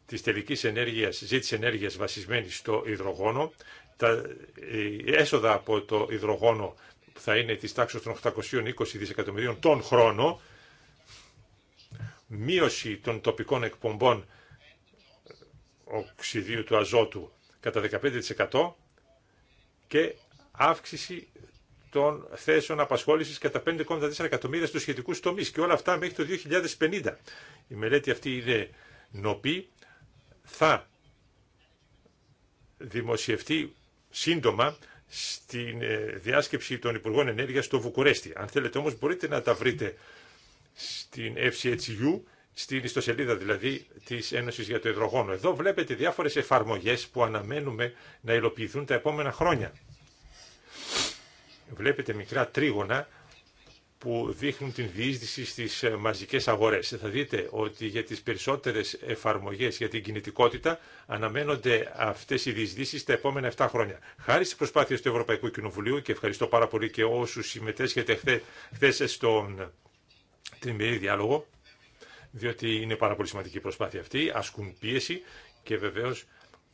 της τελικής ενέργειας, ζήτησης ενέργειας βασισμένη στο υδρογόνο, τα ε, έσοδα από το υδρογόνο θα είναι της τάξης των 820 δισεκατομμυρίων τον χρόνο, μείωση των τοπικών εκπομπών οξυδίου του αζότου κατά 15% και αύξηση των θέσεων απασχόληση κατά 5,4 εκατομμύρια στου σχετικού τομεί. Και όλα αυτά μέχρι το 2050. Η μελέτη αυτή είναι νοπή. Θα δημοσιευτεί σύντομα στη ε, διάσκεψη των Υπουργών Ενέργειας στο Βουκουρέστι. Αν θέλετε όμως μπορείτε να τα βρείτε στην FCHU στην ιστοσελίδα δηλαδή τη Ένωση για το Εδρογόνο. Εδώ βλέπετε διάφορε εφαρμογέ που αναμένουμε να υλοποιηθούν τα επόμενα χρόνια. Βλέπετε μικρά τρίγωνα που δείχνουν την διείσδυση στις ε, μαζικές αγορές. Θα δείτε ότι για τις περισσότερες εφαρμογές για την κινητικότητα αναμένονται αυτές οι διεισδύσεις τα επόμενα 7 χρόνια. Χάρη στις προσπάθειες του Ευρωπαϊκού Κοινοβουλίου και ευχαριστώ πάρα πολύ και όσους συμμετέσχετε χθε στον τριμερή διάλογο, διότι είναι πάρα πολύ σημαντική η προσπάθεια αυτή, ασκούν πίεση και βεβαίως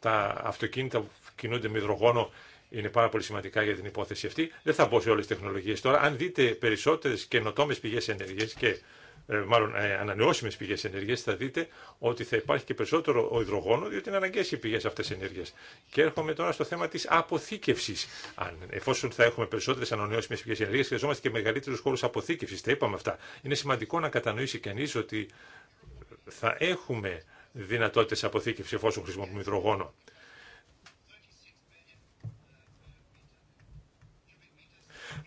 τα αυτοκίνητα που κινούνται με υδρογόνο είναι πάρα πολύ σημαντικά για την υπόθεση αυτή. Δεν θα μπω σε όλες τι τεχνολογίες τώρα. Αν δείτε περισσότερες καινοτόμες πηγές ενέργειας και ε, μάλλον ε, ανανεώσιμε πηγέ ενέργεια, θα δείτε ότι θα υπάρχει και περισσότερο υδρογόνο, διότι είναι αναγκαίε οι πηγέ αυτέ ενέργεια. Και έρχομαι τώρα στο θέμα τη αποθήκευση. εφόσον θα έχουμε περισσότερε ανανεώσιμε πηγέ ενέργεια, χρειαζόμαστε και μεγαλύτερου χώρου αποθήκευση. Τα είπαμε αυτά. Είναι σημαντικό να κατανοήσει κανεί ότι θα έχουμε δυνατότητε αποθήκευση εφόσον χρησιμοποιούμε υδρογόνο.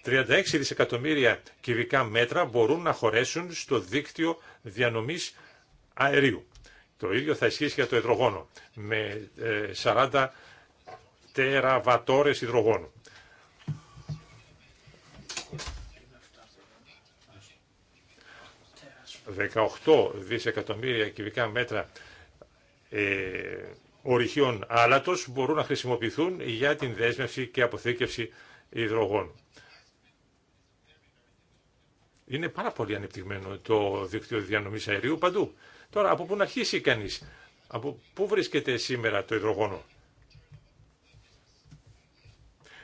36 δισεκατομμύρια κυβικά μέτρα μπορούν να χωρέσουν στο δίκτυο διανομής αερίου. Το ίδιο θα ισχύσει για το υδρογόνο, με 40 ε, τεραβατόρες υδρογόνου. ...18 δισεκατομμύρια κυβικά μέτρα ε, ορυχείων άλατος μπορούν να χρησιμοποιηθούν για την δέσμευση και αποθήκευση υδρογόνου. Είναι πάρα πολύ ανεπτυγμένο το δίκτυο διανομή αερίου παντού. Τώρα, από πού να αρχίσει κανείς, από πού βρίσκεται σήμερα το υδρογόνο.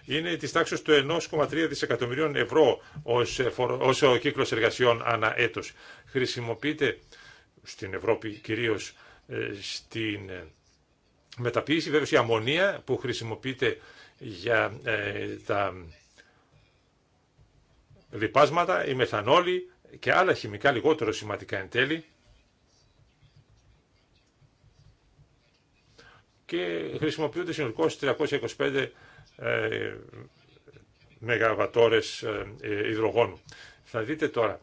Είναι τη τάξη του 1,3 δισεκατομμυρίων ευρώ ως, ε, ε, ο κύκλος εργασιών ανά έτος. Χρησιμοποιείται στην Ευρώπη κυρίως ε, στην μεταποίηση, βέβαια η αμμονία που χρησιμοποιείται για τα λιπάσματα, η μεθανόλη και άλλα χημικά λιγότερο σημαντικά εν τέλει και χρησιμοποιούνται συνολικώς 325 ε, μεγαβατόρες ε, υδρογόνου. Θα δείτε τώρα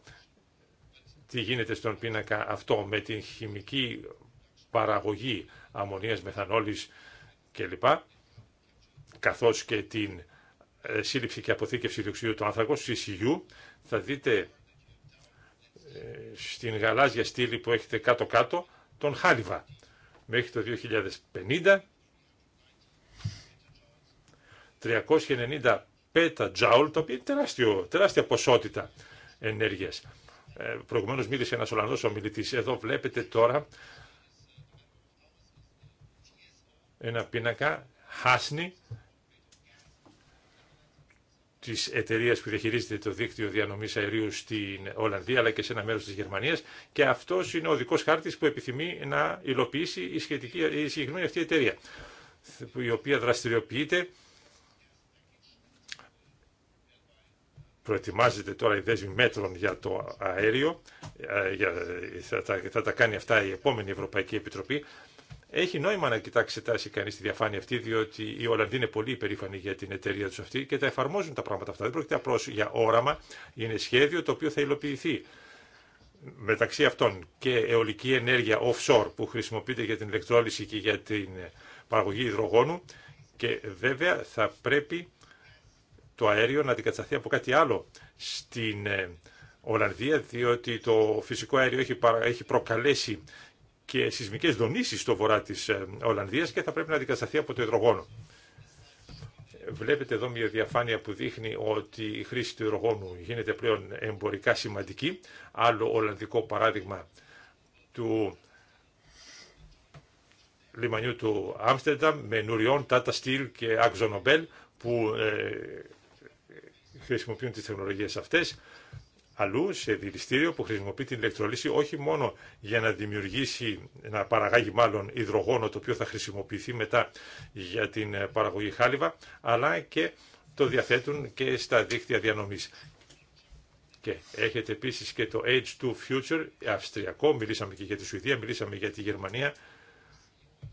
τι γίνεται στον πίνακα αυτό με την χημική παραγωγή αμμονίας, μεθανόλης κλπ. καθώς και την ε, σύλληψη και αποθήκευση διοξιδίου του άνθρακος, CCU, θα δείτε ε, στην γαλάζια στήλη που έχετε κάτω-κάτω τον χάλιβα. Μέχρι το 2050, 390 πέτα τζάουλ, το οποίο είναι τεράστιο, τεράστια ποσότητα ενέργειας. Ε, προηγουμένως μίλησε ένας Ολλανδός ομιλητής. Εδώ βλέπετε τώρα ένα πίνακα, χάσνη, Τη εταιρεία που διαχειρίζεται το δίκτυο διανομής αερίου στην Ολλανδία αλλά και σε ένα μέρος της Γερμανίας και αυτός είναι ο δικός χάρτη που επιθυμεί να υλοποιήσει η, σχετική, η συγκεκριμένη αυτή η εταιρεία η οποία δραστηριοποιείται προετοιμάζεται τώρα η δέσμη μέτρων για το αέριο, ε, για, θα τα κάνει αυτά η επόμενη Ευρωπαϊκή Επιτροπή, έχει νόημα να κοιτάξει τάση κανεί τη διαφάνεια αυτή, διότι οι Ολλανδοί είναι πολύ υπερήφανοι για την εταιρεία του αυτή και τα εφαρμόζουν τα πράγματα αυτά. Δεν πρόκειται απλώ για όραμα, είναι σχέδιο το οποίο θα υλοποιηθεί. Μεταξύ αυτών και αιωλική ενέργεια offshore που χρησιμοποιείται για την ηλεκτρόληση και για την παραγωγή υδρογόνου και βέβαια θα πρέπει το αέριο να αντικατασταθεί από κάτι άλλο στην ε, Ολλανδία, διότι το φυσικό αέριο έχει προκαλέσει και σεισμικές δονήσεις στο βορρά της ε, Ολλανδίας και θα πρέπει να αντικατασταθεί από το υδρογόνο. Βλέπετε εδώ μια διαφάνεια που δείχνει ότι η χρήση του υδρογόνου γίνεται πλέον εμπορικά σημαντική. Άλλο Ολλανδικό παράδειγμα του λιμανιού του Άμστερνταμ με Νουριόν, Τάτα Στυλ και Αξονομπέλ που ε, χρησιμοποιούν τις τεχνολογίες αυτές αλλού σε δηληστήριο που χρησιμοποιεί την ηλεκτρολύση όχι μόνο για να δημιουργήσει, να παραγάγει μάλλον υδρογόνο το οποίο θα χρησιμοποιηθεί μετά για την ε, παραγωγή χάλιβα, αλλά και το διαθέτουν και στα δίκτυα διανομής. Και έχετε επίσης και το H2 Future, αυστριακό, μιλήσαμε και για τη Σουηδία, μιλήσαμε για τη Γερμανία,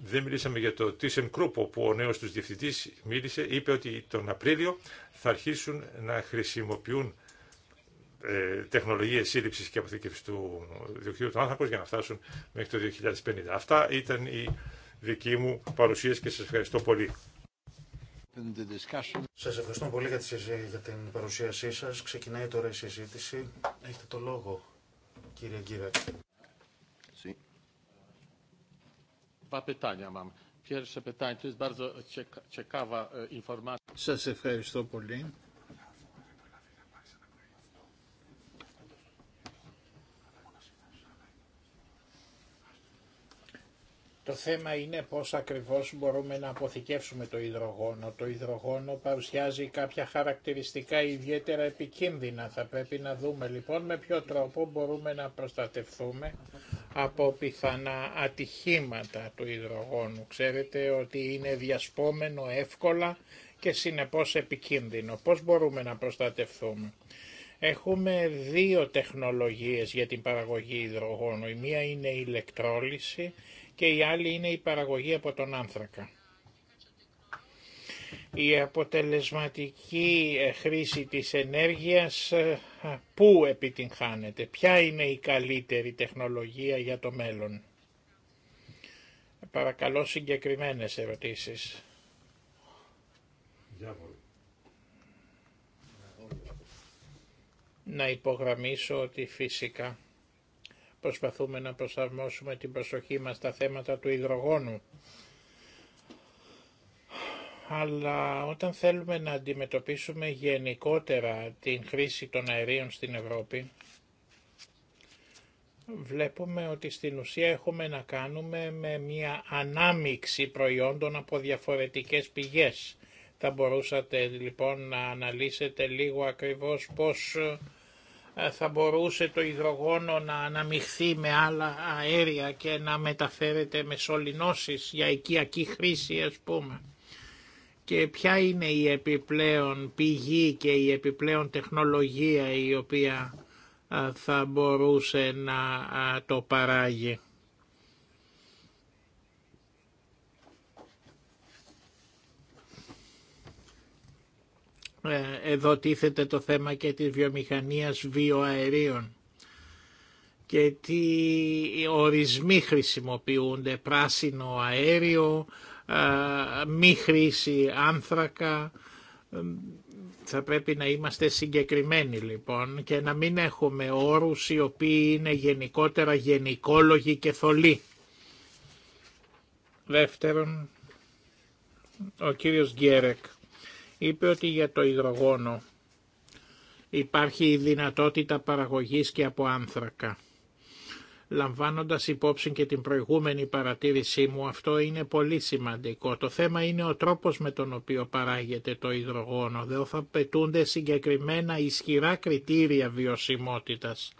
δεν μιλήσαμε για το ThyssenKrupp, όπου ο νέος τους διευθυντής μίλησε, είπε ότι τον Απρίλιο θα αρχίσουν να χρησιμοποιούν ε, τεχνολογίες σύλληψης και αποθήκευσης του διοξιδίου του άνθρακος για να φτάσουν μέχρι το 2050. Αυτά ήταν η δική μου παρουσίαση και σας ευχαριστώ πολύ. Σας ευχαριστώ πολύ για, για την παρουσίασή σας. Ξεκινάει τώρα η συζήτηση. Έχετε το λόγο, κύριε Γκύρα. E, σας ευχαριστώ πολύ. Το θέμα είναι πώς ακριβώς μπορούμε να αποθηκεύσουμε το υδρογόνο. Το υδρογόνο παρουσιάζει κάποια χαρακτηριστικά ιδιαίτερα επικίνδυνα. Θα πρέπει να δούμε λοιπόν με ποιο τρόπο μπορούμε να προστατευθούμε από πιθανά ατυχήματα του υδρογόνου. Ξέρετε ότι είναι διασπόμενο εύκολα και συνεπώς επικίνδυνο. Πώς μπορούμε να προστατευθούμε. Έχουμε δύο τεχνολογίες για την παραγωγή υδρογόνου. Η μία είναι η ηλεκτρόλυση και η άλλη είναι η παραγωγή από τον άνθρακα. Η αποτελεσματική ε, χρήση της ενέργειας ε, πού επιτυγχάνεται, ποια είναι η καλύτερη τεχνολογία για το μέλλον. Παρακαλώ συγκεκριμένες ερωτήσεις. Να υπογραμμίσω ότι φυσικά Προσπαθούμε να προσαρμόσουμε την προσοχή μας στα θέματα του υδρογόνου. Αλλά όταν θέλουμε να αντιμετωπίσουμε γενικότερα την χρήση των αερίων στην Ευρώπη, βλέπουμε ότι στην ουσία έχουμε να κάνουμε με μια ανάμιξη προϊόντων από διαφορετικές πηγές. Θα μπορούσατε λοιπόν να αναλύσετε λίγο ακριβώς πώς ε, θα μπορούσε το υδρογόνο να αναμειχθεί με άλλα αέρια και να μεταφέρεται με σωληνώσεις για οικιακή χρήση ας πούμε. Και ποια είναι η επιπλέον πηγή και η επιπλέον τεχνολογία η οποία θα μπορούσε να το παράγει. Ε, εδώ τίθεται το θέμα και της βιομηχανίας βιοαερίων και τι ορισμοί χρησιμοποιούνται, πράσινο αέριο, μη χρήση άνθρακα. Ε, θα πρέπει να είμαστε συγκεκριμένοι λοιπόν και να μην έχουμε όρους οι οποίοι είναι γενικότερα γενικόλογοι και θολοί. Δεύτερον, ο κύριος Γκέρεκ είπε ότι για το υδρογόνο υπάρχει η δυνατότητα παραγωγής και από άνθρακα. Λαμβάνοντας υπόψη και την προηγούμενη παρατήρησή μου, αυτό είναι πολύ σημαντικό. Το θέμα είναι ο τρόπος με τον οποίο παράγεται το υδρογόνο. Δεν θα πετούνται συγκεκριμένα ισχυρά κριτήρια βιωσιμότητας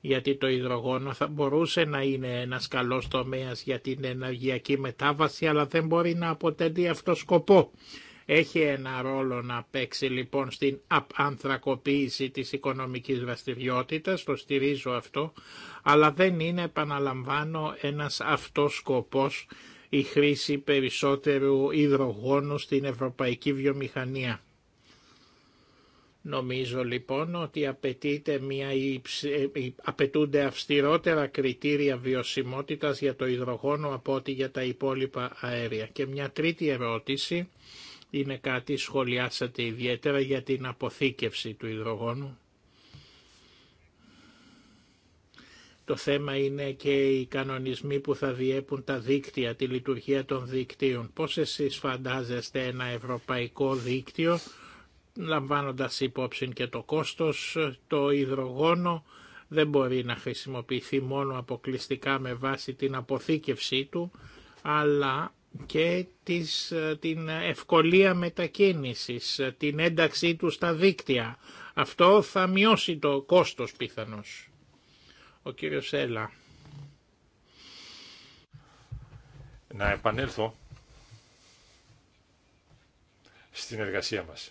γιατί το υδρογόνο θα μπορούσε να είναι ένας καλός τομέας για την ενεργειακή μετάβαση, αλλά δεν μπορεί να αποτελεί αυτό σκοπό. Έχει ένα ρόλο να παίξει λοιπόν στην ανθρακοποίηση της οικονομικής δραστηριότητας, το στηρίζω αυτό, αλλά δεν είναι, επαναλαμβάνω, ένας αυτός σκοπός η χρήση περισσότερου υδρογόνου στην ευρωπαϊκή βιομηχανία. Νομίζω λοιπόν ότι μια ε, απαιτούνται αυστηρότερα κριτήρια βιωσιμότητας για το υδρογόνο από ό,τι για τα υπόλοιπα αέρια. Και μια τρίτη ερώτηση είναι κάτι σχολιάσατε ιδιαίτερα για την αποθήκευση του υδρογόνου. Το θέμα είναι και οι κανονισμοί που θα διέπουν τα δίκτυα, τη λειτουργία των δικτύων. Πώς εσείς φαντάζεστε ένα ευρωπαϊκό δίκτυο, λαμβάνοντας υπόψη και το κόστος, το υδρογόνο δεν μπορεί να χρησιμοποιηθεί μόνο αποκλειστικά με βάση την αποθήκευσή του, αλλά και της, ε, την ευκολία μετακίνησης, ε, την ένταξή του στα δίκτυα. Αυτό θα μειώσει το κόστος πιθανώς. Ο κύριος Έλα. Να επανέλθω στην εργασία μας.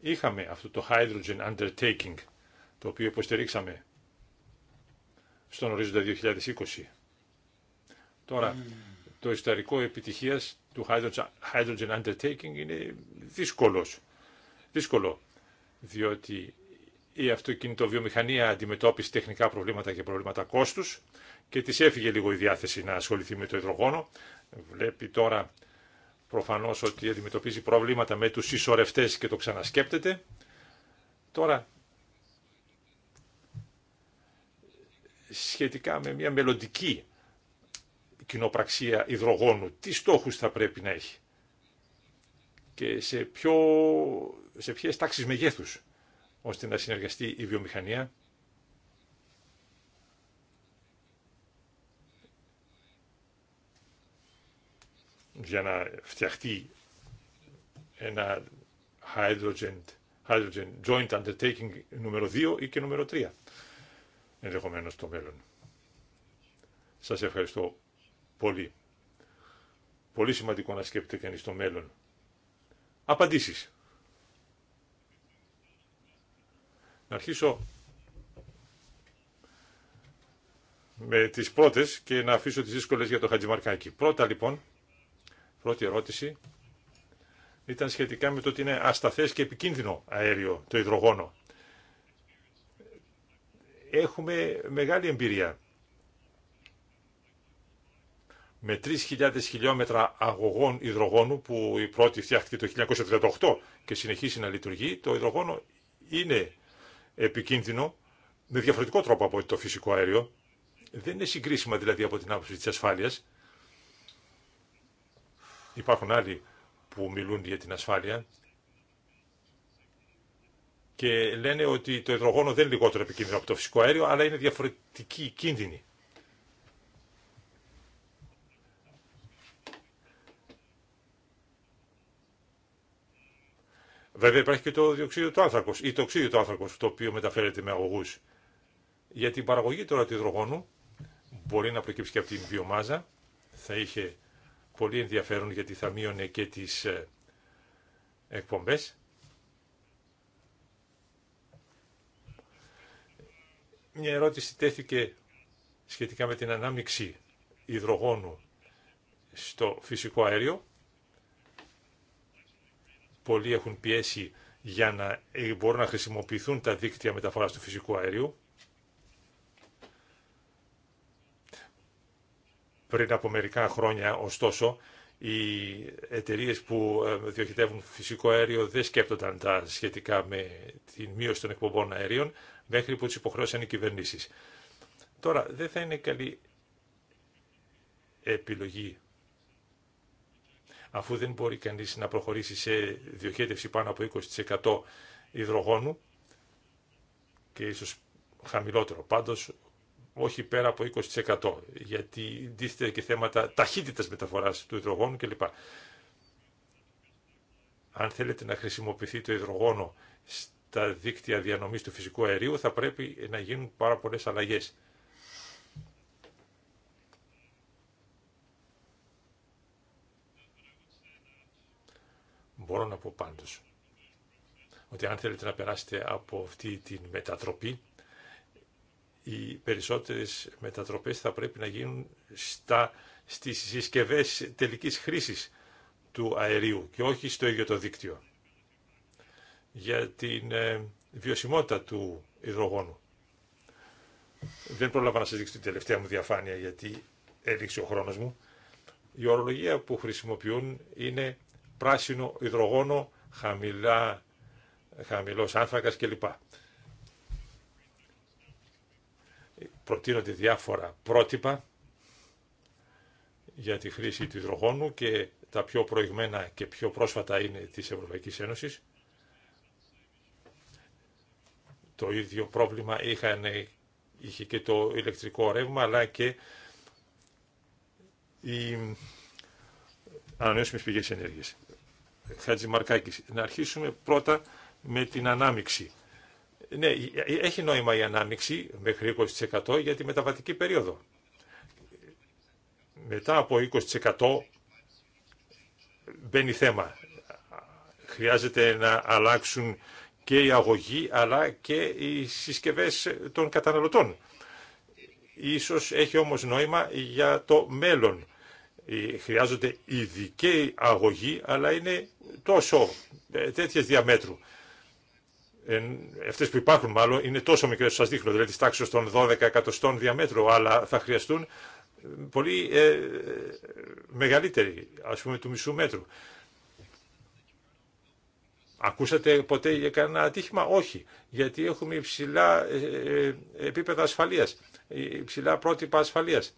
Είχαμε αυτό το Hydrogen Undertaking, το οποίο υποστηρίξαμε στον ορίζοντα 2020. Τώρα, mm το ιστορικό επιτυχίας του Hydrogen Undertaking είναι δύσκολος. Δύσκολο, διότι η αυτοκινητοβιομηχανία αντιμετώπισε τεχνικά προβλήματα και προβλήματα κόστους και της έφυγε λίγο η διάθεση να ασχοληθεί με το υδρογόνο. Βλέπει τώρα προφανώς ότι αντιμετωπίζει προβλήματα με τους συσσωρευτές και το ξανασκέπτεται. Τώρα, σχετικά με μια μελλοντική κοινοπραξία υδρογόνου, τι στόχους θα πρέπει να έχει και σε, ποιο, σε ποιες τάξεις μεγέθους ώστε να συνεργαστεί η βιομηχανία. για να φτιαχτεί ένα hydrogen, hydrogen joint undertaking νούμερο 2 ή και νούμερο 3 ενδεχομένως το μέλλον. Σας ευχαριστώ πολύ. Πολύ σημαντικό να σκέπτεται κανείς το μέλλον. Απαντήσεις. Να αρχίσω με τις πρώτες και να αφήσω τις δύσκολες για το Χατζημαρκάκι. Πρώτα λοιπόν, πρώτη ερώτηση ήταν σχετικά με το ότι είναι ασταθές και επικίνδυνο αέριο το υδρογόνο. Έχουμε μεγάλη εμπειρία με 3.000 χιλιόμετρα αγωγών υδρογόνου που η πρώτη φτιάχτηκε το 1938 και συνεχίσει να λειτουργεί, το υδρογόνο είναι επικίνδυνο με διαφορετικό τρόπο από το φυσικό αέριο. Δεν είναι συγκρίσιμα δηλαδή από την άποψη της ασφάλειας. Υπάρχουν άλλοι που μιλούν για την ασφάλεια και λένε ότι το υδρογόνο δεν είναι λιγότερο επικίνδυνο από το φυσικό αέριο, αλλά είναι διαφορετική κίνδυνη. Βέβαια υπάρχει και το διοξείδιο του άνθρακο ή το οξύδιο του άνθρακο το οποίο μεταφέρεται με αγωγού. Για την παραγωγή τώρα του υδρογόνου μπορεί να προκύψει και από την βιομάζα. Θα είχε πολύ ενδιαφέρον γιατί θα μείωνε και τι ε, εκπομπέ. Μια ερώτηση τέθηκε σχετικά με την ανάμιξη υδρογόνου στο φυσικό αέριο πολλοί έχουν πιέσει για να ε, μπορούν να χρησιμοποιηθούν τα δίκτυα μεταφοράς του φυσικού αερίου. Πριν από μερικά χρόνια, ωστόσο, οι εταιρείε που ε, διοχετεύουν φυσικό αέριο δεν σκέπτονταν τα σχετικά με τη μείωση των εκπομπών αερίων μέχρι που τις υποχρέωσαν οι κυβερνήσεις. Τώρα, δεν θα είναι καλή επιλογή αφού δεν μπορεί κανείς να προχωρήσει σε διοχέτευση πάνω από 20% υδρογόνου και ίσως χαμηλότερο πάντως, όχι πέρα από 20%, γιατί δίθεται και θέματα ταχύτητας μεταφοράς του υδρογόνου κλπ. Αν θέλετε να χρησιμοποιηθεί το υδρογόνο στα δίκτυα διανομής του φυσικού αερίου, θα πρέπει να γίνουν πάρα πολλές αλλαγές. Μπορώ να πω πάντως ότι αν θέλετε να περάσετε από αυτή την μετατροπή, οι περισσότερες μετατροπές θα πρέπει να γίνουν στα, στις συσκευές τελικής χρήσης του αερίου και όχι στο ίδιο το δίκτυο. Για την ε, βιωσιμότητα του υδρογόνου. Δεν πρόλαβα να σας δείξω την τελευταία μου διαφάνεια γιατί έληξε ο χρόνος μου. Η ορολογία που χρησιμοποιούν είναι πράσινο υδρογόνο, χαμηλά, χαμηλός άνθρακας κλπ. Προτείνονται διάφορα πρότυπα για τη χρήση του υδρογόνου και τα πιο προηγμένα και πιο πρόσφατα είναι της Ευρωπαϊκής Ένωσης. Το ίδιο πρόβλημα είχαν, είχε και το ηλεκτρικό ρεύμα αλλά και οι ανανεώσιμες πηγές ενέργειας. Να αρχίσουμε πρώτα με την ανάμιξη. Ναι, έχει νόημα η ανάμιξη μέχρι 20% για τη μεταβατική περίοδο. Μετά από 20% μπαίνει θέμα. Χρειάζεται να αλλάξουν και η αγωγή αλλά και οι συσκευές των καταναλωτών. Ίσως έχει όμως νόημα για το μέλλον ε, χρειάζονται ειδική αγωγή, αλλά είναι τόσο ε, τέτοιε διαμέτρου. Ε, αυτές που υπάρχουν μάλλον είναι τόσο μικρές που σας δείχνω, δηλαδή τη των 12 εκατοστών διαμέτρου, αλλά θα χρειαστούν ε, πολύ ε, μεγαλύτερη, ας πούμε του μισού μέτρου. Ακούσατε ποτέ για κανένα ατύχημα, όχι, γιατί έχουμε υψηλά επίπεδα ασφαλείας, υψηλά πρότυπα ασφαλείας.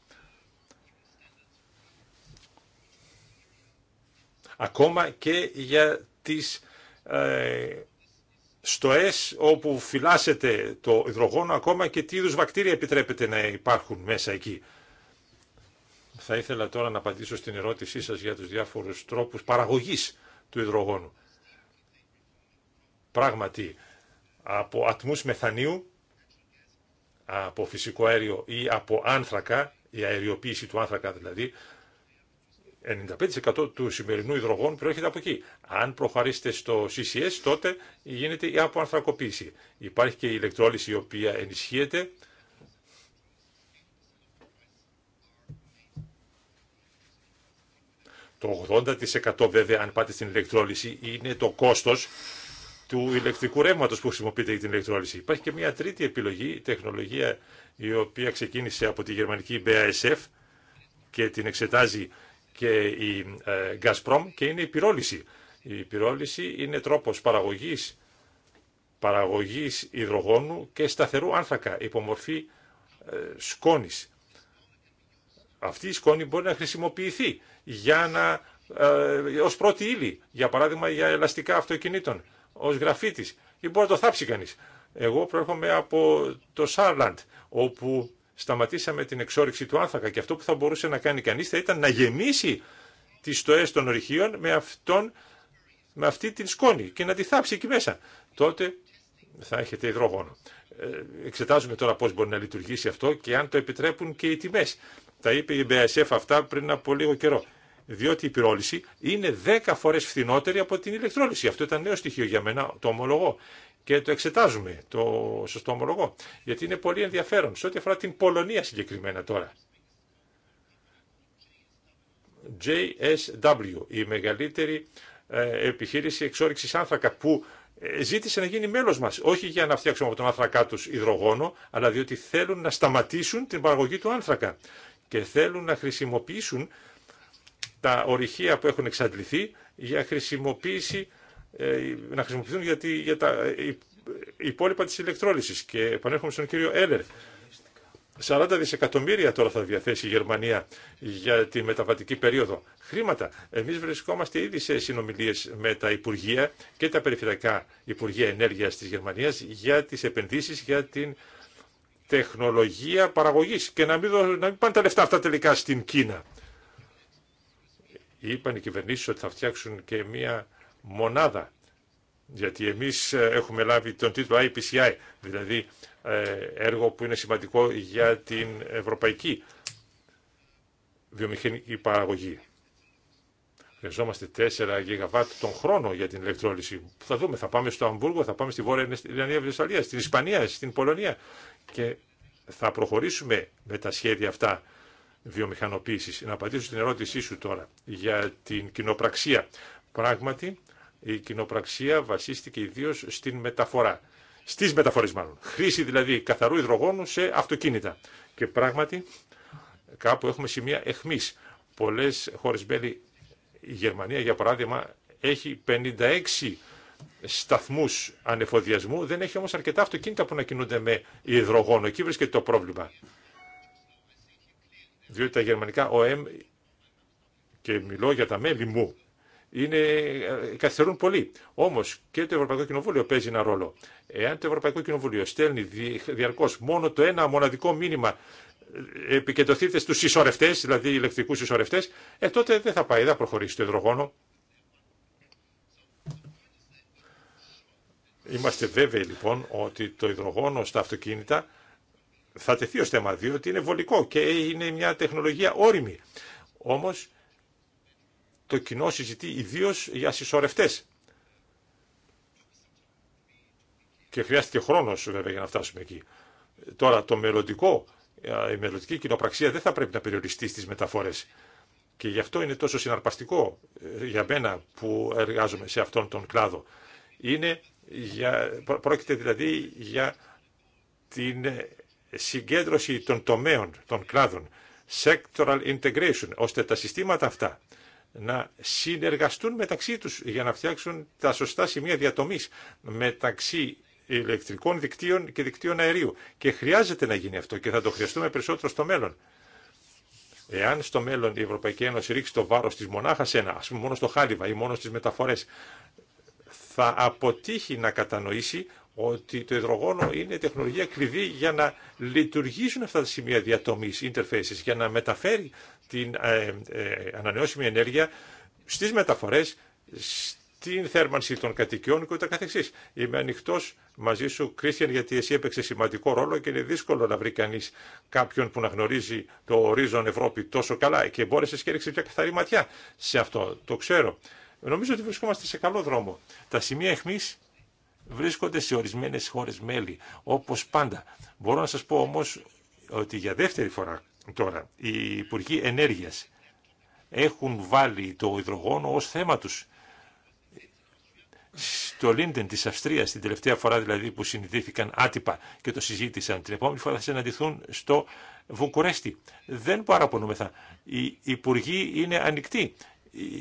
Ακόμα και για τις ε, στοές όπου φυλάσσεται το υδρογόνο, ακόμα και τι είδους βακτήρια επιτρέπεται να υπάρχουν μέσα εκεί. Θα ήθελα τώρα να απαντήσω στην ερώτησή σας για τους διάφορους τρόπους παραγωγής του υδρογόνου. Πράγματι, από ατμούς μεθανίου, από φυσικό αέριο ή από άνθρακα, η αεριοποίηση του άνθρακα δηλαδή, 95% του σημερινού υδρογόνου προέρχεται από εκεί. Αν προχωρήσετε στο CCS, τότε γίνεται η αποανθρακοποίηση. Υπάρχει και η ηλεκτρόλυση η οποία ενισχύεται. Το 80% βέβαια, αν πάτε στην ηλεκτρόλυση, είναι το κόστος του ηλεκτρικού ρεύματο που χρησιμοποιείται για την ηλεκτρόλυση. Υπάρχει και μια τρίτη επιλογή, η τεχνολογία η οποία ξεκίνησε από τη γερμανική BASF και την εξετάζει και η ε, Gazprom και είναι η πυρόληση. Η πυρόληση είναι τρόπος παραγωγής, παραγωγής υδρογόνου και σταθερού άνθρακα υπομορφή ε, σκόνης. Αυτή η σκόνη μπορεί να χρησιμοποιηθεί για να, ε, ως πρώτη ύλη, για παράδειγμα για ελαστικά αυτοκινήτων, ως γραφίτης ή μπορεί να το θάψει κανείς. Εγώ προέρχομαι από το Σάρλαντ, όπου σταματήσαμε την εξόριξη του άνθρακα και αυτό που θα μπορούσε να κάνει κανείς θα ήταν να γεμίσει τις στοές των ορυχείων με, με αυτή την σκόνη και να τη θάψει εκεί μέσα. Τότε θα έχετε υδρογόνο. Ε, εξετάζουμε τώρα πώς μπορεί να λειτουργήσει αυτό και αν το επιτρέπουν και οι τιμές. Τα είπε η BASF αυτά πριν από λίγο καιρό. Διότι η πυρόληση είναι 10 φορές φθηνότερη από την ηλεκτρόληση. Αυτό ήταν νέο στοιχείο για μένα, το ομολογώ και το εξετάζουμε, το σωστό ομολογώ, γιατί είναι πολύ ενδιαφέρον σε ό,τι αφορά την Πολωνία συγκεκριμένα τώρα. JSW, η μεγαλύτερη ε, επιχείρηση εξόριξης άνθρακα που ε, ζήτησε να γίνει μέλος μας, όχι για να φτιάξουμε από τον άνθρακά τους υδρογόνο, αλλά διότι θέλουν να σταματήσουν την παραγωγή του άνθρακα και θέλουν να χρησιμοποιήσουν τα ορυχεία που έχουν εξαντληθεί για χρησιμοποίηση ε, ε, να χρησιμοποιηθούν για, τη, για τα ε, υπόλοιπα της ηλεκτρόλυσης. Και επανέρχομαι στον κύριο Έλερ. 40 δισεκατομμύρια τώρα θα διαθέσει η Γερμανία για τη μεταβατική περίοδο. Χρήματα. Εμεί βρισκόμαστε ήδη σε συνομιλίε με τα Υπουργεία και τα Περιφερειακά Υπουργεία Ενέργειας τη Γερμανία για τις επενδύσεις για την τεχνολογία παραγωγής. Και να μην, να μην πάνε τα λεφτά αυτά τελικά στην Κίνα. Είπαν οι κυβερνήσει ότι θα φτιάξουν και μια μονάδα. Γιατί εμείς ε, έχουμε λάβει τον τίτλο IPCI, δηλαδή ε, έργο που είναι σημαντικό για την ευρωπαϊκή βιομηχανική παραγωγή. Χρειαζόμαστε 4 γιγαβάτ τον χρόνο για την ηλεκτρόληση. Θα δούμε, θα πάμε στο Αμβούργο, θα πάμε στη Βόρεια Ιρλανδία, Βεσσαλία, στην Ισπανία, στην Πολωνία και θα προχωρήσουμε με τα σχέδια αυτά βιομηχανοποίηση. Να απαντήσω στην ερώτησή σου τώρα για την κοινοπραξία. Πράγματι, η κοινοπραξία βασίστηκε ιδίω στην μεταφορά. Στι μεταφορέ, μάλλον. Χρήση δηλαδή καθαρού υδρογόνου σε αυτοκίνητα. Και πράγματι, κάπου έχουμε σημεία εχμή. Πολλέ χώρε μέλη, η Γερμανία για παράδειγμα, έχει 56 σταθμού ανεφοδιασμού, δεν έχει όμω αρκετά αυτοκίνητα που να κινούνται με υδρογόνο. Εκεί βρίσκεται το πρόβλημα. Διότι τα γερμανικά ΟΕΜ, και μιλώ για τα μέλη μου, είναι, ε, καθυστερούν πολύ. Όμω και το Ευρωπαϊκό Κοινοβούλιο παίζει ένα ρόλο. Εάν το Ευρωπαϊκό Κοινοβούλιο στέλνει διαρκώ μόνο το ένα μοναδικό μήνυμα ε, επικεντρωθείτε στου συσσωρευτέ, δηλαδή ηλεκτρικού συσσωρευτέ, ε, τότε δεν θα πάει, δεν θα προχωρήσει το υδρογόνο. Είμαστε βέβαιοι λοιπόν ότι το υδρογόνο στα αυτοκίνητα θα τεθεί ω θέμα, διότι είναι βολικό και είναι μια τεχνολογία όρημη Όμως το κοινό συζητεί ιδίω για συσσωρευτέ. Και χρειάστηκε χρόνος βέβαια για να φτάσουμε εκεί. Τώρα το μελλοντικό, η μελλοντική κοινοπραξία δεν θα πρέπει να περιοριστεί στις μεταφορές. Και γι' αυτό είναι τόσο συναρπαστικό ε, για μένα που εργάζομαι σε αυτόν τον κλάδο. Είναι για, πρόκειται δηλαδή για την συγκέντρωση των τομέων, των κλάδων, sectoral integration, ώστε τα συστήματα αυτά να συνεργαστούν μεταξύ τους για να φτιάξουν τα σωστά σημεία διατομής μεταξύ ηλεκτρικών δικτύων και δικτύων αερίου. Και χρειάζεται να γίνει αυτό και θα το χρειαστούμε περισσότερο στο μέλλον. Εάν στο μέλλον η Ευρωπαϊκή Ένωση ρίξει το βάρος της μονάχα σε ένα, ας πούμε μόνο στο χάλιβα ή μόνο στις μεταφορές, θα αποτύχει να κατανοήσει ότι το υδρογόνο είναι τεχνολογία κλειδί για να λειτουργήσουν αυτά τα σημεία διατομής, interfaces, για να μεταφέρει την ε, ε, ανανεώσιμη ενέργεια στις μεταφορές, στην θέρμανση των κατοικιών και ούτε καθεξής. Είμαι ανοιχτό μαζί σου, Κρίστιαν, γιατί εσύ έπαιξε σημαντικό ρόλο και είναι δύσκολο να βρει κανεί κάποιον που να γνωρίζει το ορίζον Ευρώπη τόσο καλά και μπόρεσε και έριξε μια καθαρή ματιά σε αυτό. Το ξέρω. Νομίζω ότι βρισκόμαστε σε καλό δρόμο. Τα σημεία εχμή βρίσκονται σε ορισμένε χώρε μέλη, όπω πάντα. Μπορώ να σα πω όμω ότι για δεύτερη φορά Τώρα, οι Υπουργοί ενέργεια έχουν βάλει το υδρογόνο ως θέμα τους. Στο Λίντεν τη Αυστρίας, την τελευταία φορά δηλαδή που συνειδήθηκαν άτυπα και το συζήτησαν, την επόμενη φορά θα συναντηθούν στο Βουκουρέστι. Δεν παραπονούμεθα. Οι Υπουργοί είναι ανοιχτοί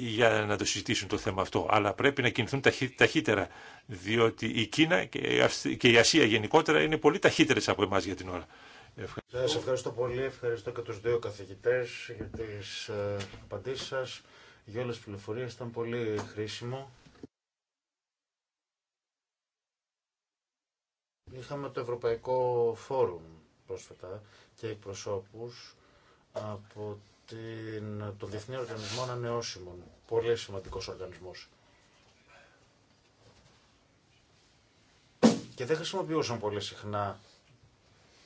για να το συζητήσουν το θέμα αυτό, αλλά πρέπει να κινηθούν ταχύτερα, διότι η Κίνα και η Ασία γενικότερα είναι πολύ ταχύτερες από εμάς για την ώρα. Ευχαριστώ. Σας ευχαριστώ πολύ. Ευχαριστώ και τους δύο καθηγητές για τις ε, απαντήσεις σας, για όλες τις πληροφορίες. Ήταν πολύ χρήσιμο. Είχαμε το Ευρωπαϊκό Φόρουμ πρόσφατα και εκπροσώπους από την, το Διεθνή Οργανισμό Ανανεώσιμων. Πολύ σημαντικός οργανισμός. Και δεν χρησιμοποιούσαν πολύ συχνά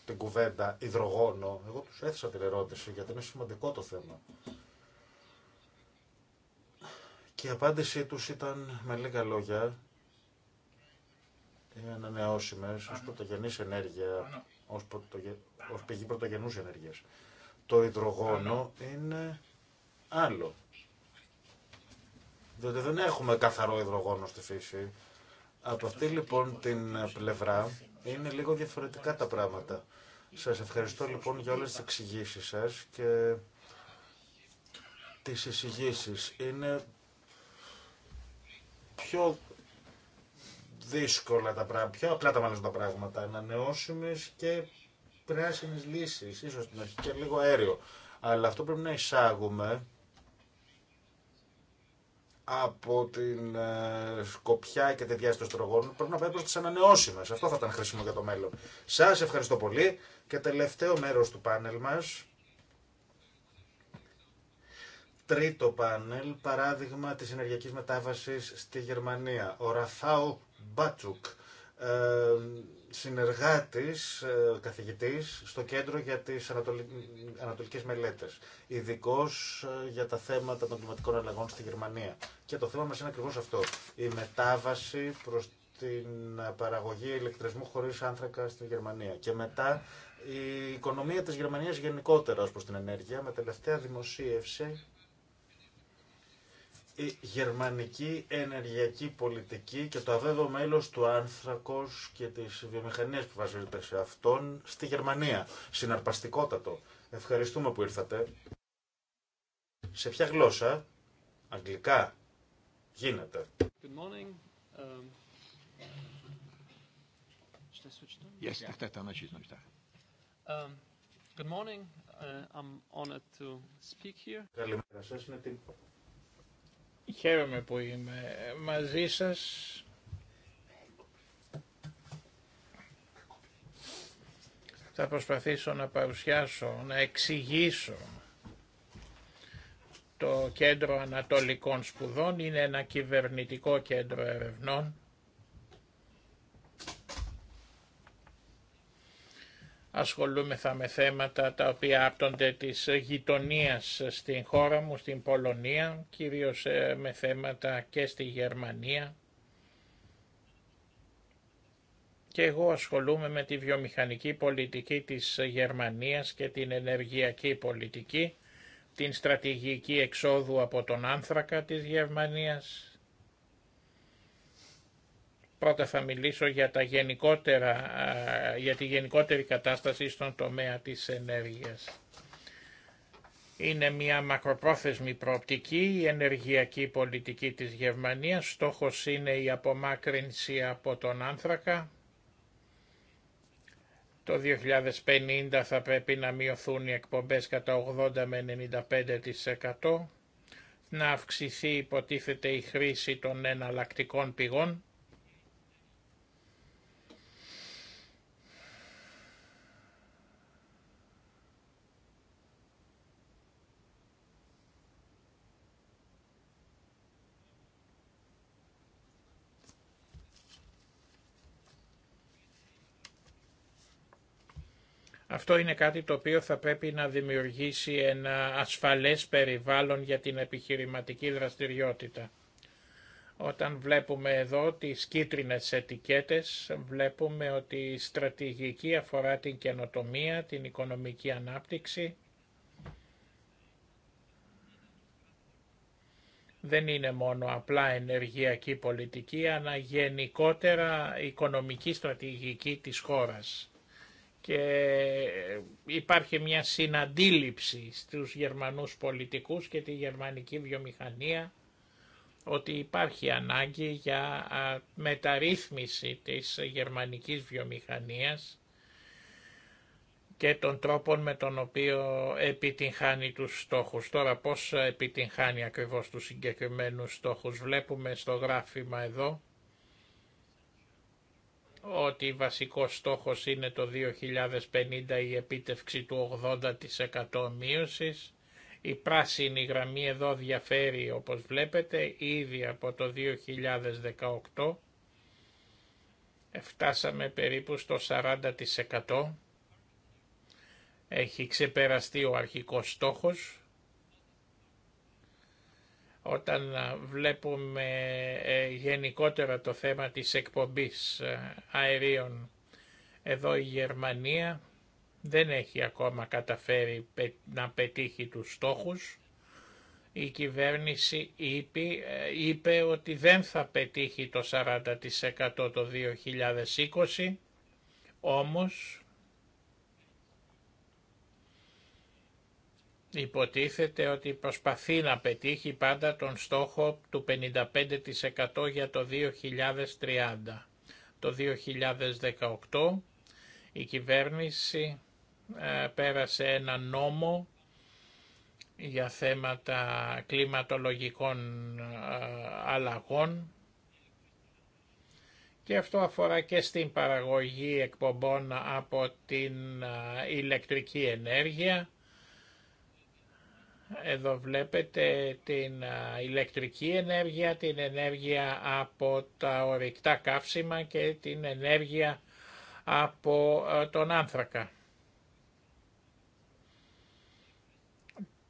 την κουβέντα υδρογόνο. Εγώ τους έθεσα την ερώτηση γιατί είναι σημαντικό το θέμα. Και η απάντησή τους ήταν με λίγα λόγια είναι ανανεώσιμες ως πρωτογενής ενέργεια, ως, ως πηγή πρωτογενούς ενέργειας. Το υδρογόνο είναι άλλο. Διότι δεν έχουμε καθαρό υδρογόνο στη φύση. Από αυτή λοιπόν την πλευρά είναι λίγο διαφορετικά τα πράγματα. Σας ευχαριστώ λοιπόν για όλες τις εξηγήσεις σας και τις εισηγήσεις. Είναι πιο δύσκολα τα πράγματα, πιο απλά τα μάλλον τα πράγματα, ανανεώσιμες και πράσινες λύσεις, ίσως και λίγο αέριο. Αλλά αυτό πρέπει να εισάγουμε από την ε, σκοπιά και τη διάσταση των στρογών πρέπει να πάει προς τις ανανεώσιμες. Αυτό θα ήταν χρήσιμο για το μέλλον. Σας ευχαριστώ πολύ και τελευταίο μέρος του πάνελ μας. Τρίτο πάνελ, παράδειγμα της ενεργειακής μετάβασης στη Γερμανία. Ο Ραφάου Μπάτσουκ. Ε, συνεργάτης, ε, καθηγητής στο κέντρο για τις ανατολικές μελέτες, ειδικό ε, για τα θέματα των κλιματικών αλλαγών στη Γερμανία. Και το θέμα μας είναι ακριβώς αυτό, η μετάβαση προς την παραγωγή ηλεκτρισμού χωρίς άνθρακα στη Γερμανία. Και μετά η οικονομία της Γερμανίας γενικότερα ως προς την ενέργεια, με τελευταία δημοσίευση η γερμανική ενεργειακή πολιτική και το αβέβαιο του άνθρακος και της βιομηχανίας που βασίζεται σε αυτόν στη Γερμανία. Συναρπαστικότατο. Ευχαριστούμε που ήρθατε. Σε ποια γλώσσα, αγγλικά, γίνεται. Good morning. good morning. Uh, I'm to speak Καλημέρα σας, είναι Χαίρομαι που είμαι μαζί σας. Θα προσπαθήσω να παρουσιάσω, να εξηγήσω το Κέντρο Ανατολικών Σπουδών. Είναι ένα κυβερνητικό κέντρο ερευνών ασχολούμεθα με θέματα τα οποία άπτονται της γειτονίας στην χώρα μου, στην Πολωνία, κυρίως ε, με θέματα και στη Γερμανία. Και εγώ ασχολούμαι με τη βιομηχανική πολιτική της Γερμανίας και την ενεργειακή πολιτική, την στρατηγική εξόδου από τον άνθρακα της Γερμανίας, Πρώτα θα μιλήσω για, τα γενικότερα, ε, για τη γενικότερη κατάσταση στον τομέα της ενέργειας. Είναι μια μακροπρόθεσμη προοπτική η ενεργειακή πολιτική της Γερμανίας. Στόχος είναι η απομάκρυνση από τον άνθρακα. Το 2050 θα πρέπει να μειωθούν οι εκπομπές κατά 80 με 95%. Να αυξηθεί υποτίθεται η χρήση των εναλλακτικών πηγών Αυτό είναι κάτι το οποίο θα πρέπει να δημιουργήσει ένα ασφαλές περιβάλλον για την επιχειρηματική δραστηριότητα. Όταν βλέπουμε εδώ τις κίτρινες ετικέτες, βλέπουμε ότι η στρατηγική αφορά την καινοτομία, την οικονομική ανάπτυξη. Δεν είναι μόνο απλά ενεργειακή πολιτική, αλλά γενικότερα οικονομική στρατηγική της χώρας και υπάρχει μια συναντήληψη στους Γερμανούς πολιτικούς και τη γερμανική βιομηχανία ότι υπάρχει ανάγκη για μεταρρύθμιση της γερμανικής βιομηχανίας και των τρόπων με τον οποίο επιτυγχάνει τους στόχους. Τώρα πώς επιτυγχάνει ακριβώς τους συγκεκριμένους στόχους βλέπουμε στο γράφημα εδώ ότι βασικός στόχος είναι το 2050 η επίτευξη του 80% μείωσης. Η πράσινη γραμμή εδώ διαφέρει όπως βλέπετε ήδη από το 2018. Φτάσαμε περίπου στο 40%. Έχει ξεπεραστεί ο αρχικός στόχος όταν βλέπουμε ε, γενικότερα το θέμα της εκπομπής ε, αερίων. Εδώ η Γερμανία δεν έχει ακόμα καταφέρει να πετύχει τους στόχους. Η κυβέρνηση είπε, ε, είπε ότι δεν θα πετύχει το 40% το 2020, όμως Υποτίθεται ότι προσπαθεί να πετύχει πάντα τον στόχο του 55% για το 2030. Το 2018 η κυβέρνηση ε, πέρασε ένα νόμο για θέματα κλιματολογικών ε, αλλαγών και αυτό αφορά και στην παραγωγή εκπομπών από την ε, ηλεκτρική ενέργεια εδώ βλέπετε την ηλεκτρική ενέργεια, την ενέργεια από τα ορυκτά καύσιμα και την ενέργεια από τον άνθρακα.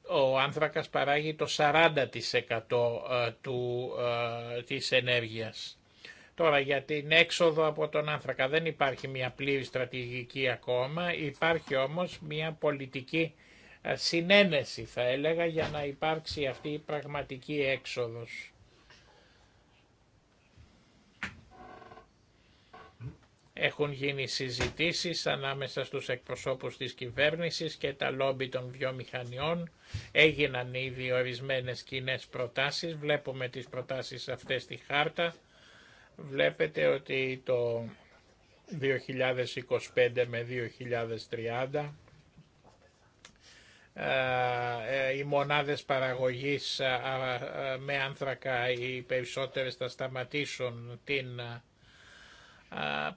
Ο άνθρακας παράγει το 40% του, της ενέργειας. Τώρα για την έξοδο από τον άνθρακα δεν υπάρχει μια πλήρη στρατηγική ακόμα, υπάρχει όμως μια πολιτική ε, συνένεση θα έλεγα για να υπάρξει αυτή η πραγματική έξοδος. Έχουν γίνει συζητήσεις ανάμεσα στους εκπροσώπους της κυβέρνησης και τα λόμπι των βιομηχανιών. Έγιναν ήδη ορισμένε κοινέ προτάσεις. Βλέπουμε τις προτάσεις αυτές στη χάρτα. Βλέπετε ότι το 2025 με 2030 ε, ε, οι μονάδες παραγωγής ε, με άνθρακα οι περισσότερες θα σταματήσουν την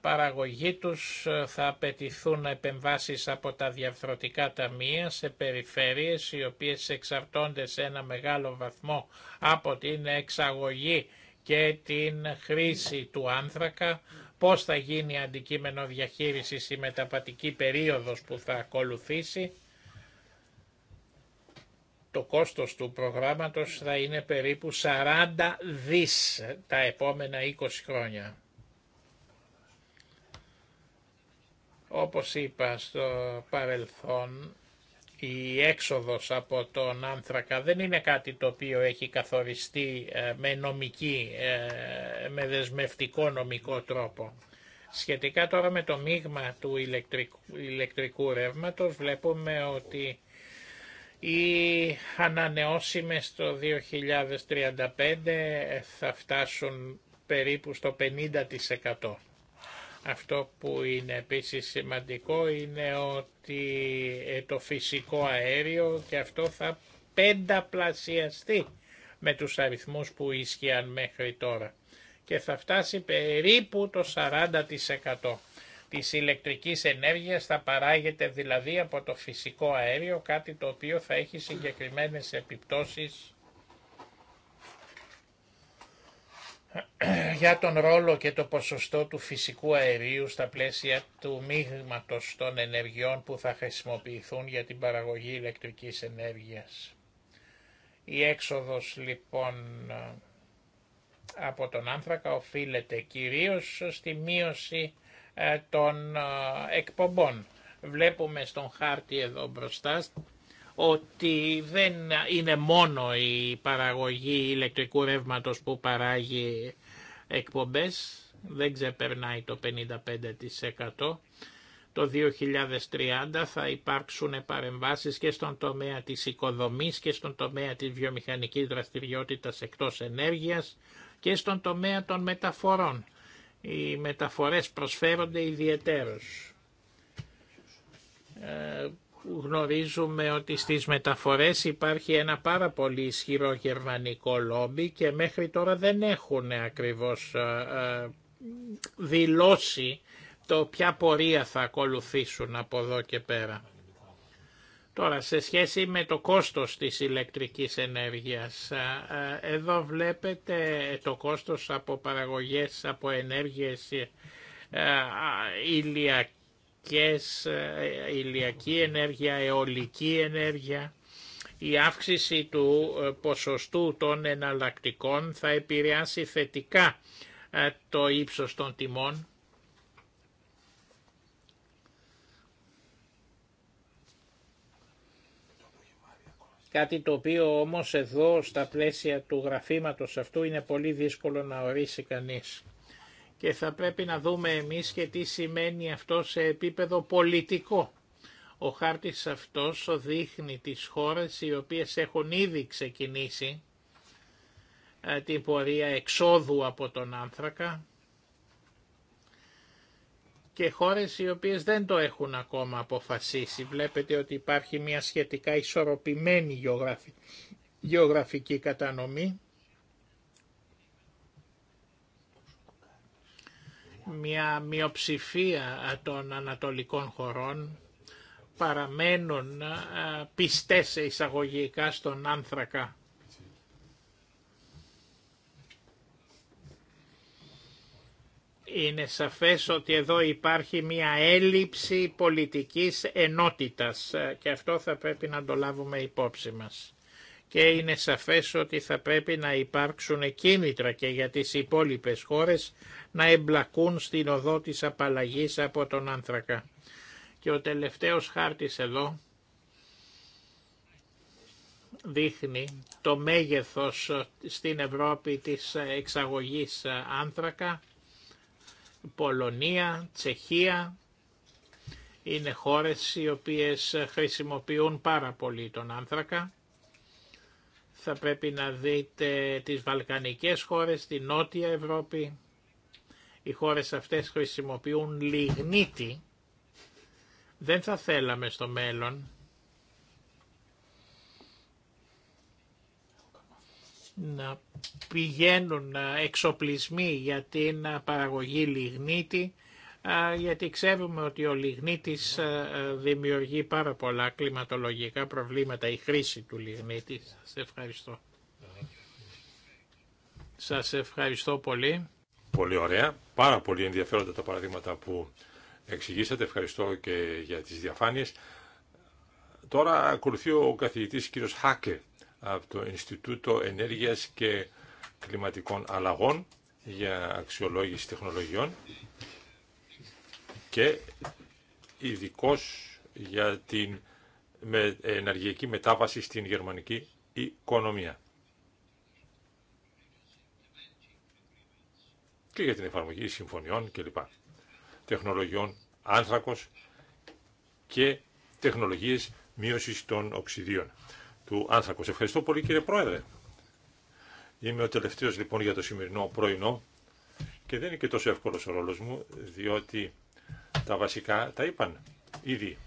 παραγωγή τους, θα απαιτηθούν επεμβάσεις από τα διαφθρωτικά ταμεία σε περιφέρειες οι οποίες εξαρτώνται σε ένα μεγάλο βαθμό από την εξαγωγή και την χρήση του άνθρακα, πώς θα γίνει αντικείμενο διαχείρισης η μεταπατική περίοδος που θα ακολουθήσει το κόστος του προγράμματος θα είναι περίπου 40 δις τα επόμενα 20 χρόνια. Όπως είπα στο παρελθόν, η έξοδος από τον άνθρακα δεν είναι κάτι το οποίο έχει καθοριστεί ε, με νομική, ε, με δεσμευτικό νομικό τρόπο. Σχετικά τώρα με το μείγμα του ηλεκτρικού, ηλεκτρικού ρεύματος βλέπουμε ότι οι ανανεώσιμες το 2035 θα φτάσουν περίπου στο 50%. Αυτό που είναι επίσης σημαντικό είναι ότι ε, το φυσικό αέριο και αυτό θα πενταπλασιαστεί με τους αριθμούς που ίσχυαν μέχρι τώρα και θα φτάσει περίπου το 40% της ηλεκτρικής ενέργειας θα παράγεται δηλαδή από το φυσικό αέριο, κάτι το οποίο θα έχει συγκεκριμένες επιπτώσεις (clears throat) για τον ρόλο και το ποσοστό του φυσικού αερίου στα πλαίσια του μείγματος των ενεργειών που θα χρησιμοποιηθούν για την παραγωγή ηλεκτρικής ενέργειας. Η έξοδος λοιπόν από τον άνθρακα οφείλεται κυρίως στη μείωση ε, των ε, εκπομπών. Βλέπουμε στον χάρτη εδώ μπροστά ότι δεν είναι μόνο η παραγωγή ηλεκτρικού ρεύματος που παράγει εκπομπές, δεν ξεπερνάει το 55%. Το 2030 θα υπάρξουν παρεμβάσεις και στον τομέα της οικοδομής και στον τομέα της βιομηχανικής δραστηριότητας εκτός ενέργειας και στον τομέα των μεταφορών οι μεταφορές προσφέρονται ιδιαιτέρως. Ε, γνωρίζουμε ότι στις μεταφορές υπάρχει ένα πάρα πολύ ισχυρό γερμανικό λόμπι και μέχρι τώρα δεν έχουν ακριβώς ε, ε, δηλώσει το ποια πορεία θα ακολουθήσουν από εδώ και πέρα. Τώρα, σε σχέση με το κόστος της ηλεκτρικής ενέργειας, εδώ βλέπετε το κόστος από παραγωγές, από ενέργειες ε, ηλιακές, ε, ηλιακή ενέργεια, αιωλική ενέργεια. Η αύξηση του ε, ποσοστού των εναλλακτικών θα επηρεάσει θετικά το ύψος των τιμών Κάτι το οποίο όμως εδώ στα πλαίσια του γραφήματος αυτού είναι πολύ δύσκολο να ορίσει κανείς. Και θα πρέπει να δούμε εμείς και τι σημαίνει αυτό σε επίπεδο πολιτικό. Ο χάρτης αυτός δείχνει τις χώρες οι οποίες έχουν ήδη ξεκινήσει ε, την πορεία εξόδου από τον άνθρακα και χώρες οι οποίες δεν το έχουν ακόμα αποφασίσει. Βλέπετε ότι υπάρχει μια σχετικά ισορροπημένη γεωγραφική κατανομή. Μια μειοψηφία των ανατολικών χωρών παραμένουν πιστές εισαγωγικά στον άνθρακα είναι σαφές ότι εδώ υπάρχει μια έλλειψη πολιτικής ενότητας ε, και αυτό θα πρέπει να το λάβουμε υπόψη μας. Και είναι σαφές ότι θα πρέπει να υπάρξουν κίνητρα και για τις υπόλοιπες χώρες να εμπλακούν στην οδό της απαλλαγής από τον άνθρακα. Και ο τελευταίος χάρτης εδώ δείχνει το μέγεθος στην Ευρώπη της εξαγωγής άνθρακα Πολωνία, Τσεχία, είναι χώρες οι οποίες χρησιμοποιούν πάρα πολύ τον άνθρακα. Θα πρέπει να δείτε τις Βαλκανικές χώρες, τη Νότια Ευρώπη. Οι χώρες αυτές χρησιμοποιούν λιγνίτη. Δεν θα θέλαμε στο μέλλον να πηγαίνουν ε, εξοπλισμοί για την ε, παραγωγή λιγνίτη, ε, γιατί ξέρουμε ότι ο λιγνίτης δημιουργεί πάρα πολλά κλιματολογικά προβλήματα, η χρήση του λιγνίτη. Σας ευχαριστώ. Σας ευχαριστώ πολύ. Πολύ ωραία. Πάρα πολύ ενδιαφέροντα τα παραδείγματα που εξηγήσατε. Ευχαριστώ και για τις διαφάνειες. Τώρα ακολουθεί ο καθηγητής κύριος Χάκερ από το Ινστιτούτο Ενέργειας και Κλιματικών Αλλαγών για αξιολόγηση τεχνολογιών και ειδικό για την ενεργειακή μετάβαση στην γερμανική οικονομία. και για την εφαρμογή συμφωνιών κλπ. Τεχνολογιών άνθρακος και τεχνολογίες μείωσης των οξυδίων του άνθρακος. Ευχαριστώ πολύ κύριε Πρόεδρε. Είμαι ο τελευταίος λοιπόν για το σημερινό πρωινό και δεν είναι και τόσο εύκολος ο ρόλος μου διότι τα βασικά τα είπαν ήδη.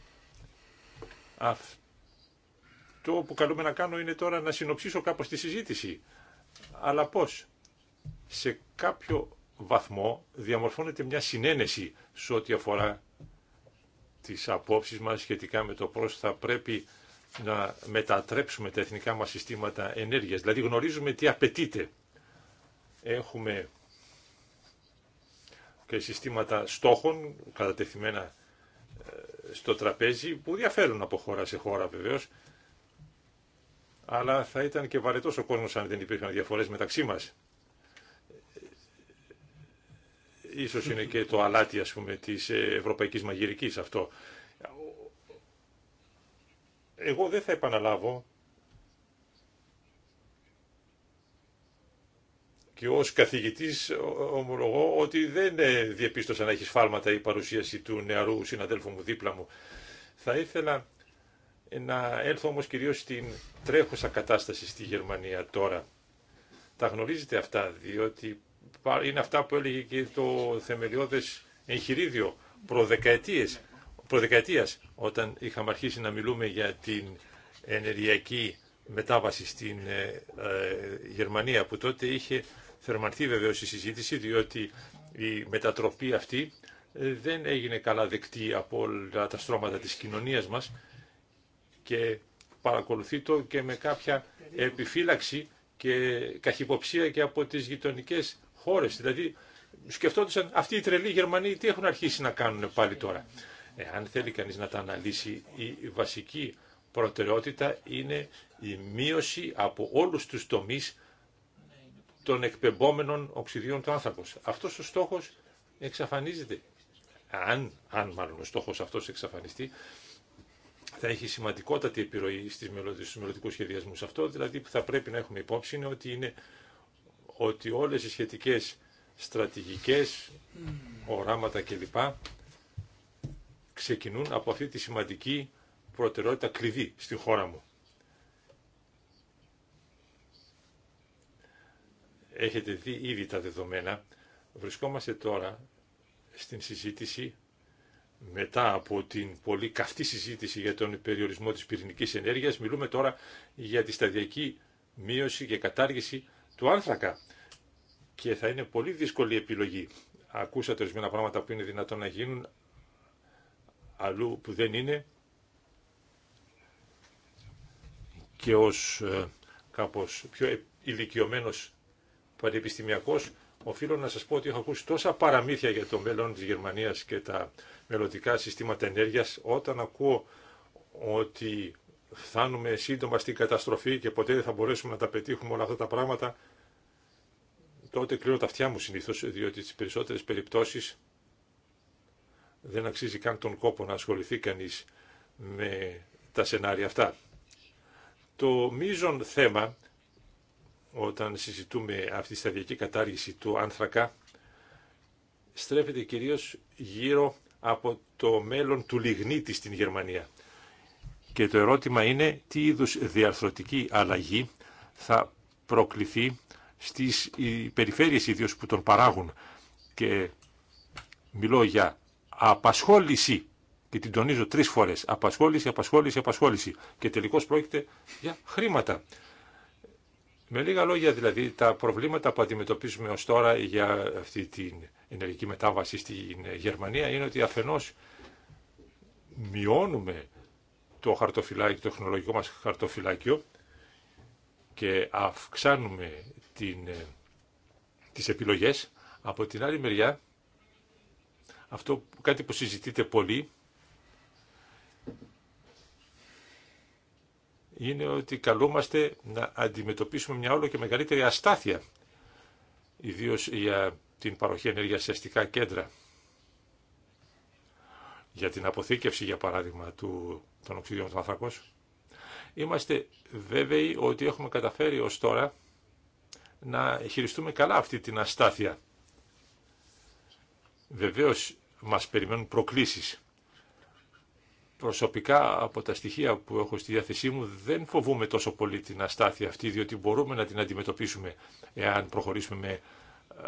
Αυτό που καλούμε να κάνω είναι τώρα να συνοψίσω κάπως τη συζήτηση. Αλλά πώς. Σε κάποιο βαθμό διαμορφώνεται μια συνένεση σε ό,τι αφορά τις απόψεις μας σχετικά με το πώς θα πρέπει να μετατρέψουμε τα εθνικά μας συστήματα ενέργειας. Δηλαδή γνωρίζουμε τι απαιτείται. Έχουμε και συστήματα στόχων κατατεθειμένα στο τραπέζι που διαφέρουν από χώρα σε χώρα βεβαίως αλλά θα ήταν και βαρετός ο κόσμος αν δεν υπήρχαν διαφορές μεταξύ μας. Ίσως είναι και το αλάτι ας πούμε της ευρωπαϊκής μαγειρικής αυτό. Εγώ δεν θα επαναλάβω και ως καθηγητής ομολογώ ότι δεν ε, διεπίστωσα να έχει σφάλματα η παρουσίαση του νεαρού συναδέλφου μου δίπλα μου. Θα ήθελα ε, να έλθω όμως κυρίως στην τρέχουσα κατάσταση στη Γερμανία τώρα. Τα γνωρίζετε αυτά, διότι είναι αυτά που έλεγε και το θεμελιώδες εγχειρίδιο προδεκαετίες προδεκαετίας όταν είχαμε αρχίσει να μιλούμε για την ενεργειακή μετάβαση στην ε, ε, Γερμανία που τότε είχε θερμανθεί βεβαίω η συζήτηση διότι η μετατροπή αυτή ε, δεν έγινε καλά δεκτή από όλα τα στρώματα της κοινωνίας μας και παρακολουθεί το και με κάποια επιφύλαξη και καχυποψία και από τις γειτονικές χώρες. Δηλαδή σκεφτόντουσαν αυτοί οι τρελοί Γερμανοί τι έχουν αρχίσει να κάνουν πάλι τώρα. Εάν θέλει κανείς να τα αναλύσει, η βασική προτεραιότητα είναι η μείωση από όλους τους τομείς των εκπεμπόμενων οξυδίων του άνθρακος. Αυτός ο στόχος εξαφανίζεται. Αν, αν μάλλον ο στόχος αυτός εξαφανιστεί, θα έχει σημαντικότατη επιρροή στις μελλοντικούς, στους σχεδιασμούς. Αυτό δηλαδή που θα πρέπει να έχουμε υπόψη είναι ότι, είναι ότι όλες οι σχετικές στρατηγικές, οράματα κλπ ξεκινούν από αυτή τη σημαντική προτεραιότητα κλειδί στη χώρα μου. Έχετε δει ήδη τα δεδομένα. Βρισκόμαστε τώρα στην συζήτηση μετά από την πολύ καυτή συζήτηση για τον περιορισμό της πυρηνικής ενέργειας, μιλούμε τώρα για τη σταδιακή μείωση και κατάργηση του άνθρακα. Και θα είναι πολύ δύσκολη επιλογή. Ακούσατε ορισμένα πράγματα που είναι δυνατόν να γίνουν, αλλού που δεν είναι και ως ε, κάπως πιο ε, ηλικιωμένος πανεπιστημιακός οφείλω να σας πω ότι έχω ακούσει τόσα παραμύθια για το μέλλον της Γερμανίας και τα μελλοντικά συστήματα ενέργειας όταν ακούω ότι φτάνουμε σύντομα στην καταστροφή και ποτέ δεν θα μπορέσουμε να τα πετύχουμε όλα αυτά τα πράγματα τότε κλείνω τα αυτιά μου συνήθως διότι τις περισσότερες περιπτώσεις δεν αξίζει καν τον κόπο να ασχοληθεί κανείς με τα σενάρια αυτά. Το μείζον θέμα, όταν συζητούμε αυτή τη σταδιακή κατάργηση του άνθρακα, στρέφεται κυρίως γύρω από το μέλλον του λιγνίτη στην Γερμανία. Και το ερώτημα είναι τι είδους διαρθρωτική αλλαγή θα προκληθεί στις περιφέρειες ιδίως που τον παράγουν. Και μιλώ για απασχόληση. Και την τονίζω τρει φορέ. Απασχόληση, απασχόληση, απασχόληση. Και τελικώ πρόκειται για χρήματα. Με λίγα λόγια δηλαδή, τα προβλήματα που αντιμετωπίζουμε ως τώρα για αυτή την ενεργική μετάβαση στην Γερμανία είναι ότι αφενός μειώνουμε το χαρτοφυλάκιο, το τεχνολογικό μας χαρτοφυλάκιο και αυξάνουμε την, ε, τις επιλογές. Από την άλλη μεριά αυτό κάτι που συζητείται πολύ είναι ότι καλούμαστε να αντιμετωπίσουμε μια όλο και μεγαλύτερη αστάθεια, ιδίως για την παροχή ενέργειας σε αστικά κέντρα. Για την αποθήκευση, για παράδειγμα, του, των οξυδιών του ανθρακός. Είμαστε βέβαιοι ότι έχουμε καταφέρει ως τώρα να χειριστούμε καλά αυτή την αστάθεια. Βεβαίως μας περιμένουν προκλήσεις. Προσωπικά από τα στοιχεία που έχω στη διάθεσή μου δεν φοβούμε τόσο πολύ την αστάθεια αυτή διότι μπορούμε να την αντιμετωπίσουμε εάν προχωρήσουμε με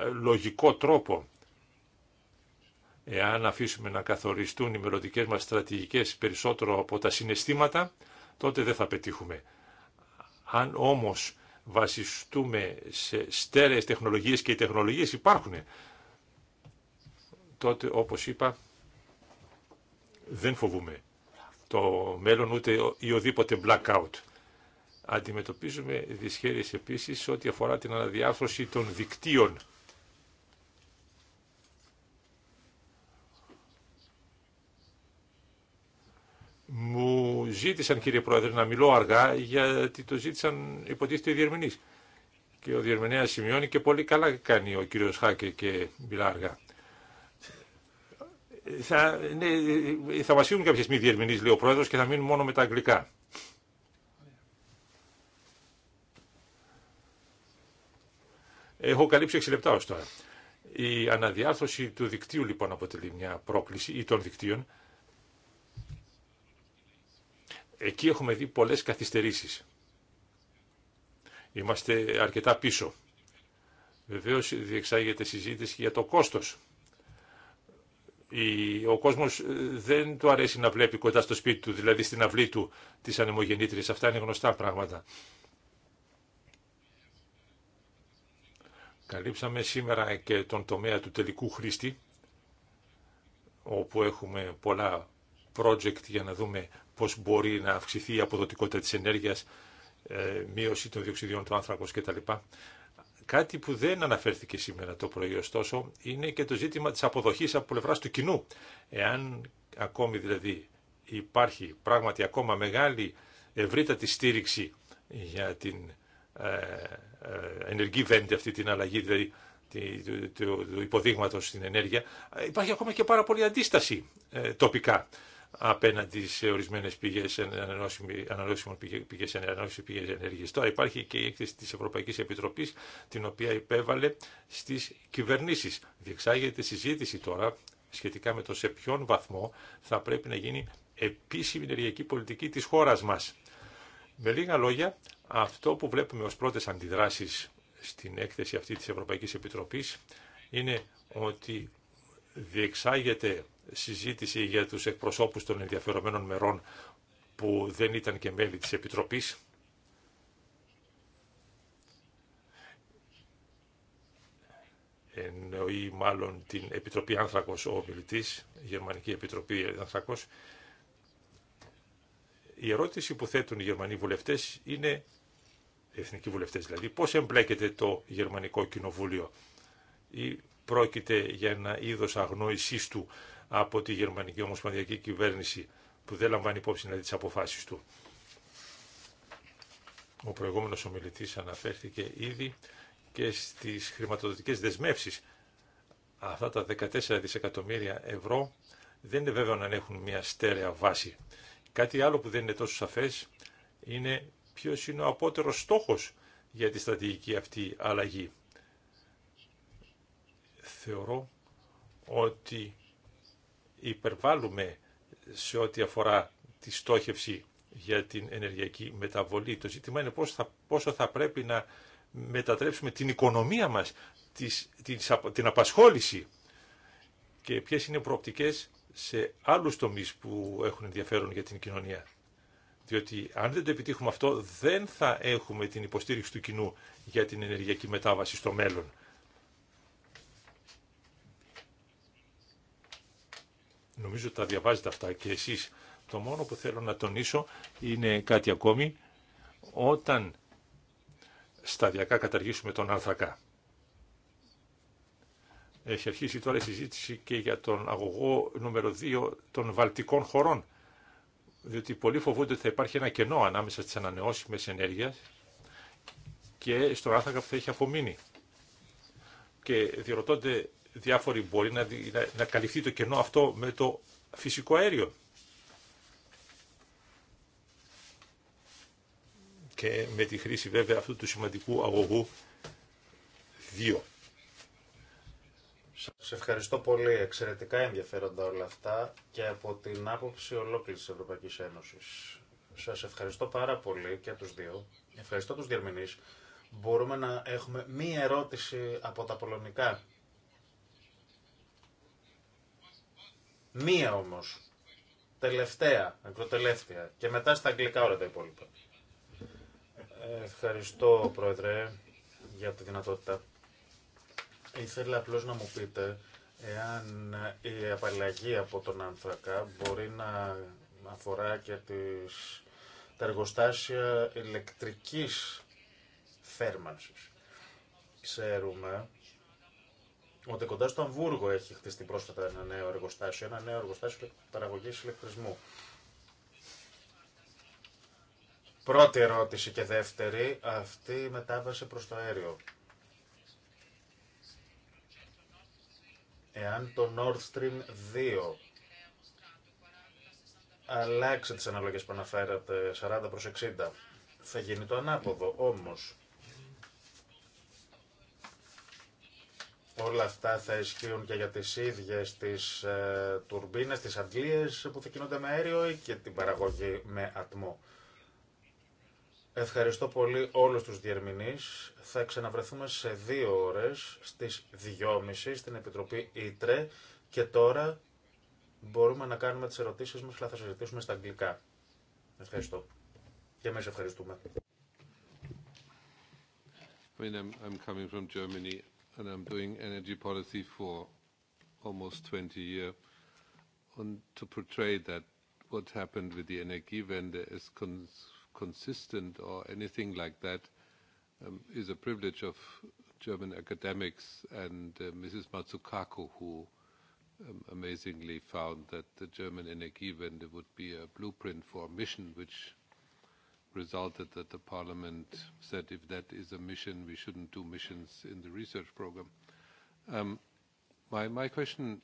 ε, λογικό τρόπο. Εάν αφήσουμε να καθοριστούν οι μελλοντικέ μας στρατηγικές περισσότερο από τα συναισθήματα τότε δεν θα πετύχουμε. Αν όμως βασιστούμε σε στέρεες τεχνολογίες και οι τεχνολογίες υπάρχουν τότε όπως είπα δεν φοβούμε το μέλλον ούτε ή οδήποτε blackout. Αντιμετωπίζουμε δυσχέρειες επίσης ό,τι αφορά την αναδιάρθρωση των δικτύων. Μου ζήτησαν κύριε Πρόεδρε να μιλώ αργά γιατί το ζήτησαν υποτίθεται οι διερμηνείς. Και ο διερμηνέας σημειώνει και πολύ καλά κάνει ο κύριος Χάκε και μιλά αργά θα, ναι, θα μας φύγουν κάποιες μη διερμηνείς, λέει ο πρόεδρος, και θα μείνουν μόνο με τα αγγλικά. Έχω καλύψει 6 λεπτά ως τώρα. Η αναδιάρθρωση του δικτύου λοιπόν αποτελεί μια πρόκληση ή των δικτύων. Εκεί έχουμε δει πολλές καθυστερήσεις. Είμαστε αρκετά πίσω. Βεβαίως διεξάγεται συζήτηση για το κόστος ο κόσμος ε, δεν του αρέσει να βλέπει κοντά στο σπίτι του, δηλαδή στην αυλή του, τι ανεμογεννήτριε. Αυτά είναι γνωστά πράγματα. Καλύψαμε σήμερα και τον τομέα του τελικού χρήστη, όπου έχουμε πολλά project για να δούμε πώς μπορεί να αυξηθεί η αποδοτικότητα της ενέργειας, ε, μείωση των διοξιδιών του άνθρακος κτλ. Κάτι που δεν αναφέρθηκε σήμερα το πρωί, ωστόσο, είναι και το ζήτημα της αποδοχής από πλευράς του κοινού. Εάν ακόμη δηλαδή υπάρχει πράγματι ακόμα μεγάλη ευρύτατη στήριξη για την ε, ε, ενεργή βέντε αυτή την αλλαγή, δηλαδή του, του, υποδείγματος στην ενέργεια, ε, υπάρχει ακόμα και πάρα πολλή αντίσταση ε, τοπικά απέναντι σε ορισμένες πηγές ανανεώσιμων πηγές, πηγές ενέργειας. Τώρα υπάρχει και η έκθεση της Ευρωπαϊκής Επιτροπής, την οποία υπέβαλε στις κυβερνήσεις. Διεξάγεται συζήτηση τώρα σχετικά με το σε ποιον βαθμό θα πρέπει να γίνει επίσημη ενεργειακή πολιτική της χώρας μας. Με λίγα λόγια, αυτό που βλέπουμε ως πρώτες αντιδράσεις στην έκθεση αυτή της Ευρωπαϊκής Επιτροπής είναι ότι διεξάγεται συζήτηση για τους εκπροσώπους των ενδιαφερομένων μερών που δεν ήταν και μέλη της Επιτροπής. Εννοεί μάλλον την Επιτροπή Άνθρακος ο η Γερμανική Επιτροπή Άνθρακος. Η ερώτηση που θέτουν οι Γερμανοί βουλευτές είναι, εθνικοί βουλευτές δηλαδή, πώς εμπλέκεται το Γερμανικό Κοινοβούλιο ή πρόκειται για ένα είδος αγνόησής του από τη Γερμανική Ομοσπονδιακή Κυβέρνηση που δεν λαμβάνει υπόψη δηλαδή τι αποφάσεις του. Ο προηγούμενος ομιλητής αναφέρθηκε ήδη και στις χρηματοδοτικές δεσμεύσει. Αυτά τα 14 δισεκατομμύρια ευρώ δεν είναι βέβαιο να έχουν μια στέρεα βάση. Κάτι άλλο που δεν είναι τόσο σαφές είναι ποιος είναι ο απότερος στόχος για τη στρατηγική αυτή αλλαγή. Θεωρώ ότι υπερβάλλουμε σε ό,τι αφορά τη στόχευση για την ενεργειακή μεταβολή. Το ζήτημα είναι πόσο θα, πόσο θα πρέπει να μετατρέψουμε την οικονομία μας, της, της, την απασχόληση και ποιες είναι προοπτικές σε άλλους τομείς που έχουν ενδιαφέρον για την κοινωνία. Διότι αν δεν το επιτύχουμε αυτό, δεν θα έχουμε την υποστήριξη του κοινού για την ενεργειακή μετάβαση στο μέλλον. Νομίζω τα διαβάζετε αυτά και εσείς. Το μόνο που θέλω να τονίσω είναι κάτι ακόμη. Όταν σταδιακά καταργήσουμε τον άνθρακα. Έχει αρχίσει τώρα η συζήτηση και για τον αγωγό νούμερο 2 των βαλτικών χωρών. Διότι πολλοί φοβούνται ότι θα υπάρχει ένα κενό ανάμεσα στις ανανεώσιμες ενέργειες και στον άνθρακα που θα έχει απομείνει. Και διερωτώνται διάφοροι μπορεί να, να, καλυφθεί το κενό αυτό με το φυσικό αέριο. Και με τη χρήση βέβαια αυτού του σημαντικού αγωγού 2. Σας ευχαριστώ πολύ. Εξαιρετικά ενδιαφέροντα όλα αυτά και από την άποψη ολόκληρη της Ευρωπαϊκής Ένωσης. Σας ευχαριστώ πάρα πολύ και τους δύο. Ευχαριστώ τους διερμηνείς. Μπορούμε να έχουμε μία ερώτηση από τα πολωνικά. Μία όμως. Τελευταία, ακροτελεύθερα. Και μετά στα αγγλικά όλα τα υπόλοιπα. Ευχαριστώ, Πρόεδρε, για τη δυνατότητα. Ήθελα απλώ να μου πείτε εάν η απαλλαγή από τον άνθρακα μπορεί να αφορά και τις, τα εργοστάσια ηλεκτρικής θέρμανσης. Ξέρουμε ότι κοντά στο Αμβούργο έχει χτιστεί πρόσφατα ένα νέο εργοστάσιο, ένα νέο εργοστάσιο παραγωγής ηλεκτρισμού. Πρώτη ερώτηση και δεύτερη, αυτή η μετάβαση προς το αέριο. Εάν το Nord Stream 2 αλλάξει τις αναλογές που αναφέρατε, 40 προς 60, θα γίνει το ανάποδο. Όμως, Όλα αυτά θα ισχύουν και για τι ίδιε τι τουρμπίνε, τι τις ε, που θα κινούνται με αέριο ή και την παραγωγή με ατμό. Ευχαριστώ πολύ όλους τους διερμηνείς. Θα ξαναβρεθούμε σε δύο ώρες στις 2.30 στην Επιτροπή Ήτρε και τώρα μπορούμε να κάνουμε τις ερωτήσεις μας αλλά θα συζητήσουμε στα αγγλικά. Ευχαριστώ. Και εμείς ευχαριστούμε. I mean, I'm, I'm and I'm doing energy policy for almost 20 years, and to portray that what happened with the Energiewende is consistent or anything like that is a privilege of German academics and Mrs. Matsukako, who amazingly found that the German Energiewende would be a blueprint for a mission which resulted that the Parliament said if that is a mission, we shouldn't do missions in the research program. Um, my, my question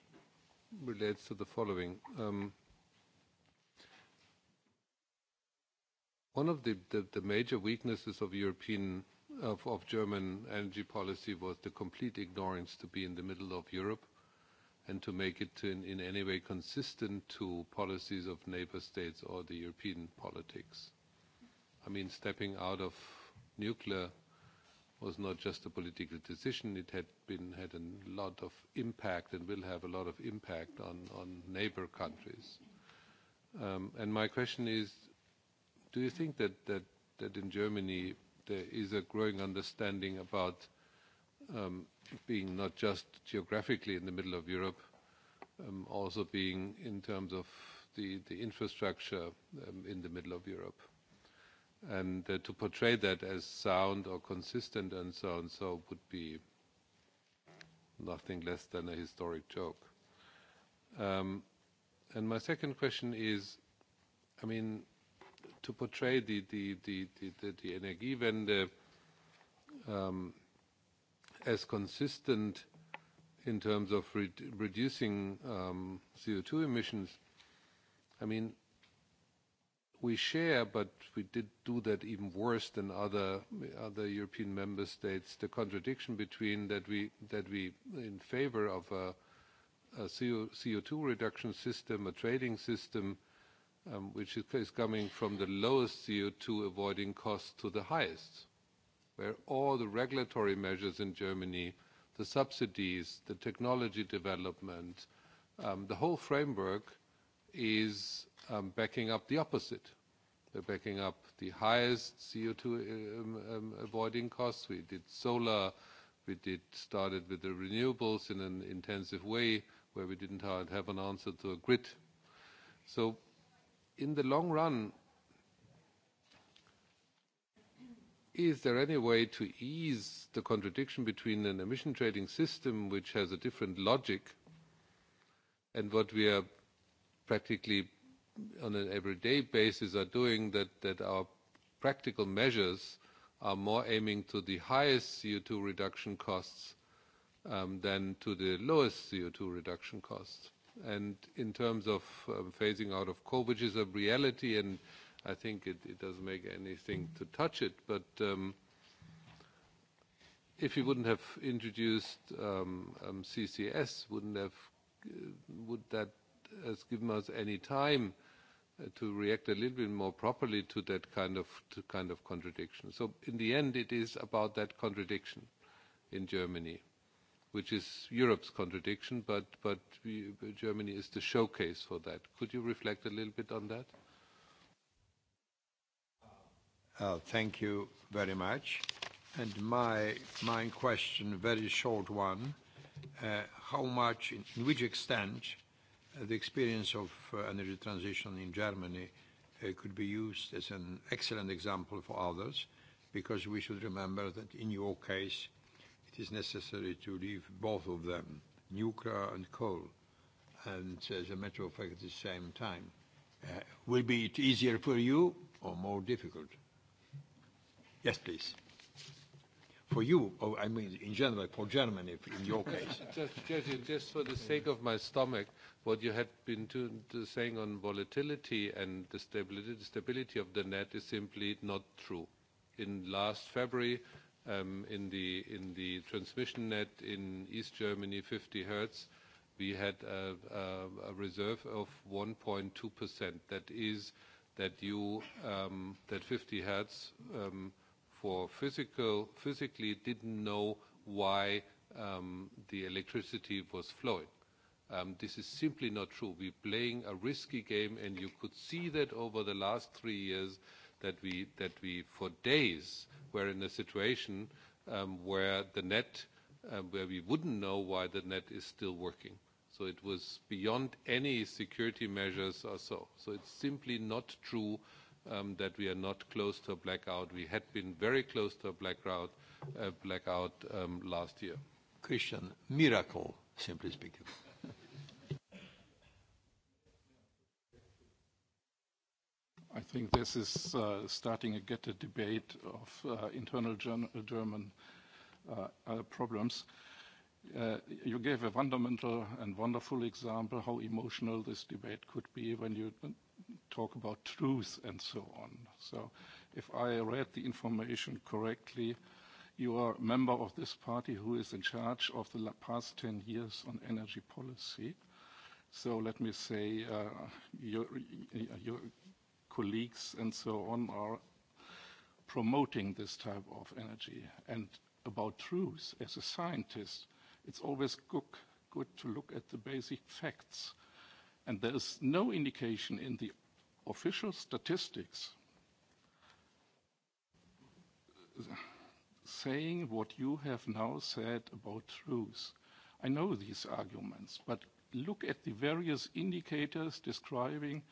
relates to the following. Um, one of the, the, the major weaknesses of European of, of German energy policy was the complete ignorance to be in the middle of Europe and to make it in, in any way consistent to policies of neighbor states or the European politics. I mean, stepping out of nuclear was not just a political decision. It had been had a lot of impact and will have a lot of impact on on neighbor countries. And my question is, do you think that that that in Germany there is a growing understanding about being not just geographically in the middle of Europe, also being in terms of the the infrastructure in the middle of Europe? and to portray that as sound or consistent and so on so would be nothing less than a historic joke. Um, and my second question is, I mean, to portray the, the, the, the, the Energiewende um, as consistent in terms of reducing um, CO2 emissions, I mean, we share, but we did do that even worse than other other European member states. The contradiction between that we that we in favor of a, a CO2 reduction system, a trading system, um, which is, coming from the lowest CO2 avoiding costs to the highest, where all the regulatory measures in Germany, the subsidies, the technology development, um, the whole framework is backing up the opposite. They're backing up the highest CO2 avoiding costs. We did solar. We did started with the renewables in an intensive way where we didn't have an answer to a grid. So in the long run, is there any way to ease the contradiction between an emission trading system which has a different logic and what we are practically on an everyday basis are doing that, that our practical measures are more aiming to the highest CO2 reduction costs um, than to the lowest CO2 reduction costs. And in terms of phasing out of coal, which is a reality, and I think it, it doesn't make anything to touch it, but um, if you wouldn't have introduced um, um, CCS, wouldn't have, would that has given us any time to react a little bit more properly to that kind of to kind of contradiction. So in the end, it is about that contradiction in Germany, which is Europe's contradiction, but but Germany is the showcase for that. Could you reflect a little bit on that? thank you very much. And my my question, very short one, how much, in which extent the experience of energy transition in Germany could be used as an excellent example for others, because we should remember that in your case, it is necessary to leave both of them, nuclear and coal, and as a matter of fact, at the same time. Will be it easier for you or more difficult? Yes, please for you, or I mean in general for Germany, in your case. just, just, for the sake of my stomach, what you had been to, saying on volatility and the stability, the stability of the net is simply not true. In last February, um, in the in the transmission net in East Germany, 50 hertz, we had a, a, a reserve of 1.2 That is that you um, that 50 hertz. Um, for physical physically didn't know why the electricity was flowing. This is simply not true. We're playing a risky game, and you could see that over the last three years that we that we for days were in a situation where the net where we wouldn't know why the net is still working. So it was beyond any security measures or so. So it's simply not true that we are not close to a blackout. We had been very close to a blackout blackout last year. Christian, miracle, simply speaking. I think this is starting to get a debate of internal German problems. You gave a fundamental and wonderful example how emotional this debate could be when you talk about truth and so on. So if I read the information correctly, you are a member of this party who is in charge of the past 10 years on energy policy. So let me say your, your colleagues and so on are promoting this type of energy. And about truth, as a scientist, it's always good, good to look at the basic facts and there is no indication in the official statistics saying what you have now said about truth. I know these arguments, but look at the various indicators describing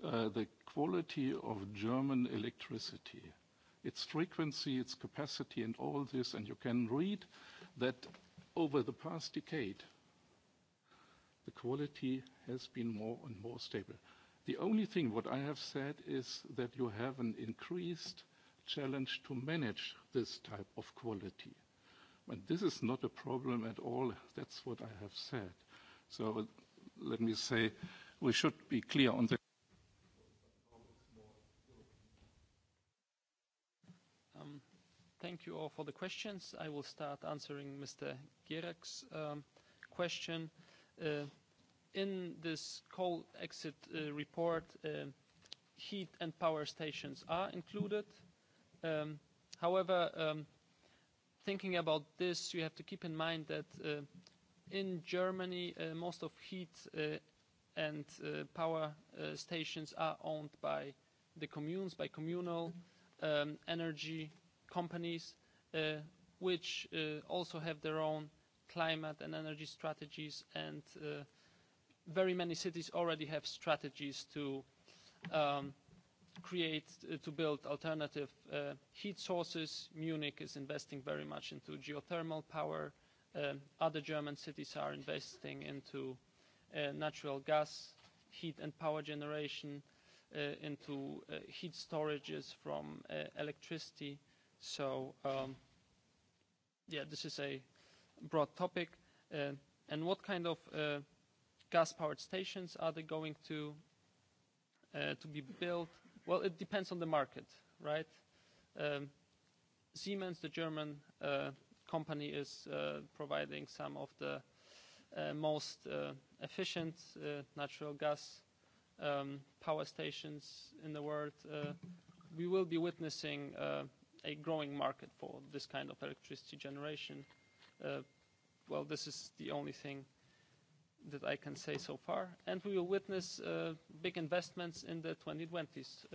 the quality of German electricity. Its frequency, its capacity, and all this, and you can read that over the past decade, the quality has been more and more stable. The only thing what I have said is that you have an increased challenge to manage this type of quality. And this is not a problem at all. That's what I have said. So let me say we should be clear on the Thank you all for the questions. I will start answering Mr. Gierek's question in this coal exit report, heat and power stations are included. However, thinking about this, you have to keep in mind that in Germany, most of heat and power stations are owned by the communes, by communal energy companies, which also have their own climate and energy strategies, and very many cities already have strategies to create, to build alternative heat sources. Munich is investing very much into geothermal power. Other German cities are investing into natural gas, heat and power generation, into heat storages from electricity. So, yeah, this is a broad topic. And what kind of gas-powered stations are they going to to be built? Well, it depends on the market, right? Siemens, the German company, is providing some of the most efficient natural gas power stations in the world. We will be witnessing a growing market for this kind of electricity generation well, this is the only thing that I can say so far. And we will witness big investments in the 2020s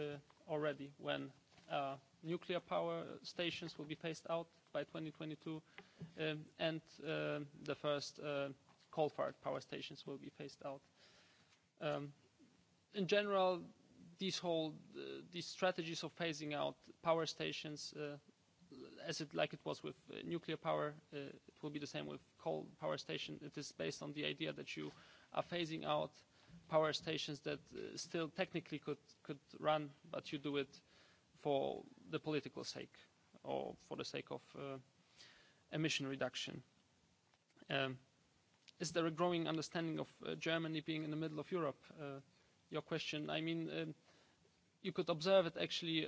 already when nuclear power stations will be phased out by 2022 and the first coal-fired power stations will be phased out. In general, these whole these strategies of phasing out power stations as it like it was with nuclear power, it will be the same with coal power station. It is based on the idea that you are phasing out power stations that still technically could could run, but you do it for the political sake or for the sake of emission reduction. Is there a growing understanding of Germany being in the middle of Europe? Your question. I mean, you could observe it actually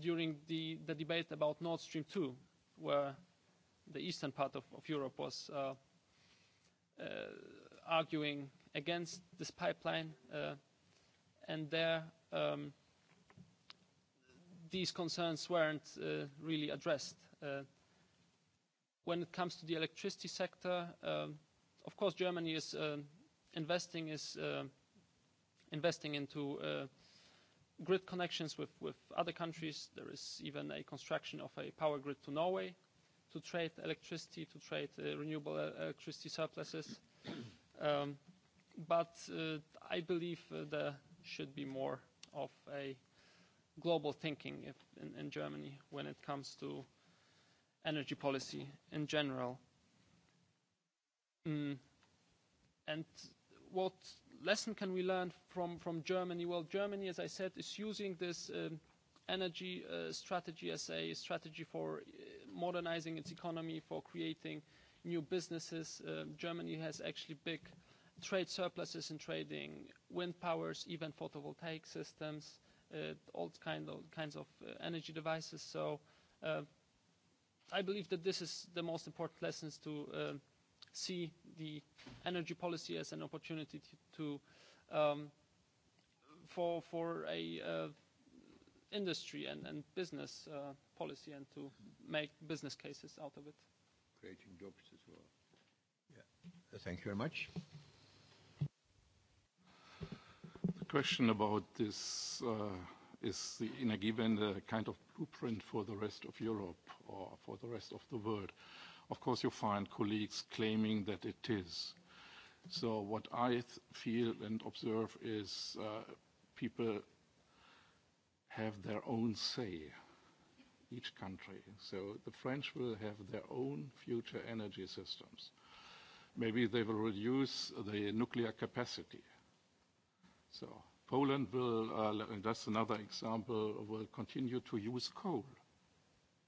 during the the debate about Nord Stream 2, where the eastern part of Europe was arguing against this pipeline, and there these concerns weren't really addressed. When it comes to the electricity sector, of course Germany is investing is investing into grid connections with, with other countries. There is even a construction of a power grid to Norway to trade electricity, to trade renewable electricity surpluses. Um, but I believe there should be more of a global thinking if, in, in Germany when it comes to energy policy in general. And what lesson can we learn from, from Germany? Well, Germany, as I said, is using this energy strategy as a strategy for modernizing its economy, for creating new businesses. Germany has actually big trade surpluses in trading, wind powers, even photovoltaic systems, all of kinds of energy devices. So I believe that this is the most important lessons to see the energy policy as an opportunity to for for a industry and and business policy and to make business cases out of it. Creating jobs as well. Yeah. Thank you very much. The question about this is the energy a kind of blueprint for the rest of Europe or for the rest of the world of course you find colleagues claiming that it is. So what I feel and observe is people have their own say, each country. So the French will have their own future energy systems. Maybe they will reduce the nuclear capacity. So Poland will, that's another example, will continue to use coal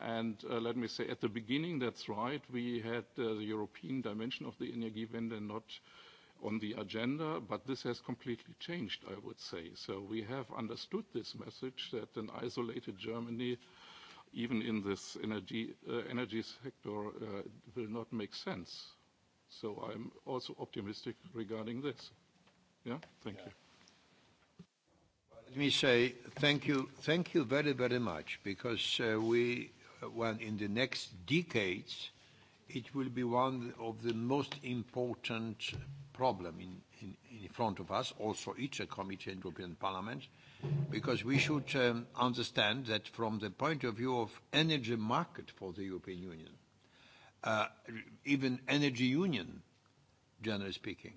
And let me say, at the beginning, that's right, we had the European dimension of the Energiewende not on the agenda, but this has completely changed, I would say. So we have understood this message that an isolated Germany, even in this energy energy sector, will not make sense. So I'm also optimistic regarding this. Yeah, thank you. Let me say thank you, thank you very, very much, because we when in the next decades it will be one of the most important problem in, in, in front of us, also each committee in European Parliament, because we should understand that from the point of view of energy market for the European Union, uh, even energy union, generally speaking,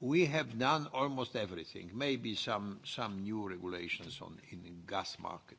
we have done almost everything, maybe some, some new regulations on in gas market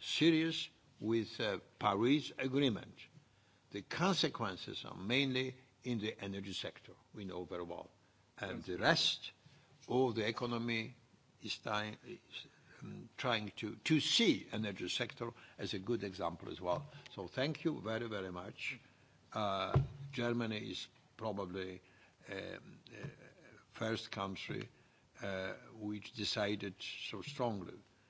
serious with the Paris Agreement. The consequences are mainly in the energy sector, we know very well. And the rest of the economy is trying to, to see energy sector as a good example as well. So thank you very, very much. Uh, Germany is probably uh, first country which decided so strongly